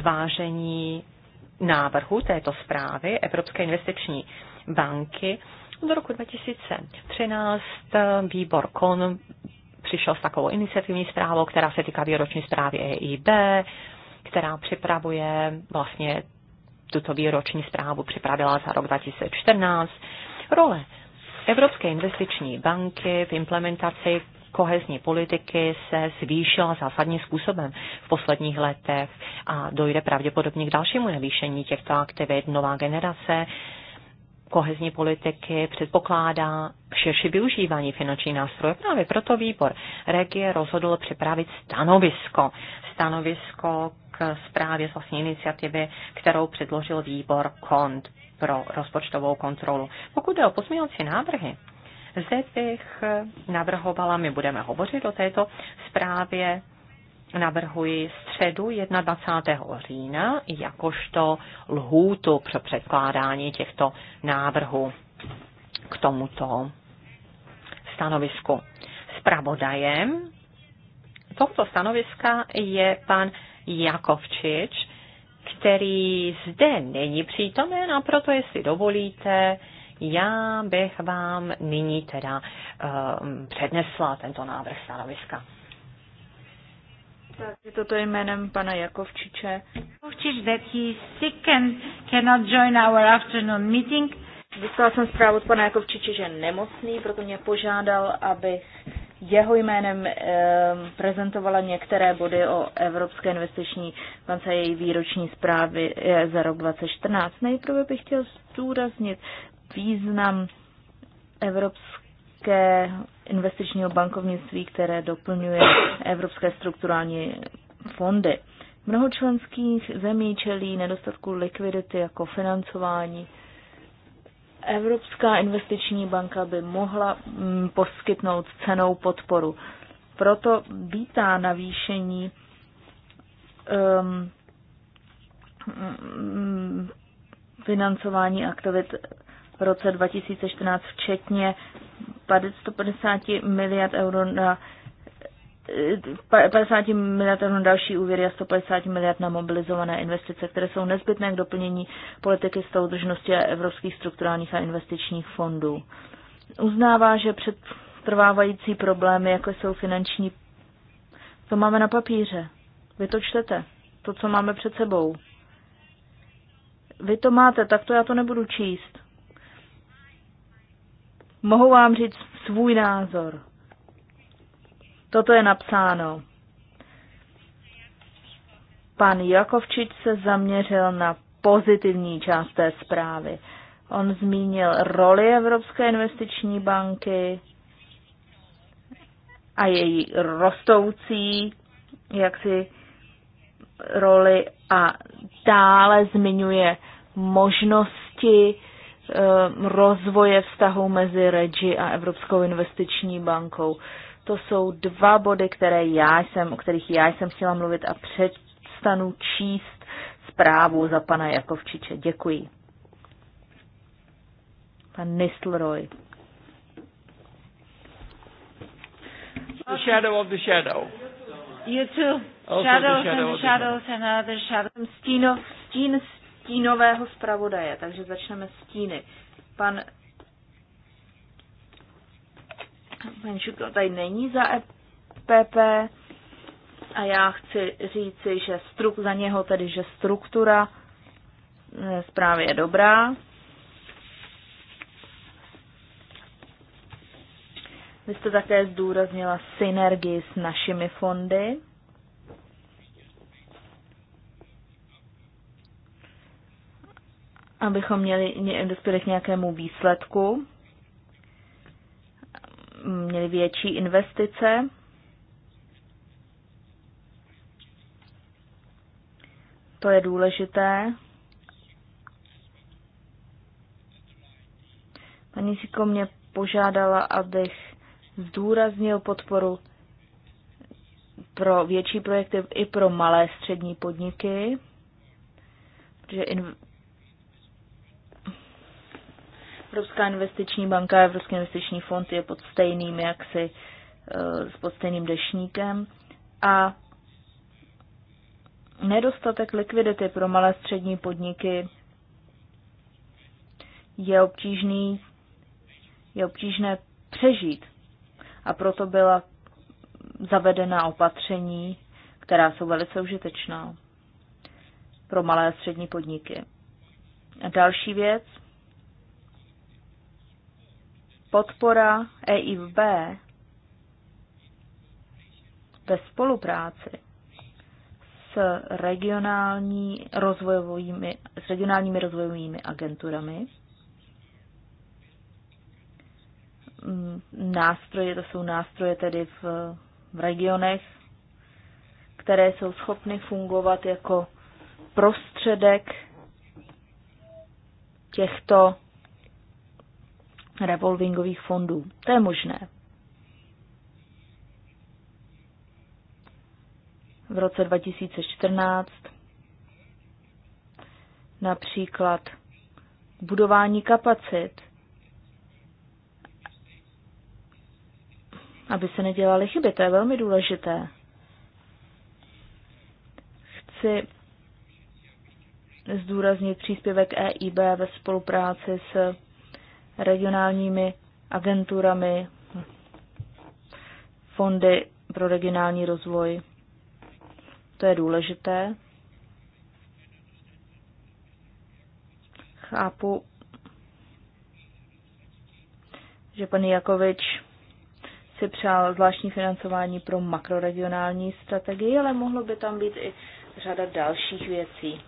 zvážení návrhu této zprávy Evropské investiční banky do roku 2013 eh, výbor KON přišel s takovou iniciativní zprávou, která se týká výroční zprávy EIB, která připravuje vlastně tuto výroční zprávu připravila za rok 2014. Role Evropské investiční banky v implementaci kohezní politiky se zvýšila zásadním způsobem v posledních letech a dojde pravděpodobně k dalšímu navýšení těchto aktivit. Nová generace kohezní politiky předpokládá širší využívání finanční nástrojů. Právě proto výbor regie rozhodl připravit stanovisko. Stanovisko k zprávě z vlastní iniciativy, kterou předložil výbor KONT pro rozpočtovou kontrolu. Pokud jde o pozměňovací návrhy, zde bych navrhovala, my budeme hovořit o této zprávě navrhuji středu 21. října jakožto lhůtu pro předkládání těchto návrhů k tomuto stanovisku. Spravodajem tohoto stanoviska je pan Jakovčič, který zde není přítomen a proto, jestli dovolíte, já bych vám nyní teda uh, přednesla tento návrh stanoviska. Tak, je toto jménem pana Jakovčiče. Jakovčič that he sick and cannot join our afternoon meeting. Dostala jsem zprávu od pana Jakovčiče, že je nemocný, proto mě požádal, aby jeho jménem um, prezentovala některé body o Evropské investiční bance její výroční zprávy je eh, za rok 2014. Nejprve bych chtěl zdůraznit význam Evropské Evropské investičního bankovnictví, které doplňuje Evropské strukturální fondy. Mnoho členských zemí čelí nedostatku likvidity jako financování. Evropská investiční banka by mohla mm, poskytnout cenou podporu. Proto vítá navýšení um, mm, financování aktivit v roce 2014, včetně 150 miliard euro na 50 eh, miliard na další úvěry a 150 miliard na mobilizované investice, které jsou nezbytné k doplnění politiky soudržnosti a evropských strukturálních a investičních fondů. Uznává, že předtrvávající problémy, jako jsou finanční, to máme na papíře. Vy to čtete, to, co máme před sebou. Vy to máte, tak to já to nebudu číst. Mohu vám říct svůj názor. Toto je napsáno. Pan Jakovčič se zaměřil na pozitivní část té zprávy. On zmínil roli Evropské investiční banky a její rostoucí jaksi roli a dále zmiňuje možnosti Eh, rozvoje vztahu mezi Regi a Evropskou investiční bankou. To jsou dva body, které já jsem, o kterých já jsem chtěla mluvit a přestanu číst zprávu za pana Jakovčiče. Děkuji. Pan Nistelrooy. The shadow of the shadow. You too. Also shadows the shadow and the shadows and other shadows. Stíno, stín, stínového zpravodaje, takže začneme stíny. Pan Pan Šukl tady není za EPP a já chci říci, že struk, za něho tedy, že struktura eh, zprávy je dobrá. Vy jste také zdůraznila synergii s našimi fondy. abychom měli, dospěli k nějakému výsledku, měli větší investice. To je důležité. Paní Siko mě požádala, abych zdůraznil podporu pro větší projekty i pro malé střední podniky, protože Evropská investiční banka a Evropský investiční fond je pod stejným jaksi, eh, pod stejným dešníkem a nedostatek likvidity pro malé střední podniky je obtížný, je obtížné přežít. A proto byla zavedena opatření, která jsou velice užitečná pro malé a střední podniky. A další věc, podpora EIB ve spolupráci s, regionální rozvojovými, s regionálními rozvojovými agenturami. Mm, nástroje, to jsou nástroje tedy v, v regionech, které jsou schopny fungovat jako prostředek těchto revolvingových fondů. To je možné. V roce 2014 například budování kapacit, aby se nedělaly chyby, to je velmi důležité. Chci zdůraznit příspěvek EIB ve spolupráci s regionálními agenturami, fondy pro regionální rozvoj. To je důležité. Chápu, že pan Jakovič si přál zvláštní financování pro makroregionální strategii, ale mohlo by tam být i řada dalších věcí.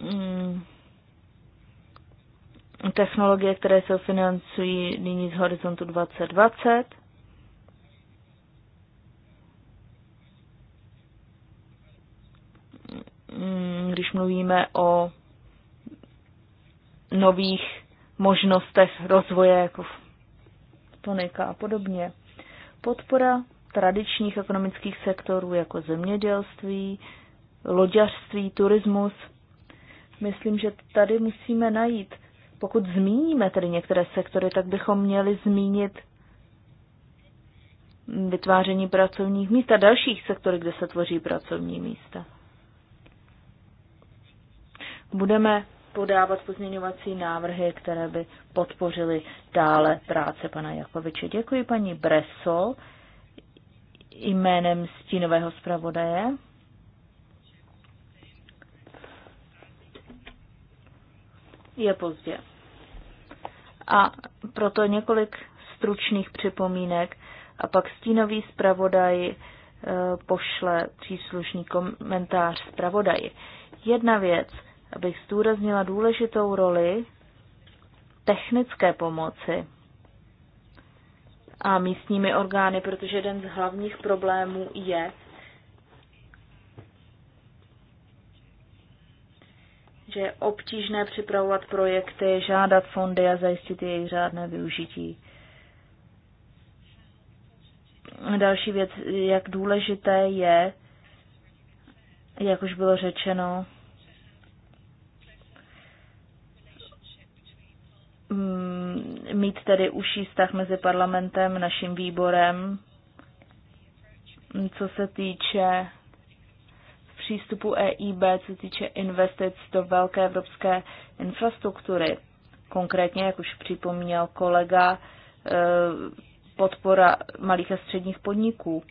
Mm. technologie, které se financují nyní z Horizontu 2020. Mm, když mluvíme o nových možnostech rozvoje, jako tonika a podobně. Podpora tradičních ekonomických sektorů jako zemědělství, loďařství, turismus – Myslím, že tady musíme najít, pokud zmíníme tedy některé sektory, tak bychom měli zmínit vytváření pracovních míst a dalších sektorů, kde se tvoří pracovní místa. Budeme podávat pozměňovací návrhy, které by podpořily dále práce pana Jakoviče. Děkuji paní Breso jménem stínového zpravodaje. je pozdě. A proto několik stručných připomínek a pak stínový zpravodaj eh, pošle příslušný komentář zpravodaji. Jedna věc, abych zdůraznila důležitou roli technické pomoci a místními orgány, protože jeden z hlavních problémů je, že je obtížné připravovat projekty, žádat fondy a zajistit jejich řádné využití. Další věc, jak důležité je, jak už bylo řečeno, mm, mít tedy užší vztah mezi parlamentem, naším výborem, co se týče přístupu EIB, co týče investic do velké evropské infrastruktury. Konkrétně, jak už připomněl kolega, e, podpora malých a středních podniků.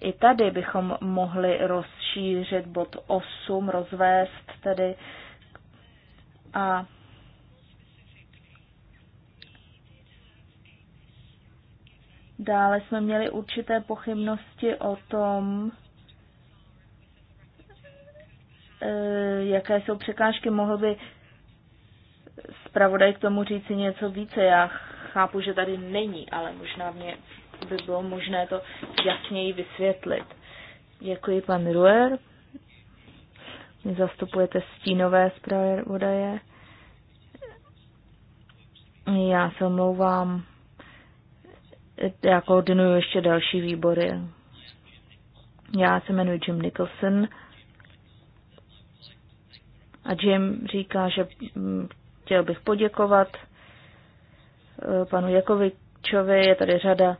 I tady bychom mohli rozšířit bod 8, rozvést tedy a Dále jsme měli určité pochybnosti o tom, E, jaké jsou překážky, mohl by zpravodaj k tomu říci něco více. Já chápu, že tady není, ale možná mě by bylo možné to jasněji vysvětlit. Děkuji, pan Ruer. Mě zastupujete stínové zpravodaje. Já se omlouvám. Já koordinuju ještě další výbory. Já se jmenuji Jim Nicholson. A Jim říká, že mm, chtěl bych poděkovat eh, panu Jakovičovi. Je tady řada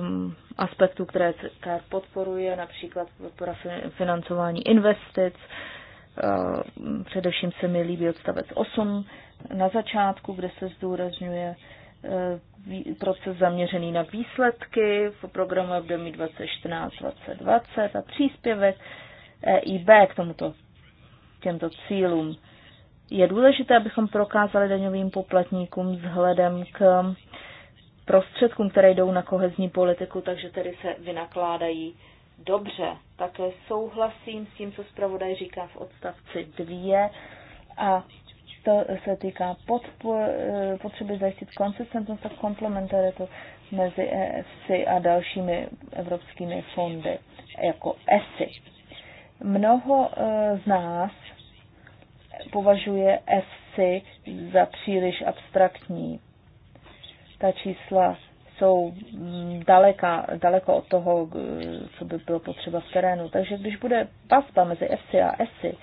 um, aspektů, které CKR podporuje, například podpora financování investic. Eh, především se mi líbí odstavec 8 na začátku, kde se zdůrazňuje eh, proces zaměřený na výsledky v programu období 2014-2020 a příspěvek EIB k tomuto těmto cílům. Je důležité, abychom prokázali daňovým poplatníkům vzhledem k prostředkům, které jdou na kohezní politiku, takže tedy se vynakládají dobře. Také souhlasím s tím, co zpravodaj říká v odstavci 2 a to se týká podpor, eh, potřeby zajistit konsistentnost a komplementaritu mezi ESI a dalšími evropskými fondy jako ESI. Mnoho eh, z nás považuje SC za příliš abstraktní. Ta čísla jsou mm, daleka, daleko od toho, co by bylo potřeba v terénu. Takže když bude vazba mezi FC a SC,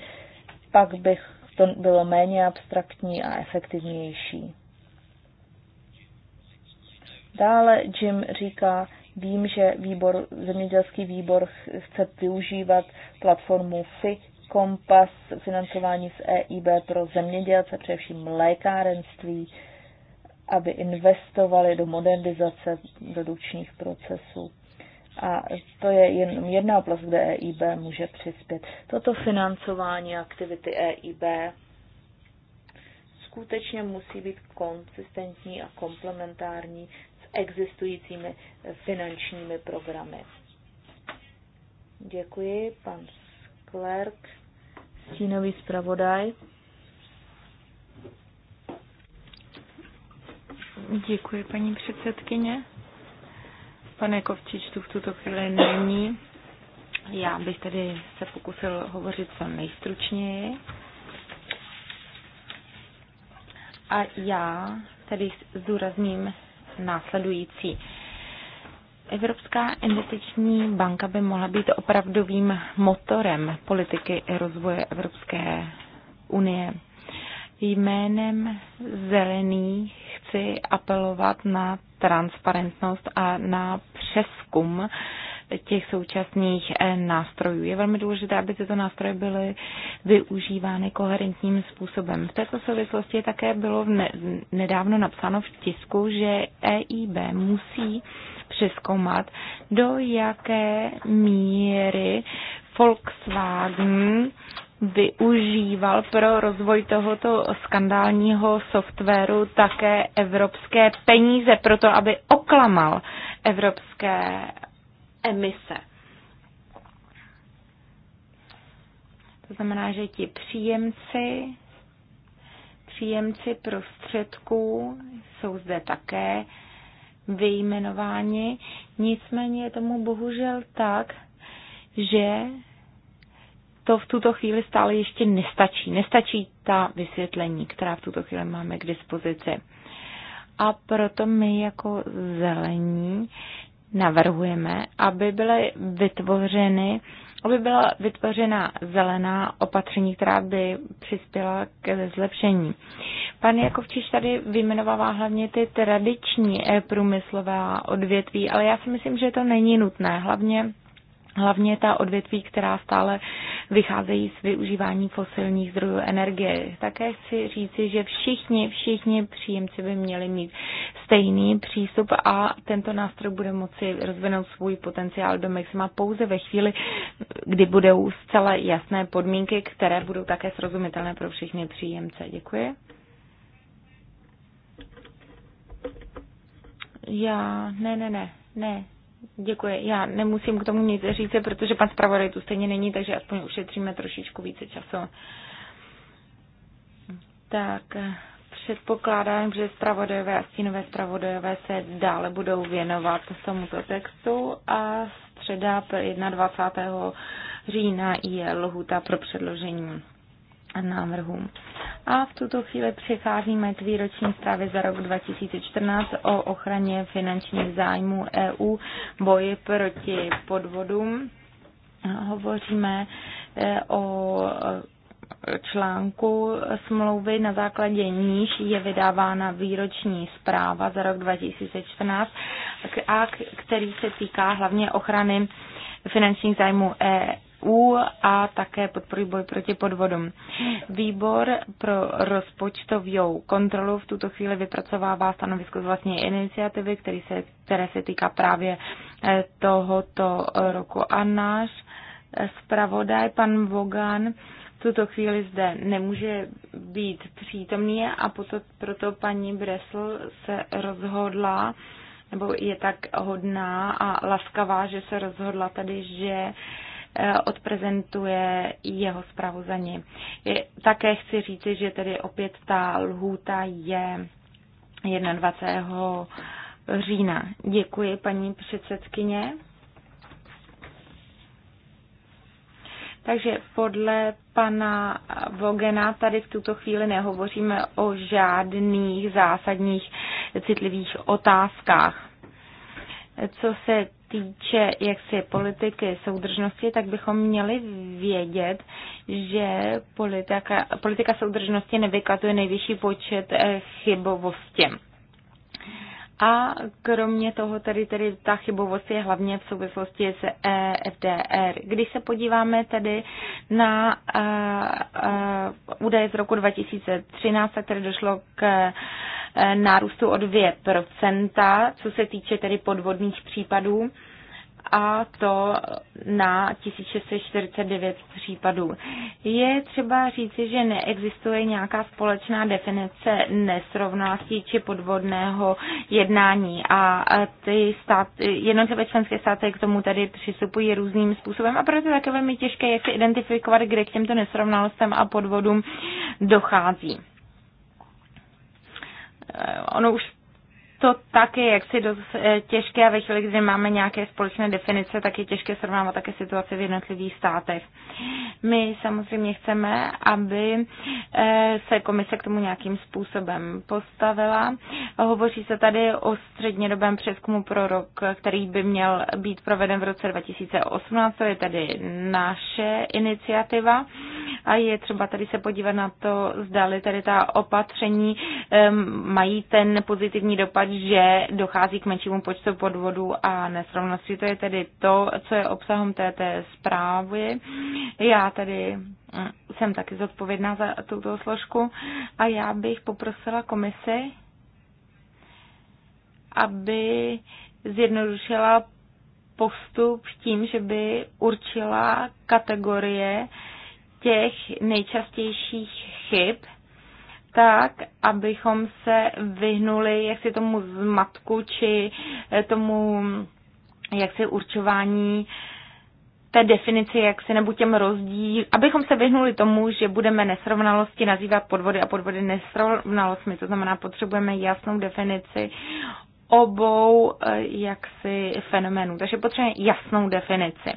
pak bych to bylo méně abstraktní a efektivnější. Dále Jim říká, vím, že výbor, zemědělský výbor chce využívat platformu FI kompas financování z EIB pro zemědělce, především lékárenství, aby investovali do modernizace produkčních procesů. A to je jen jedna oblast, kde EIB může přispět. Toto financování aktivity EIB skutečně musí být konsistentní a komplementární s existujícími finančními programy. Děkuji, pan Sklerk. Stínový zpravodaj. Děkuji, paní předsedkyně. Pane Kovčič tu v tuto chvíli není. Já bych tedy se pokusil hovořit co nejstručněji. A já tedy zdůrazním následující. Evropská investiční banka by mohla být opravdovým motorem politiky rozvoje Evropské unie. Jménem zelených chci apelovat na transparentnost a na přeskum těch současných eh, nástrojů. Je velmi důležité, aby tyto nástroje byly využívány koherentním způsobem. V této souvislosti také bylo nedávno napsáno v tisku, že EIB musí přeskoumat, do jaké míry Volkswagen využíval pro rozvoj tohoto skandálního softwaru také evropské peníze, proto aby oklamal evropské emise. To znamená, že ti příjemci, příjemci prostředků jsou zde také vyjmenováni. Nicméně je tomu bohužel tak, že to v tuto chvíli stále ještě nestačí. Nestačí ta vysvětlení, která v tuto chvíli máme k dispozici. A proto my jako zelení navrhujeme, aby byly vytvořeny aby byla vytvořena zelená opatření, která by přispěla k zlepšení. Pan Jakovčiš tady vyjmenovává hlavně ty tradiční eh, průmyslová odvětví, ale já si myslím, že to není nutné. Hlavně hlavně ta odvětví, která stále vycházejí z využívání fosilních zdrojů energie. Také chci říci, že všichni, všichni příjemci by měli mít stejný přístup a tento nástroj bude moci rozvinout svůj potenciál do maxima pouze ve chvíli, kdy budou zcela jasné podmínky, které budou také srozumitelné pro všechny příjemce. Děkuji. Já, ne, ne, ne, ne, Děkuji. Já nemusím k tomu nic říct, protože pan zpravodaj tu stejně není, takže aspoň ušetříme trošičku více času. Tak předpokládám, že zpravodajové a stínové zpravodajové se dále budou věnovat tomuto textu a středa 21. října je lhuta pro předložení návrhům. A v tuto chvíli přecházíme k výroční zprávě za rok 2014 o ochraně finančních zájmů EU, boji proti podvodům. Hovoříme e, o e, článku smlouvy, na základě níž je vydávána výroční zpráva za rok 2014, a který se týká hlavně ochrany finančních zájmů e EU a také podporují boj proti podvodům. Výbor pro rozpočtovou kontrolu v tuto chvíli vypracovává stanovisko z vlastní iniciativy, který se, které se týká právě eh, tohoto roku. A náš eh, zpravodaj, pan Vogan, tuto chvíli zde nemůže být přítomný a proto, proto paní Bresl se rozhodla, nebo je tak hodná a laskavá, že se rozhodla tady, že Eh, odprezentuje jeho zprávu za ním. Také chci říci, že tedy opět ta lhůta je 21. října. Děkuji, paní předsedkyně. Takže podle pana Vogena tady v tuto chvíli nehovoříme o žádných zásadních citlivých otázkách. Co se týče jaksi politiky soudržnosti, tak bychom měli vědět, že politika, politika soudržnosti nevykazuje nejvyšší počet eh, chybovosti. A kromě toho tedy, tedy ta chybovost je hlavně v souvislosti s e FDR. Když se podíváme tedy na uh, údaje z roku 2013, které došlo k eh, nárůstu o 2%, co se týče tedy podvodných případů, a to na 1649 případů. Je třeba říci, že neexistuje nějaká společná definice nesrovnalosti či podvodného jednání a ty stát, jednotlivé členské státy k tomu tady přistupují různým způsobem a proto je také velmi těžké, jak se identifikovat, kde k těmto nesrovnalostem a podvodům dochází eh, ono už to taky jaksi dost eh, těžké a ve chvíli, kdy máme nějaké společné definice, tak je těžké srovnávat také situace v jednotlivých státech. My samozřejmě chceme, aby eh, se komise k tomu nějakým způsobem postavila. Hovoří se tady o střednědobém přeskumu pro rok, který by měl být proveden v roce 2018, to je tedy naše iniciativa a je třeba tady se podívat na to, zdali tady ta opatření eh, mají ten pozitivní dopad, že dochází k menšímu počtu podvodů a nesrovnosti. To je tedy to, co je obsahem té, té zprávy. Já tedy mm, jsem taky zodpovědná za tuto složku a já bych poprosila komisi, aby zjednodušila postup tím, že by určila kategorie těch nejčastějších chyb, tak, abychom se vyhnuli jak si tomu zmatku či eh, tomu jak si určování té definici, jak se nebo těm rozdíl, abychom se vyhnuli tomu, že budeme nesrovnalosti nazývat podvody a podvody nesrovnalostmi, to znamená, potřebujeme jasnou definici obou eh, jaksi fenoménů. Takže potřebujeme jasnou definici.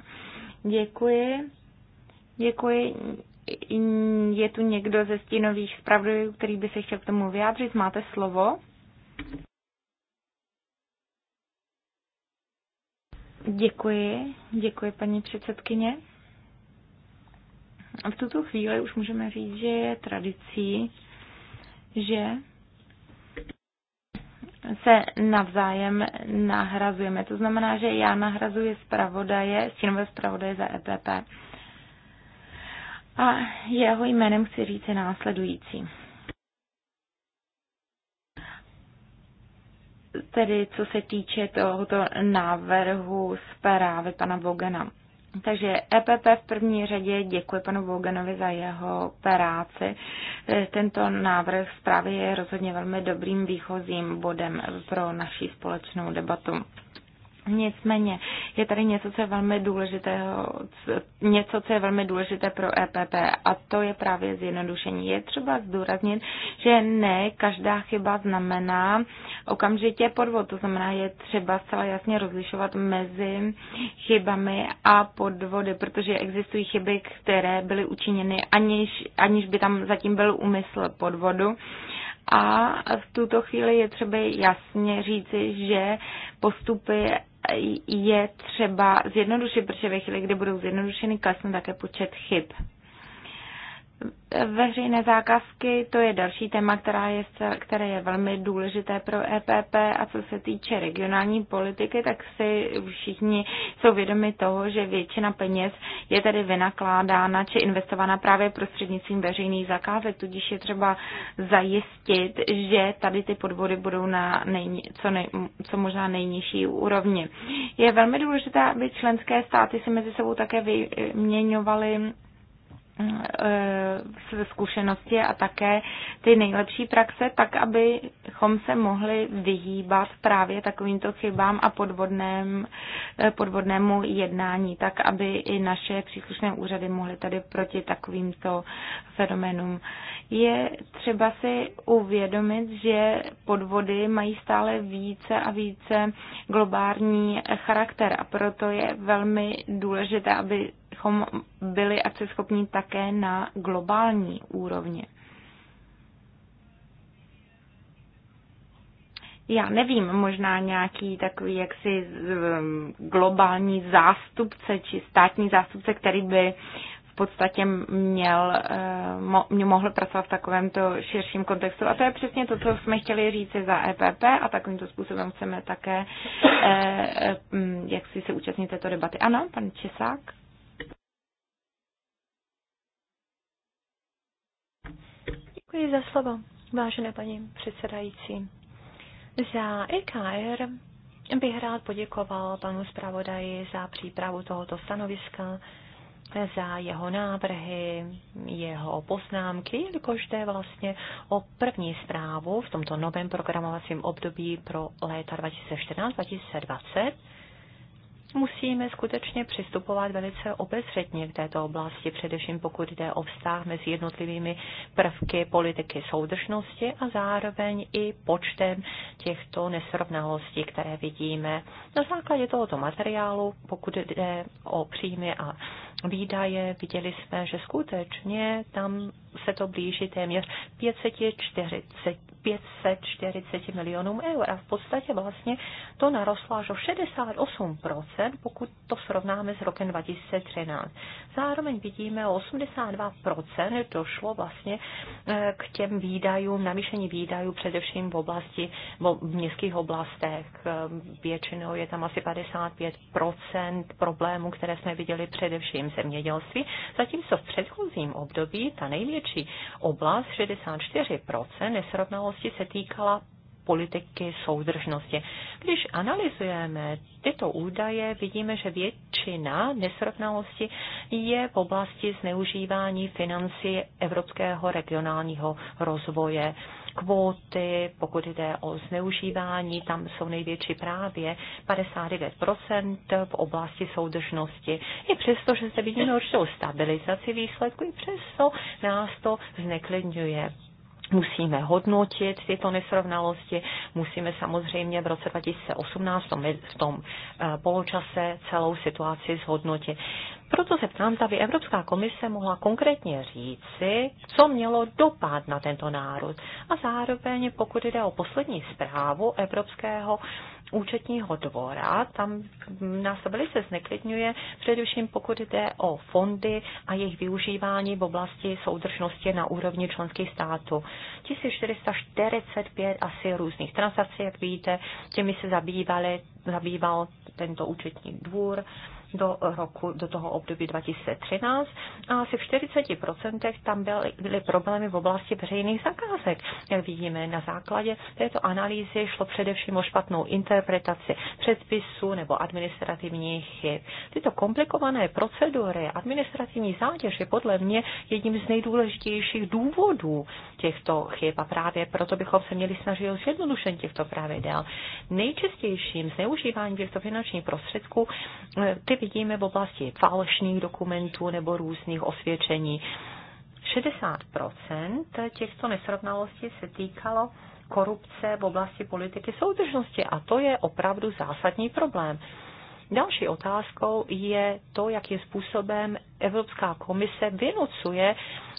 Děkuji. Děkuji je tu někdo ze stínových zpravodajů, který by se chtěl k tomu vyjádřit? Máte slovo? Děkuji, děkuji paní předsedkyně. V tuto chvíli už můžeme říct, že je tradicí, že se navzájem nahrazujeme. To znamená, že já nahrazuji zpravodaje, stínové zpravodaje za EPP. A jeho jménem chci říct následující. Tedy co se týče tohoto návrhu zprávy pana Bogena. Takže EPP v první řadě děkuje panu Voganovi za jeho práci. Tento návrh zprávy je rozhodně velmi dobrým výchozím bodem pro naši společnou debatu. Nicméně je tady něco, co je velmi důležitého, něco, co je velmi důležité pro EPP a to je právě zjednodušení. Je třeba zdůraznit, že ne každá chyba znamená okamžitě podvod. To znamená, je třeba zcela jasně rozlišovat mezi chybami a podvody, protože existují chyby, které byly učiněny, aniž, aniž by tam zatím byl úmysl podvodu. A v tuto chvíli je třeba jasně říci, že postupy je třeba zjednodušit, protože ve chvíli, kdy budou zjednodušeny, klesne také počet chyb. Veřejné zákazky, to je další téma, která je, které je velmi důležité pro EPP a co se týče regionální politiky, tak si všichni jsou vědomi toho, že většina peněz je tedy vynakládána či investována právě prostřednictvím veřejných zakázek, tudíž je třeba zajistit, že tady ty podvody budou na nejni, co, nej, co možná nejnižší úrovni. Je velmi důležité, aby členské státy si mezi sebou také vyměňovaly Eh, své zkušenosti a také ty nejlepší praxe, tak abychom se mohli vyhýbat právě takovýmto chybám a podvodném, eh, podvodnému jednání, tak aby i naše příslušné úřady mohly tady proti takovýmto fenoménům. Je třeba si uvědomit, že podvody mají stále více a více globální charakter a proto je velmi důležité, aby bychom byli akceschopní také na globální úrovni. Já nevím, možná nějaký takový jaksi um, globální zástupce či státní zástupce, který by v podstatě měl, eh, mě mohl pracovat v takovémto širším kontextu. A to je přesně to, co jsme chtěli říct za EPP a takovýmto způsobem chceme také eh, eh, mm, jak si se účastnit této debaty. Ano, pan Česák? Děkuji za slovo, vážené paní předsedající. Za EKR bych rád poděkoval panu zpravodaji za přípravu tohoto stanoviska, za jeho návrhy, jeho poznámky, jelikož jde vlastně o první zprávu v tomto novém programovacím období pro léta 2014-2020 musíme skutečně přistupovat velice obezřetně v této oblasti, především pokud jde o vztah mezi jednotlivými prvky politiky soudržnosti a zároveň i počtem těchto nesrovnalostí, které vidíme. Na základě tohoto materiálu, pokud jde o příjmy a výdaje, viděli jsme, že skutečně tam se to blíží téměř 540, 540 milionům eur. A v podstatě vlastně to narostlo až o 68%, pokud to srovnáme s rokem 2013. Zároveň vidíme o 82% došlo vlastně eh, k těm výdajům, navýšení výdajů především v oblasti, v městských oblastech. Eh, většinou je tam asi 55% problémů, které jsme viděli především v zemědělství, zatímco v předchozím období ta největší větší oblast, 64% nesrovnalosti se týkala politiky soudržnosti. Když analyzujeme tyto údaje, vidíme, že většina nesrovnalosti je v oblasti zneužívání financí Evropského regionálního rozvoje kvóty, pokud jde o zneužívání, tam jsou největší právě 59% v oblasti soudržnosti. I přesto, že se vidíme určitou stabilizaci výsledku, i přesto nás to zneklidňuje. Musíme hodnotit tyto nesrovnalosti, musíme samozřejmě v roce 2018 v tom eh, poločase celou situaci zhodnotit. Proto se ptám, aby Evropská komise mohla konkrétně říci, co mělo dopad na tento národ. A zároveň, pokud jde o poslední zprávu Evropského účetního dvora, tam nás velice zneklidňuje, především pokud jde o fondy a jejich využívání v oblasti soudržnosti na úrovni členských států. 1445 asi různých transakcí, jak víte, těmi se zabývali, zabýval tento účetní dvůr do roku, do toho období 2013 a asi v 40% tam byly problémy v oblasti veřejných zakázek. Jak vidíme, na základě této analýzy šlo především o špatnou interpretaci předpisů nebo administrativních chyb. Tyto komplikované procedury, administrativní zátěž je podle mě jedním z nejdůležitějších důvodů těchto chyb a právě proto bychom se měli snažit o zjednodušení těchto pravidel. Nejčastějším zneužíváním těchto finančních prostředků eh, ty vidíme v oblasti falešných dokumentů nebo různých osvědčení. 60 těchto nesrovnalostí se týkalo korupce v oblasti politiky soudržnosti a to je opravdu zásadní problém. Další otázkou je to, jakým způsobem Evropská komise vynucuje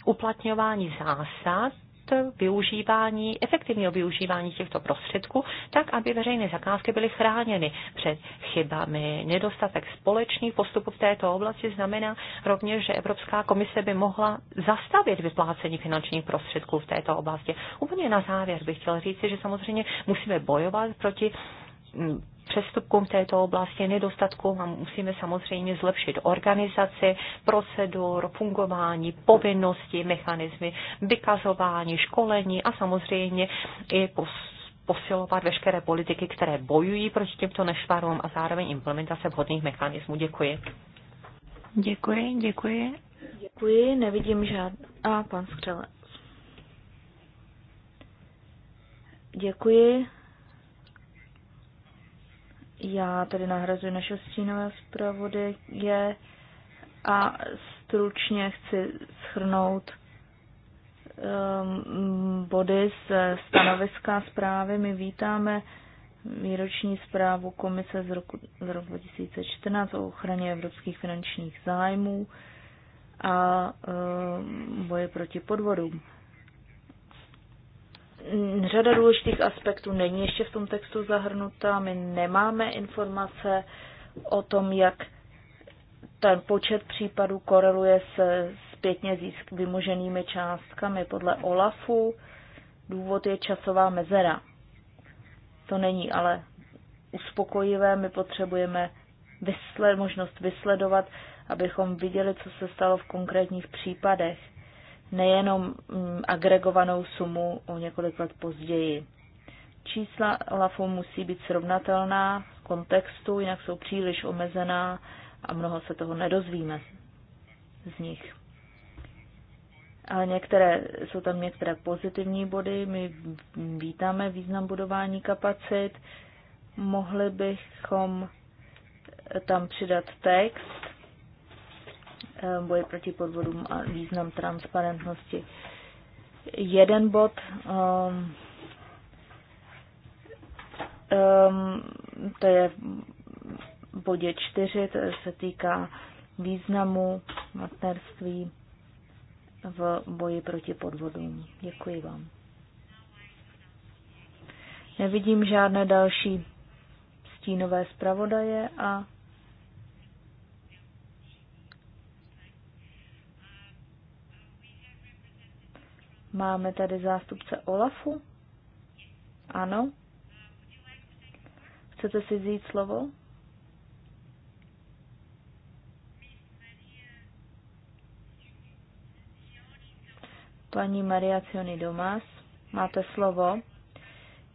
uplatňování zásad využívání, efektivního využívání těchto prostředků, tak aby veřejné zakázky byly chráněny před chybami. Nedostatek společných postupů v této oblasti znamená rovněž, že Evropská komise by mohla zastavit vyplácení finančních prostředků v této oblasti. Úplně na závěr bych chtěl říci, že samozřejmě musíme bojovat proti přestupkům v této oblasti, nedostatkům a musíme samozřejmě zlepšit organizaci, procedur, fungování, povinnosti, mechanizmy, vykazování, školení a samozřejmě i post posilovat veškeré politiky, které bojují proti těmto nešvarům a zároveň implementace vhodných mechanismů. Děkuji. Děkuji, děkuji. Děkuji, nevidím žádný. A pan Skřelec. Děkuji. Já tady nahrazuji našeho stínového zpravodaje a stručně chci schrnout um, body z stanoviska zprávy. My vítáme výroční zprávu Komise z roku, z roku 2014 o ochraně evropských finančních zájmů a um, boje proti podvodům řada důležitých aspektů není ještě v tom textu zahrnuta. My nemáme informace o tom, jak ten počet případů koreluje s zpětně získ vymoženými částkami. Podle OLAFu důvod je časová mezera. To není ale uspokojivé. My potřebujeme vysled, možnost vysledovat, abychom viděli, co se stalo v konkrétních případech nejenom mm, agregovanou sumu o několik let později. Čísla LAFO musí být srovnatelná v kontextu, jinak jsou příliš omezená a mnoho se toho nedozvíme z nich. Ale některé, jsou tam některé pozitivní body, my vítáme význam budování kapacit, mohli bychom tam přidat text, Boje proti podvodům a význam transparentnosti. Jeden bod um, um, to je v bodě čtyři, to se týká významu partnerství v boji proti podvodům. Děkuji vám. Nevidím žádné další stínové zpravodaje a Máme tady zástupce Olafu? Ano. Chcete si vzít slovo? Paní Maria Cioni Domas, máte slovo.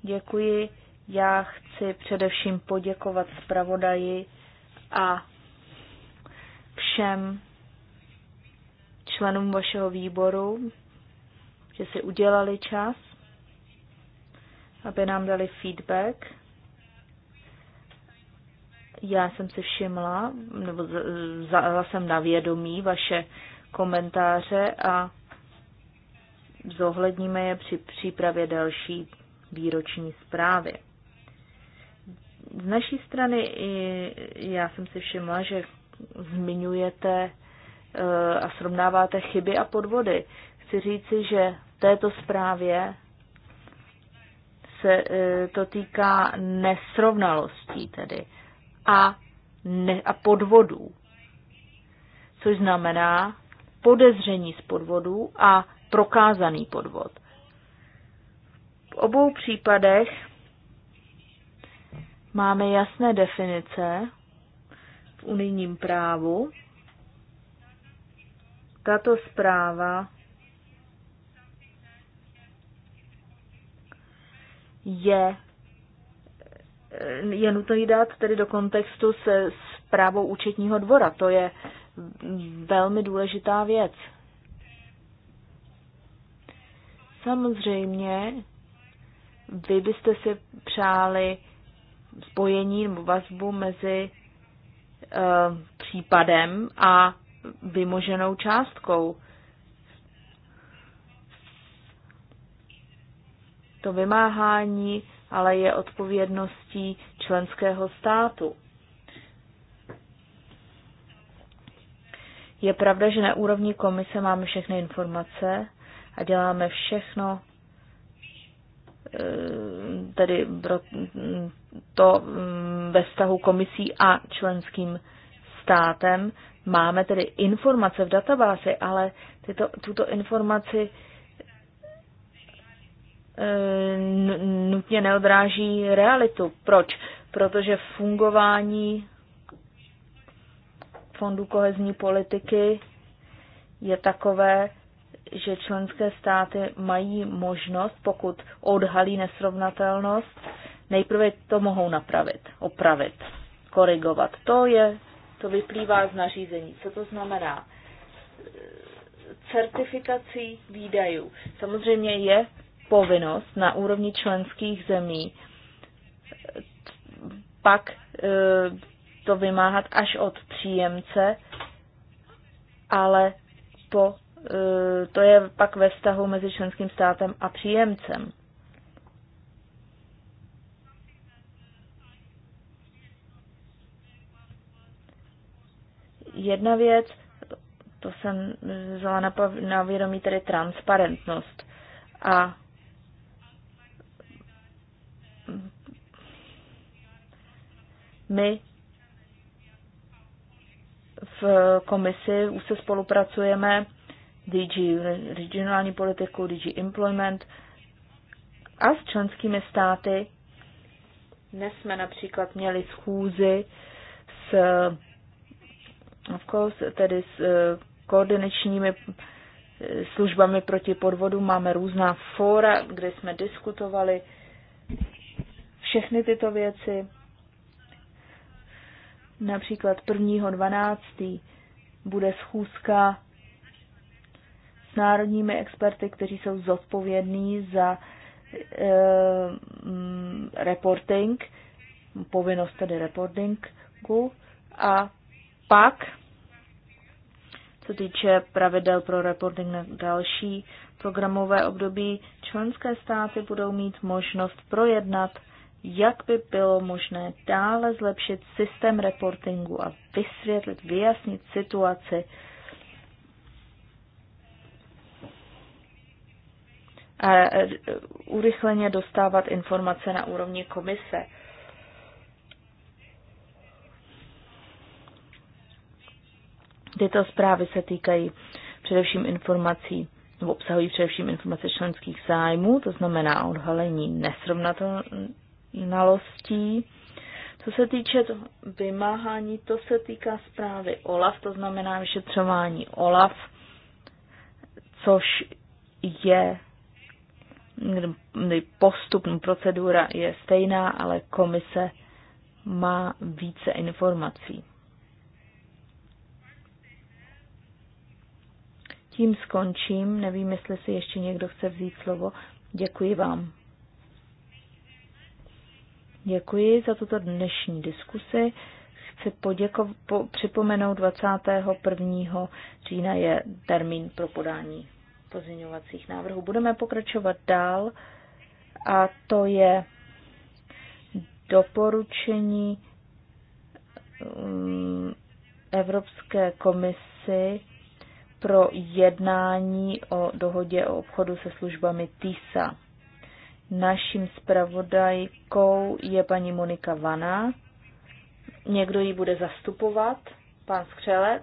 Děkuji. Já chci především poděkovat zpravodaji a všem členům vašeho výboru že si udělali čas, aby nám dali feedback. Já jsem si všimla, nebo vzala jsem na vědomí vaše komentáře a zohledníme je při přípravě další výroční zprávy. Z naší strany já jsem si všimla, že zmiňujete eh, a srovnáváte chyby a podvody. Chci říci, že v této zprávě se e, to týká nesrovnalostí tedy a, ne, a podvodů, což znamená podezření z podvodů a prokázaný podvod. V obou případech máme jasné definice v unijním právu. Tato zpráva je, eh, je nutno ji dát tedy do kontextu se zprávou účetního dvora. To je velmi důležitá věc. Samozřejmě, vy byste si přáli spojení nebo vazbu mezi eh, případem a vymoženou částkou. to vymáhání ale je odpovědností členského státu. Je pravda, že na úrovni komise máme všechny informace a děláme všechno, eh, tedy to mm, ve vztahu komisí a členským státem. Máme tedy informace v databázi, ale tyto, tuto informaci E, nutně neodráží realitu. Proč? Protože fungování fondu kohezní politiky je takové, že členské státy mají možnost, pokud odhalí nesrovnatelnost, nejprve to mohou napravit, opravit, korigovat. To je, to vyplývá z nařízení. Co to znamená? E, certifikací výdajů. Samozřejmě je povinnost na úrovni členských zemí pak e, to vymáhat až od příjemce, ale po, e, to je pak ve vztahu mezi členským státem a příjemcem. Jedna věc, to jsem vzala na, na vědomí tedy transparentnost. A my v komisi už se spolupracujeme DG regionální politiku, DG employment a s členskými státy. Dnes jsme například měli schůzi s, of course, tedy s eh, koordinačními eh, službami proti podvodu. Máme různá fóra, kde jsme diskutovali všechny tyto věci. Například 1.12. bude schůzka s národními experty, kteří jsou zodpovědní za e, reporting, povinnost tedy reportingu. A pak, co týče pravidel pro reporting na další programové období, členské státy budou mít možnost projednat jak by bylo možné dále zlepšit systém reportingu a vysvětlit, vyjasnit situaci a e, urychleně dostávat informace na úrovni komise. Tyto zprávy se týkají především informací nebo obsahují především informace členských zájmů, to znamená odhalení nesrovnatelnosti znalostí. Co se týče toho vymáhání, to se týká zprávy OLAF, to znamená vyšetřování OLAF, což je postup, no, procedura je stejná, ale komise má více informací. Tím skončím. Nevím, jestli si ještě někdo chce vzít slovo. Děkuji vám. Děkuji za tuto dnešní diskusi. Chci poděko- po- připomenout 21. října je termín pro podání pozměňovacích návrhů. Budeme pokračovat dál a to je doporučení mm, Evropské komisi pro jednání o dohodě o obchodu se službami TISA. Naším zpravodajkou je paní Monika Vana. Někdo ji bude zastupovat, pan Skřelec.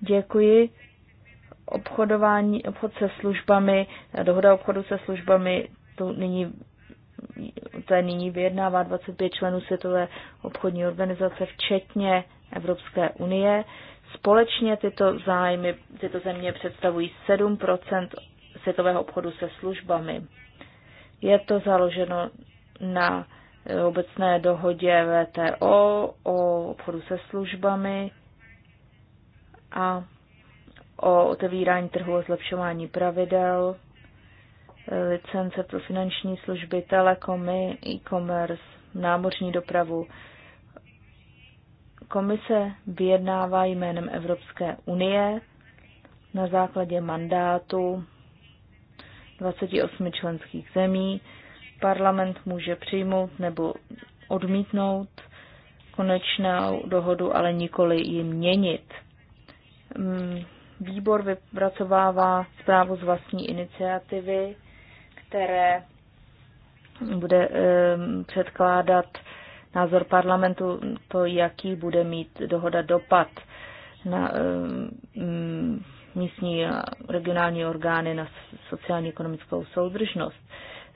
Děkuji. Obchodování, obchod se službami, dohoda obchodu se službami, to nyní to je nyní vyjednává 25 členů Světové obchodní organizace, včetně Evropské unie. Společně tyto zájmy, tyto země představují 7 světového obchodu se službami. Je to založeno na obecné dohodě VTO o obchodu se službami a o otevírání trhu a zlepšování pravidel, licence pro finanční služby, telekomy, e-commerce, námořní dopravu. Komise vyjednává jménem Evropské unie na základě mandátu 28 členských zemí. Parlament může přijmout nebo odmítnout konečnou dohodu, ale nikoli ji měnit. Mm, výbor vypracovává zprávu z vlastní iniciativy, které bude předkládat názor parlamentu, to, jaký bude mít dohoda dopad na místní a regionální orgány na sociálně ekonomickou soudržnost.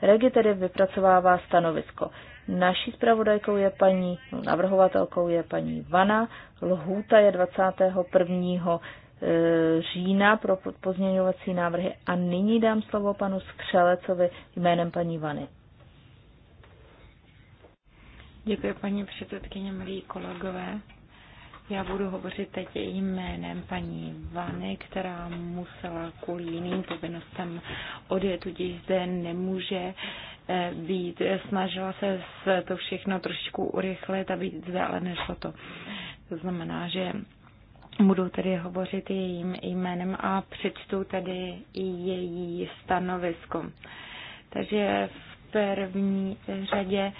Regi tedy vypracovává stanovisko. Naší zpravodajkou je paní, navrhovatelkou je paní Vana, lhůta je 21. E, října pro pozměňovací návrhy a nyní dám slovo panu Skřelecovi jménem paní Vany. Děkuji paní předsedkyně, milí kolegové. Já budu hovořit teď jménem paní Vany, která musela kvůli jiným povinnostem odjet, tudíž zde nemůže eh, být. Snažila se to všechno trošičku urychlit a být zde, ale nešlo to. To znamená, že budu tedy hovořit jejím jménem a přečtu tedy její stanovisko. Takže první řadě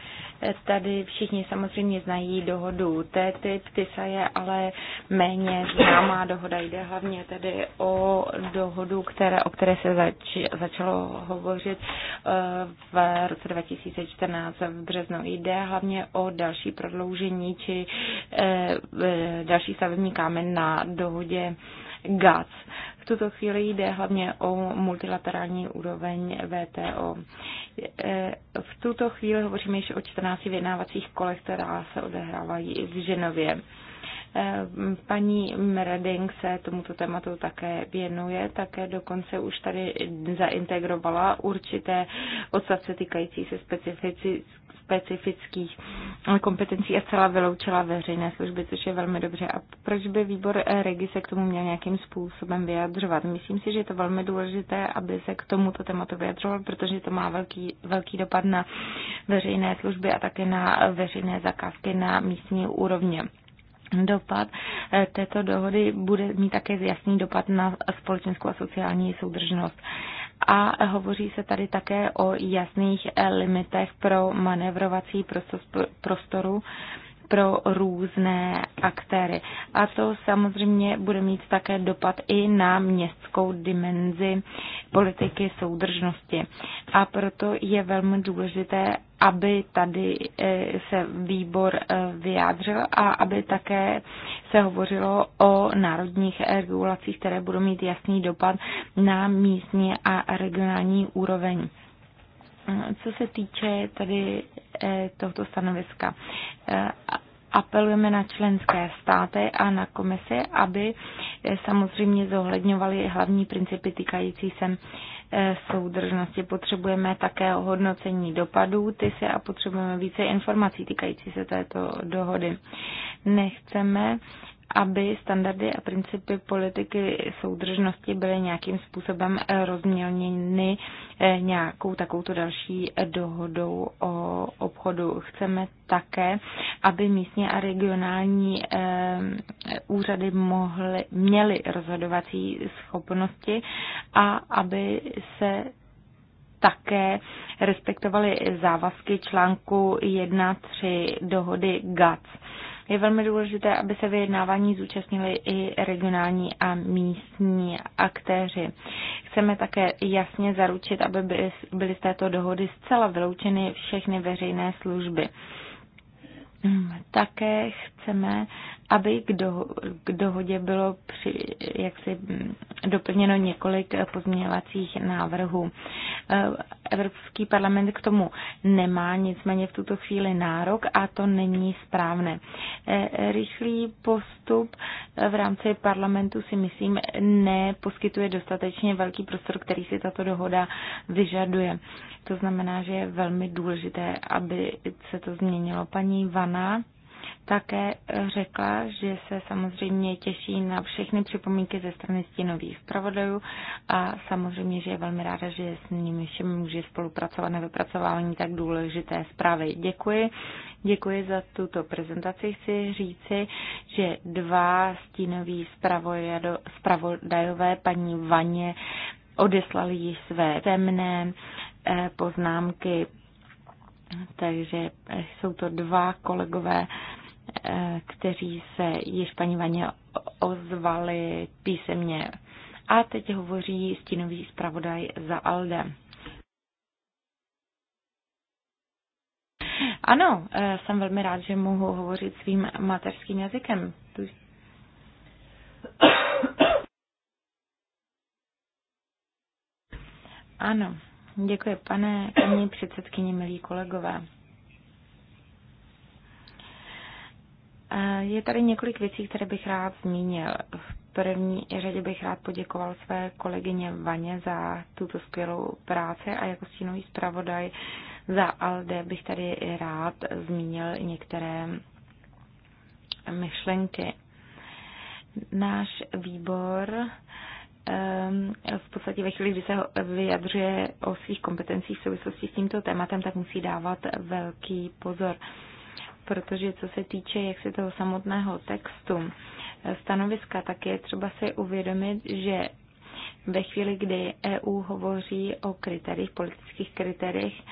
tady všichni samozřejmě znají dohodu TTIP, TISA je ale méně známá dohoda. Jde hlavně tedy o dohodu, které, o které se zač, začalo hovořit eh, v roce 2014 v březnu. Jde hlavně o další prodloužení či eh, další stavební kámen na dohodě GATS. V tuto chvíli jde hlavně o multilaterální úroveň VTO. E, v tuto chvíli hovoříme již o 14 vyjednávacích kolech, která se odehrávají v Ženově. Eh, paní Mreding se tomuto tématu také věnuje, také dokonce už tady zaintegrovala určité odstavce týkající se specifici, specifických kompetencí a celá vyloučila veřejné služby, což je velmi dobře. A proč by výbor eh, Regi se k tomu měl nějakým způsobem vyjadřovat? Myslím si, že je to velmi důležité, aby se k tomuto tématu vyjadřoval, protože to má velký, velký dopad na veřejné služby a také na veřejné zakázky na místní úrovně dopad eh, této dohody bude mít také jasný dopad na společenskou a sociální soudržnost. A hovoří se tady také o jasných eh, limitech pro manevrovací prostoru pro různé aktéry. A to samozřejmě bude mít také dopad i na městskou dimenzi politiky soudržnosti. A proto je velmi důležité, aby tady eh, se výbor eh, vyjádřil a aby také se hovořilo o národních eh, regulacích, které budou mít jasný dopad na místní a regionální úroveň. Co se týče tady eh, tohoto stanoviska, eh, apelujeme na členské státy a na komise, aby eh, samozřejmě zohledňovali hlavní principy týkající se soudržnosti. Potřebujeme také ohodnocení dopadů ty se a potřebujeme více informací týkající se této dohody. Nechceme, aby standardy a principy politiky soudržnosti byly nějakým způsobem rozmělněny eh, nějakou takovou další dohodou o obchodu. Chceme také, aby místní a regionální eh, úřady mohly, měly rozhodovací schopnosti a aby se také respektovaly závazky článku 1.3 dohody GATS. Je velmi důležité, aby se vyjednávání zúčastnili i regionální a místní aktéři. Chceme také jasně zaručit, aby byly z této dohody zcela vyloučeny všechny veřejné služby. Mm, také chceme, aby k, do, k dohodě bylo při, jaksi mm, doplněno několik pozměňovacích návrhů. E, Evropský parlament k tomu nemá nicméně v tuto chvíli nárok a to není správné. E, rychlý postup v rámci parlamentu si myslím neposkytuje dostatečně velký prostor, který si tato dohoda vyžaduje. To znamená, že je velmi důležité, aby se to změnilo. Paní Vana také řekla, že se samozřejmě těší na všechny připomínky ze strany stínových zpravodajů a samozřejmě, že je velmi ráda, že s nimi všem může spolupracovat na vypracování tak důležité zprávy. Děkuji. Děkuji za tuto prezentaci. Chci říci, že dva stínoví zpravodajové paní Vaně odeslali již své temné eh, poznámky takže eh, jsou to dva kolegové, eh, kteří se již paní Vaně ozvali písemně. A teď hovoří stínový zpravodaj za Alde. Ano, eh, jsem velmi rád, že mohu hovořit svým mateřským jazykem. Ano. Děkuji, pane paní předsedkyni, milí kolegové. Eh, je tady několik věcí, které bych rád zmínil. V první řadě bych rád poděkoval své kolegyně Vaně za tuto skvělou práci a jako stínový zpravodaj za ALDE bych tady rád zmínil některé myšlenky. Náš výbor Ehm, v podstatě ve chvíli, kdy se vyjadřuje o svých kompetencích v souvislosti s tímto tématem, tak musí dávat velký pozor. Protože co se týče jak se toho samotného textu, eh, stanoviska, tak je třeba si uvědomit, že ve chvíli, kdy EU hovoří o kritériích, politických kritériích,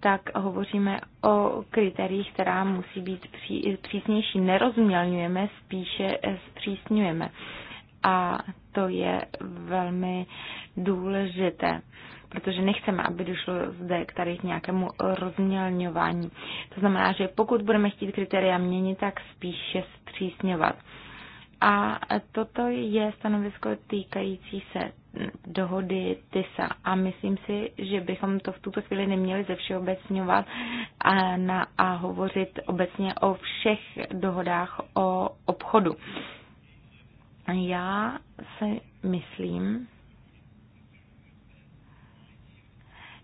tak hovoříme o kritériích, která musí být pří, přísnější. Nerozmělňujeme, spíše eh, zpřísňujeme a to je velmi důležité protože nechceme, aby došlo zde k tady k nějakému rozmělňování. To znamená, že pokud budeme chtít kritéria měnit, tak spíše zpřísňovat. A toto je stanovisko týkající se dohody TISA. A myslím si, že bychom to v tuto chvíli neměli ze všeobecňovat a, na, a hovořit obecně o všech dohodách o obchodu. Já si myslím,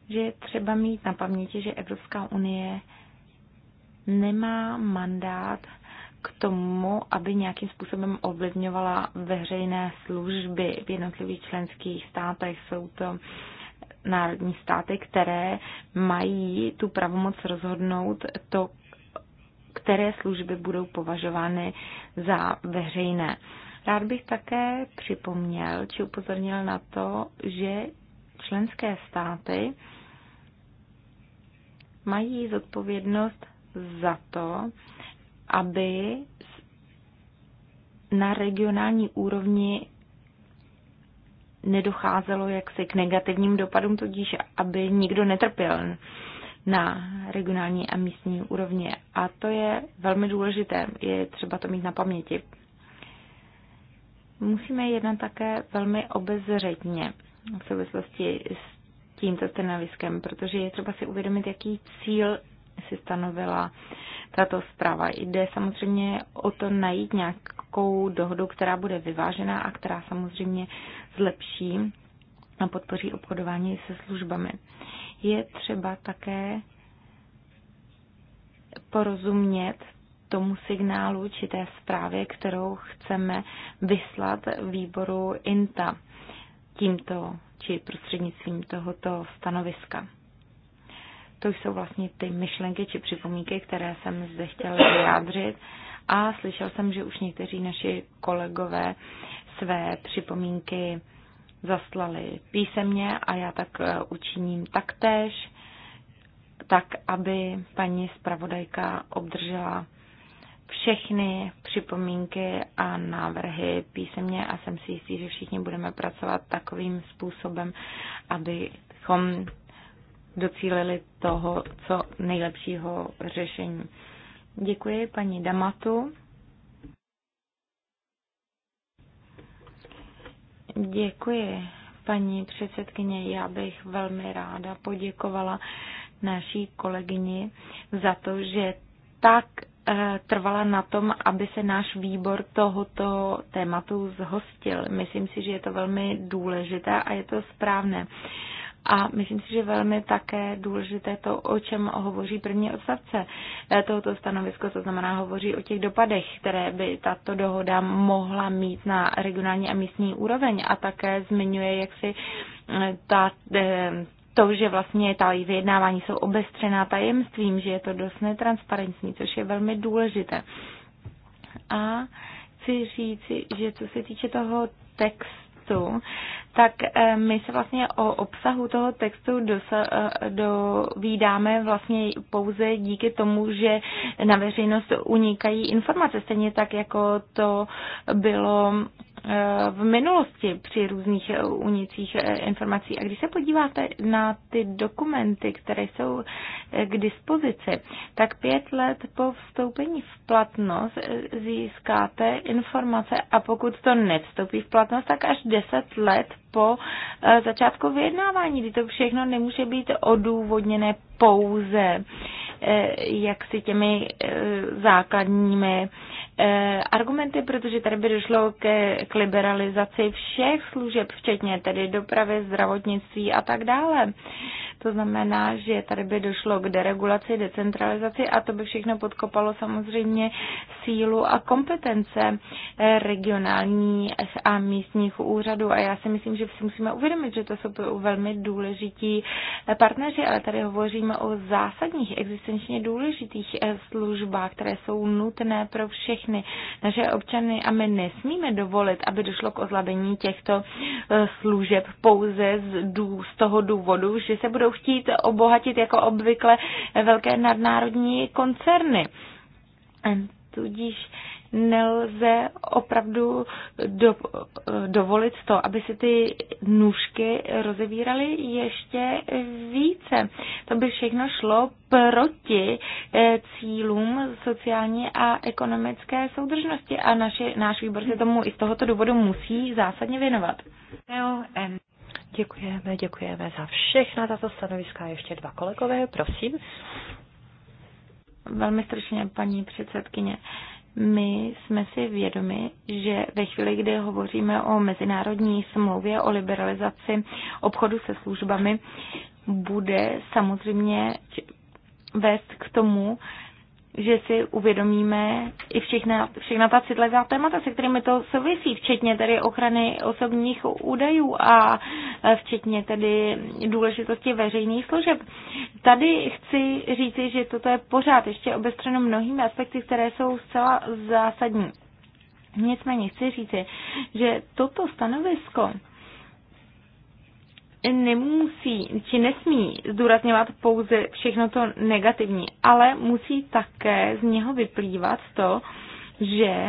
že je třeba mít na paměti, že Evropská unie nemá mandát k tomu, aby nějakým způsobem ovlivňovala veřejné služby v jednotlivých členských státech. Jsou to národní státy, které mají tu pravomoc rozhodnout to, které služby budou považovány za veřejné. Rád bych také připomněl či upozornil na to, že členské státy mají zodpovědnost za to, aby na regionální úrovni nedocházelo jaksi k negativním dopadům, tudíž aby nikdo netrpěl na regionální a místní úrovni. A to je velmi důležité, je třeba to mít na paměti. Musíme jednat také velmi obezřetně v souvislosti s tímto stanoviskem, protože je třeba si uvědomit, jaký cíl si stanovila tato zpráva. Jde samozřejmě o to najít nějakou dohodu, která bude vyvážená a která samozřejmě zlepší a podpoří obchodování se službami. Je třeba také porozumět tomu signálu či té zprávě, kterou chceme vyslat výboru INTA tímto či prostřednictvím tohoto stanoviska. To jsou vlastně ty myšlenky či připomínky, které jsem zde chtěla vyjádřit a slyšel jsem, že už někteří naši kolegové své připomínky zaslali písemně a já tak eh, učiním taktéž, tak aby paní zpravodajka obdržela všechny připomínky a návrhy písemně a jsem si jistý, že všichni budeme pracovat takovým způsobem, abychom docílili toho, co nejlepšího řešení. Děkuji paní Damatu. Děkuji, paní předsedkyně. Já bych velmi ráda poděkovala naší kolegyni za to, že tak Eh, trvala na tom, aby se náš výbor tohoto tématu zhostil. Myslím si, že je to velmi důležité a je to správné. A myslím si, že velmi také důležité to, o čem hovoří první odstavce eh, tohoto stanovisko, to znamená hovoří o těch dopadech, které by tato dohoda mohla mít na regionální a místní úroveň a také zmiňuje, jak si eh, ta, to, že vlastně ta vyjednávání jsou obestřená tajemstvím, že je to dost netransparentní, což je velmi důležité. A chci říci, že co se týče toho textu, tak eh, my se vlastně o obsahu toho textu eh, dovídáme vlastně pouze díky tomu, že na veřejnost unikají informace, stejně tak, jako to bylo v minulosti při různých unicích eh, informací. A když se podíváte na ty dokumenty, které jsou eh, k dispozici, tak pět let po vstoupení v platnost eh, získáte informace a pokud to nevstoupí v platnost, tak až deset let po začátku vyjednávání, kdy to všechno nemůže být odůvodněné pouze jak si těmi základními Eh, argumenty, protože tady by došlo ke, k liberalizaci všech služeb, včetně tedy dopravy, zdravotnictví a tak dále. To znamená, že tady by došlo k deregulaci, decentralizaci a to by všechno podkopalo samozřejmě sílu a kompetence eh, regionálních a místních úřadů. A já si myslím, že si musíme uvědomit, že to jsou velmi důležití eh, partneři, ale tady hovoříme o zásadních, existenčně důležitých službách, které jsou nutné pro všechny všechny naše občany a my nesmíme dovolit, aby došlo k oslabení těchto e, služeb pouze z, dů, z toho důvodu, že se budou chtít obohatit jako obvykle velké nadnárodní koncerny. Tudíž nelze opravdu do, dovolit to, aby se ty nůžky rozevíraly ještě více. To by všechno šlo proti eh, cílům sociální a ekonomické soudržnosti a naši, náš výbor se tomu i z tohoto důvodu musí zásadně věnovat. Děkujeme, děkujeme za všechna tato stanoviska. Ještě dva kolegové, prosím. Velmi stručně, paní předsedkyně. My jsme si vědomi, že ve chvíli, kdy hovoříme o mezinárodní smlouvě o liberalizaci obchodu se službami, bude samozřejmě vést k tomu, že si uvědomíme i všechna, všechna ta citlivá témata, se kterými to souvisí, včetně tedy ochrany osobních údajů a včetně tedy důležitosti veřejných služeb. Tady chci říci, že toto je pořád ještě obestřeno mnohými aspekty, které jsou zcela zásadní. Nicméně chci říci, že toto stanovisko nemusí či nesmí zdůrazňovat pouze všechno to negativní, ale musí také z něho vyplývat to, že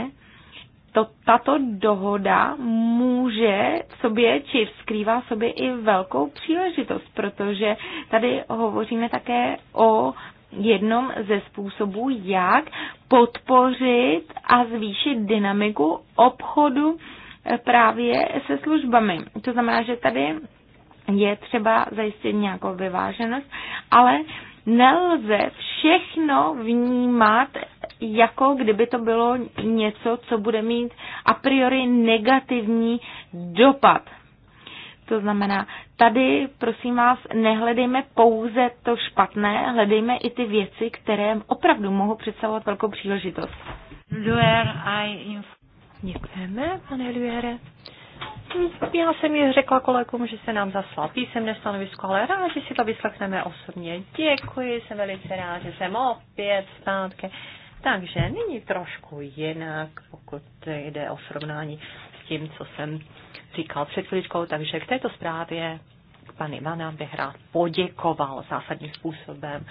to, tato dohoda může v sobě, či skrývá v sobě i velkou příležitost, protože tady hovoříme také o jednom ze způsobů, jak podpořit a zvýšit dynamiku obchodu eh, právě se službami. To znamená, že tady je třeba zajistit nějakou vyváženost, ale nelze všechno vnímat, jako kdyby to bylo něco, co bude mít a priori negativní dopad. To znamená, tady, prosím vás, nehledejme pouze to špatné, hledejme i ty věci, které opravdu mohou představovat velkou příležitost. Děkujeme, pane Luere. Já jsem ji řekla kolegům, že se nám zaslal písemné stanovisko, ale rádi si to vyslechneme osobně. Děkuji, jsem velice rád, že jsem opět zpátky. Takže nyní trošku jinak, pokud jde o srovnání s tím, co jsem říkal před chvíličkou. Takže k této zprávě pan Ivana bych rád poděkoval zásadním způsobem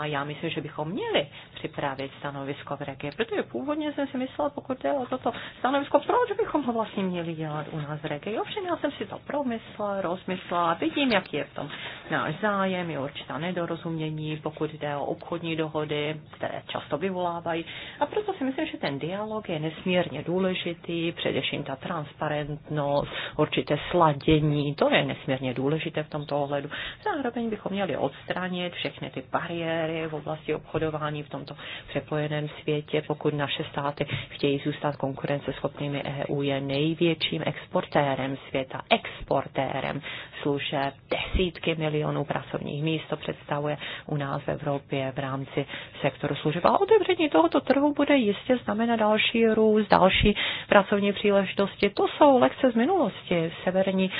a já myslím, že bychom měli připravit stanovisko v regie, protože původně jsem si myslela, pokud jde o toto stanovisko, proč bychom ho vlastně měli dělat u nás v regie. Ovšem já jsem si to promyslela, rozmyslela, vidím, jak je v tom náš zájem, je určitá nedorozumění, pokud jde o obchodní dohody, které často vyvolávají. A proto si myslím, že ten dialog je nesmírně důležitý, především ta transparentnost, určité sladění, to je nesmírně důležité v tomto ohledu. Zároveň bychom měli odstranit všechny ty bariéry, aktéry v oblasti obchodování v tomto přepojeném světě. Pokud naše státy chtějí zůstat konkurenceschopnými, EU je největším exportérem světa, exportérem služeb, desítky milionů pracovních míst to představuje u nás v Evropě v rámci sektoru služeb. A otevření tohoto trhu bude jistě znamenat další růst, další pracovní příležitosti. To jsou lekce z minulosti. Severní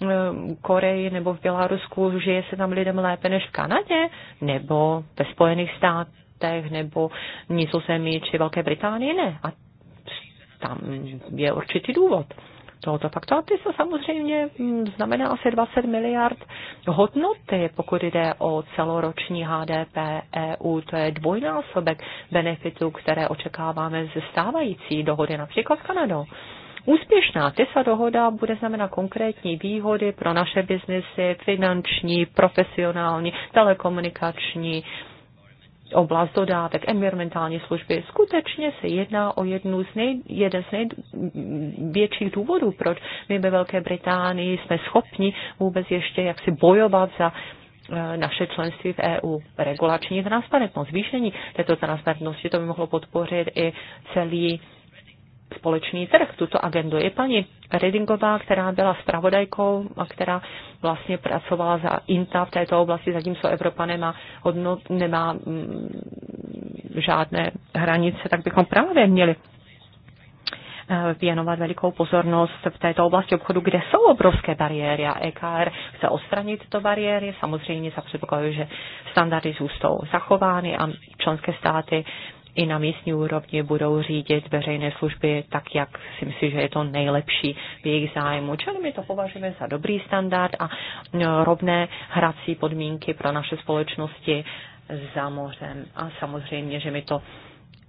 Eh, Koreji nebo v Bělorusku, žije se tam lidem lépe než v Kanadě nebo ve Spojených státech nebo Nizozemí či Velké Británii. Ne. A tam je určitý důvod tohoto faktu. A ty se samozřejmě hm, znamená asi 20 miliard hodnoty, pokud jde o celoroční HDP EU. To je dvojnásobek benefitů, které očekáváme ze stávající dohody například s Kanadou. Úspěšná TISA dohoda bude znamenat konkrétní výhody pro naše biznesy, finanční, profesionální, telekomunikační, oblast dodávek, environmentální služby. Skutečně se jedná o jednu z nej, jeden z největších důvodů, proč my ve Velké Británii jsme schopni vůbec ještě jaksi bojovat za eh, naše členství v EU. Regulační transparentnost, zvýšení této transparentnosti, to by mohlo podpořit i celý společný trh, tuto agendu. Je paní Redingová, která byla spravodajkou a která vlastně pracovala za INTA v této oblasti, zatímco Evropa nemá, hodnot, nemá mm, žádné hranice, tak bychom právě měli eh, věnovat velikou pozornost v této oblasti obchodu, kde jsou obrovské bariéry a EKR chce odstranit tyto bariéry, samozřejmě za předpokladu, že standardy zůstou zachovány a členské státy i na místní úrovni budou řídit veřejné služby tak, jak si myslím, že je to nejlepší v jejich zájmu. Čili my to považujeme za dobrý standard a no, rovné hrací podmínky pro naše společnosti za mořem. A samozřejmě, že my to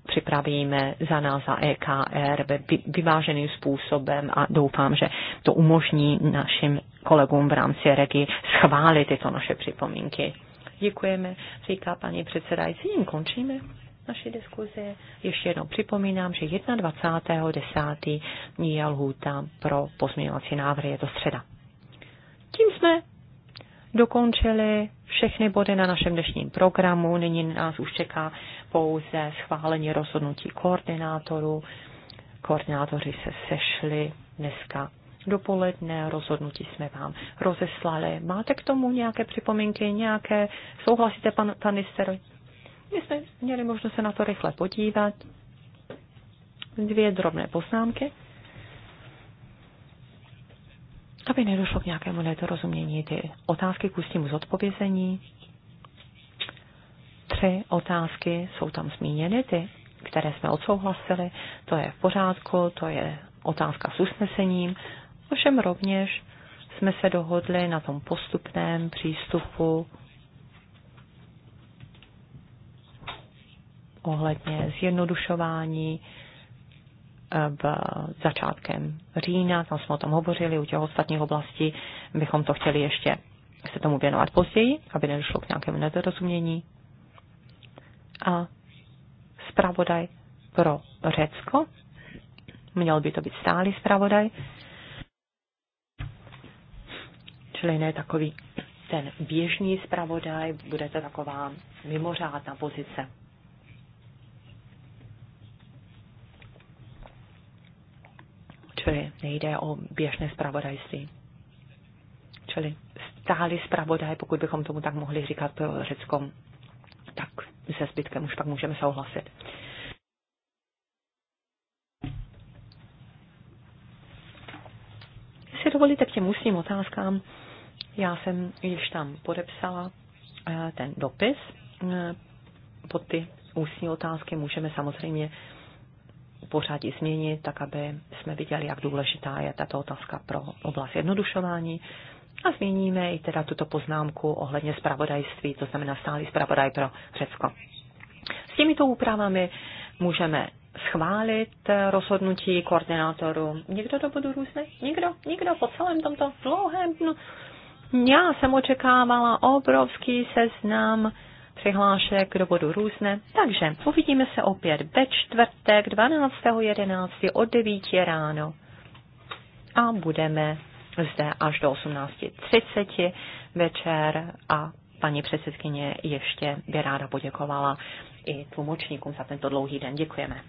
připravíme za nás za EKR vyváženým způsobem a doufám, že to umožní našim kolegům v rámci regi schválit tyto naše připomínky. Děkujeme, říká paní předsedající, jim končíme naší diskuzi. Ještě jednou připomínám, že 21.10. je lhůta pro pozměňovací návrhy, je to středa. Tím jsme dokončili všechny body na našem dnešním programu. Nyní nás už čeká pouze schválení rozhodnutí koordinátorů. Koordinátoři se sešli dneska dopoledne, rozhodnutí jsme vám rozeslali. Máte k tomu nějaké připomínky, nějaké, souhlasíte, pan, pan minister, my jsme měli možnost se na to rychle podívat. Dvě drobné poznámky. Aby nedošlo k nějakému nedorozumění, ty otázky k ústnímu zodpovězení. Tři otázky jsou tam zmíněny, ty, které jsme odsouhlasili. To je v pořádku, to je otázka s usnesením. Ovšem rovněž jsme se dohodli na tom postupném přístupu ohledně zjednodušování eh, v začátkem října, tam jsme o tom hovořili, u těch ostatních oblastí bychom to chtěli ještě se tomu věnovat později, aby nedošlo k nějakému nedorozumění. A zpravodaj pro Řecko, měl by to být stálý zpravodaj, čili ne takový ten běžný zpravodaj, bude to taková mimořádná pozice. čili nejde o běžné zpravodajství. Čili stály zpravodaj, pokud bychom tomu tak mohli říkat v Řecko, tak se zbytkem už pak můžeme souhlasit. Si dovolíte k těm ústním otázkám, já jsem již tam podepsala eh, ten dopis. Eh, pod ty ústní otázky můžeme samozřejmě pořadí změnit, tak aby jsme viděli, jak důležitá je tato otázka pro oblast jednodušování. A změníme i teda tuto poznámku ohledně zpravodajství, to znamená stálý zpravodaj pro Řecko. S těmito úpravami můžeme schválit rozhodnutí koordinátoru. Někdo to budu různé? Nikdo? Nikdo po celém tomto dlouhém dnu? No, já jsem očekávala obrovský seznam přihlášek do bodu různé. Takže uvidíme se opět ve čtvrtek 12.11. od 9 ráno a budeme zde až do 18.30 večer a paní předsedkyně ještě by ráda poděkovala i tlumočníkům za tento dlouhý den. Děkujeme.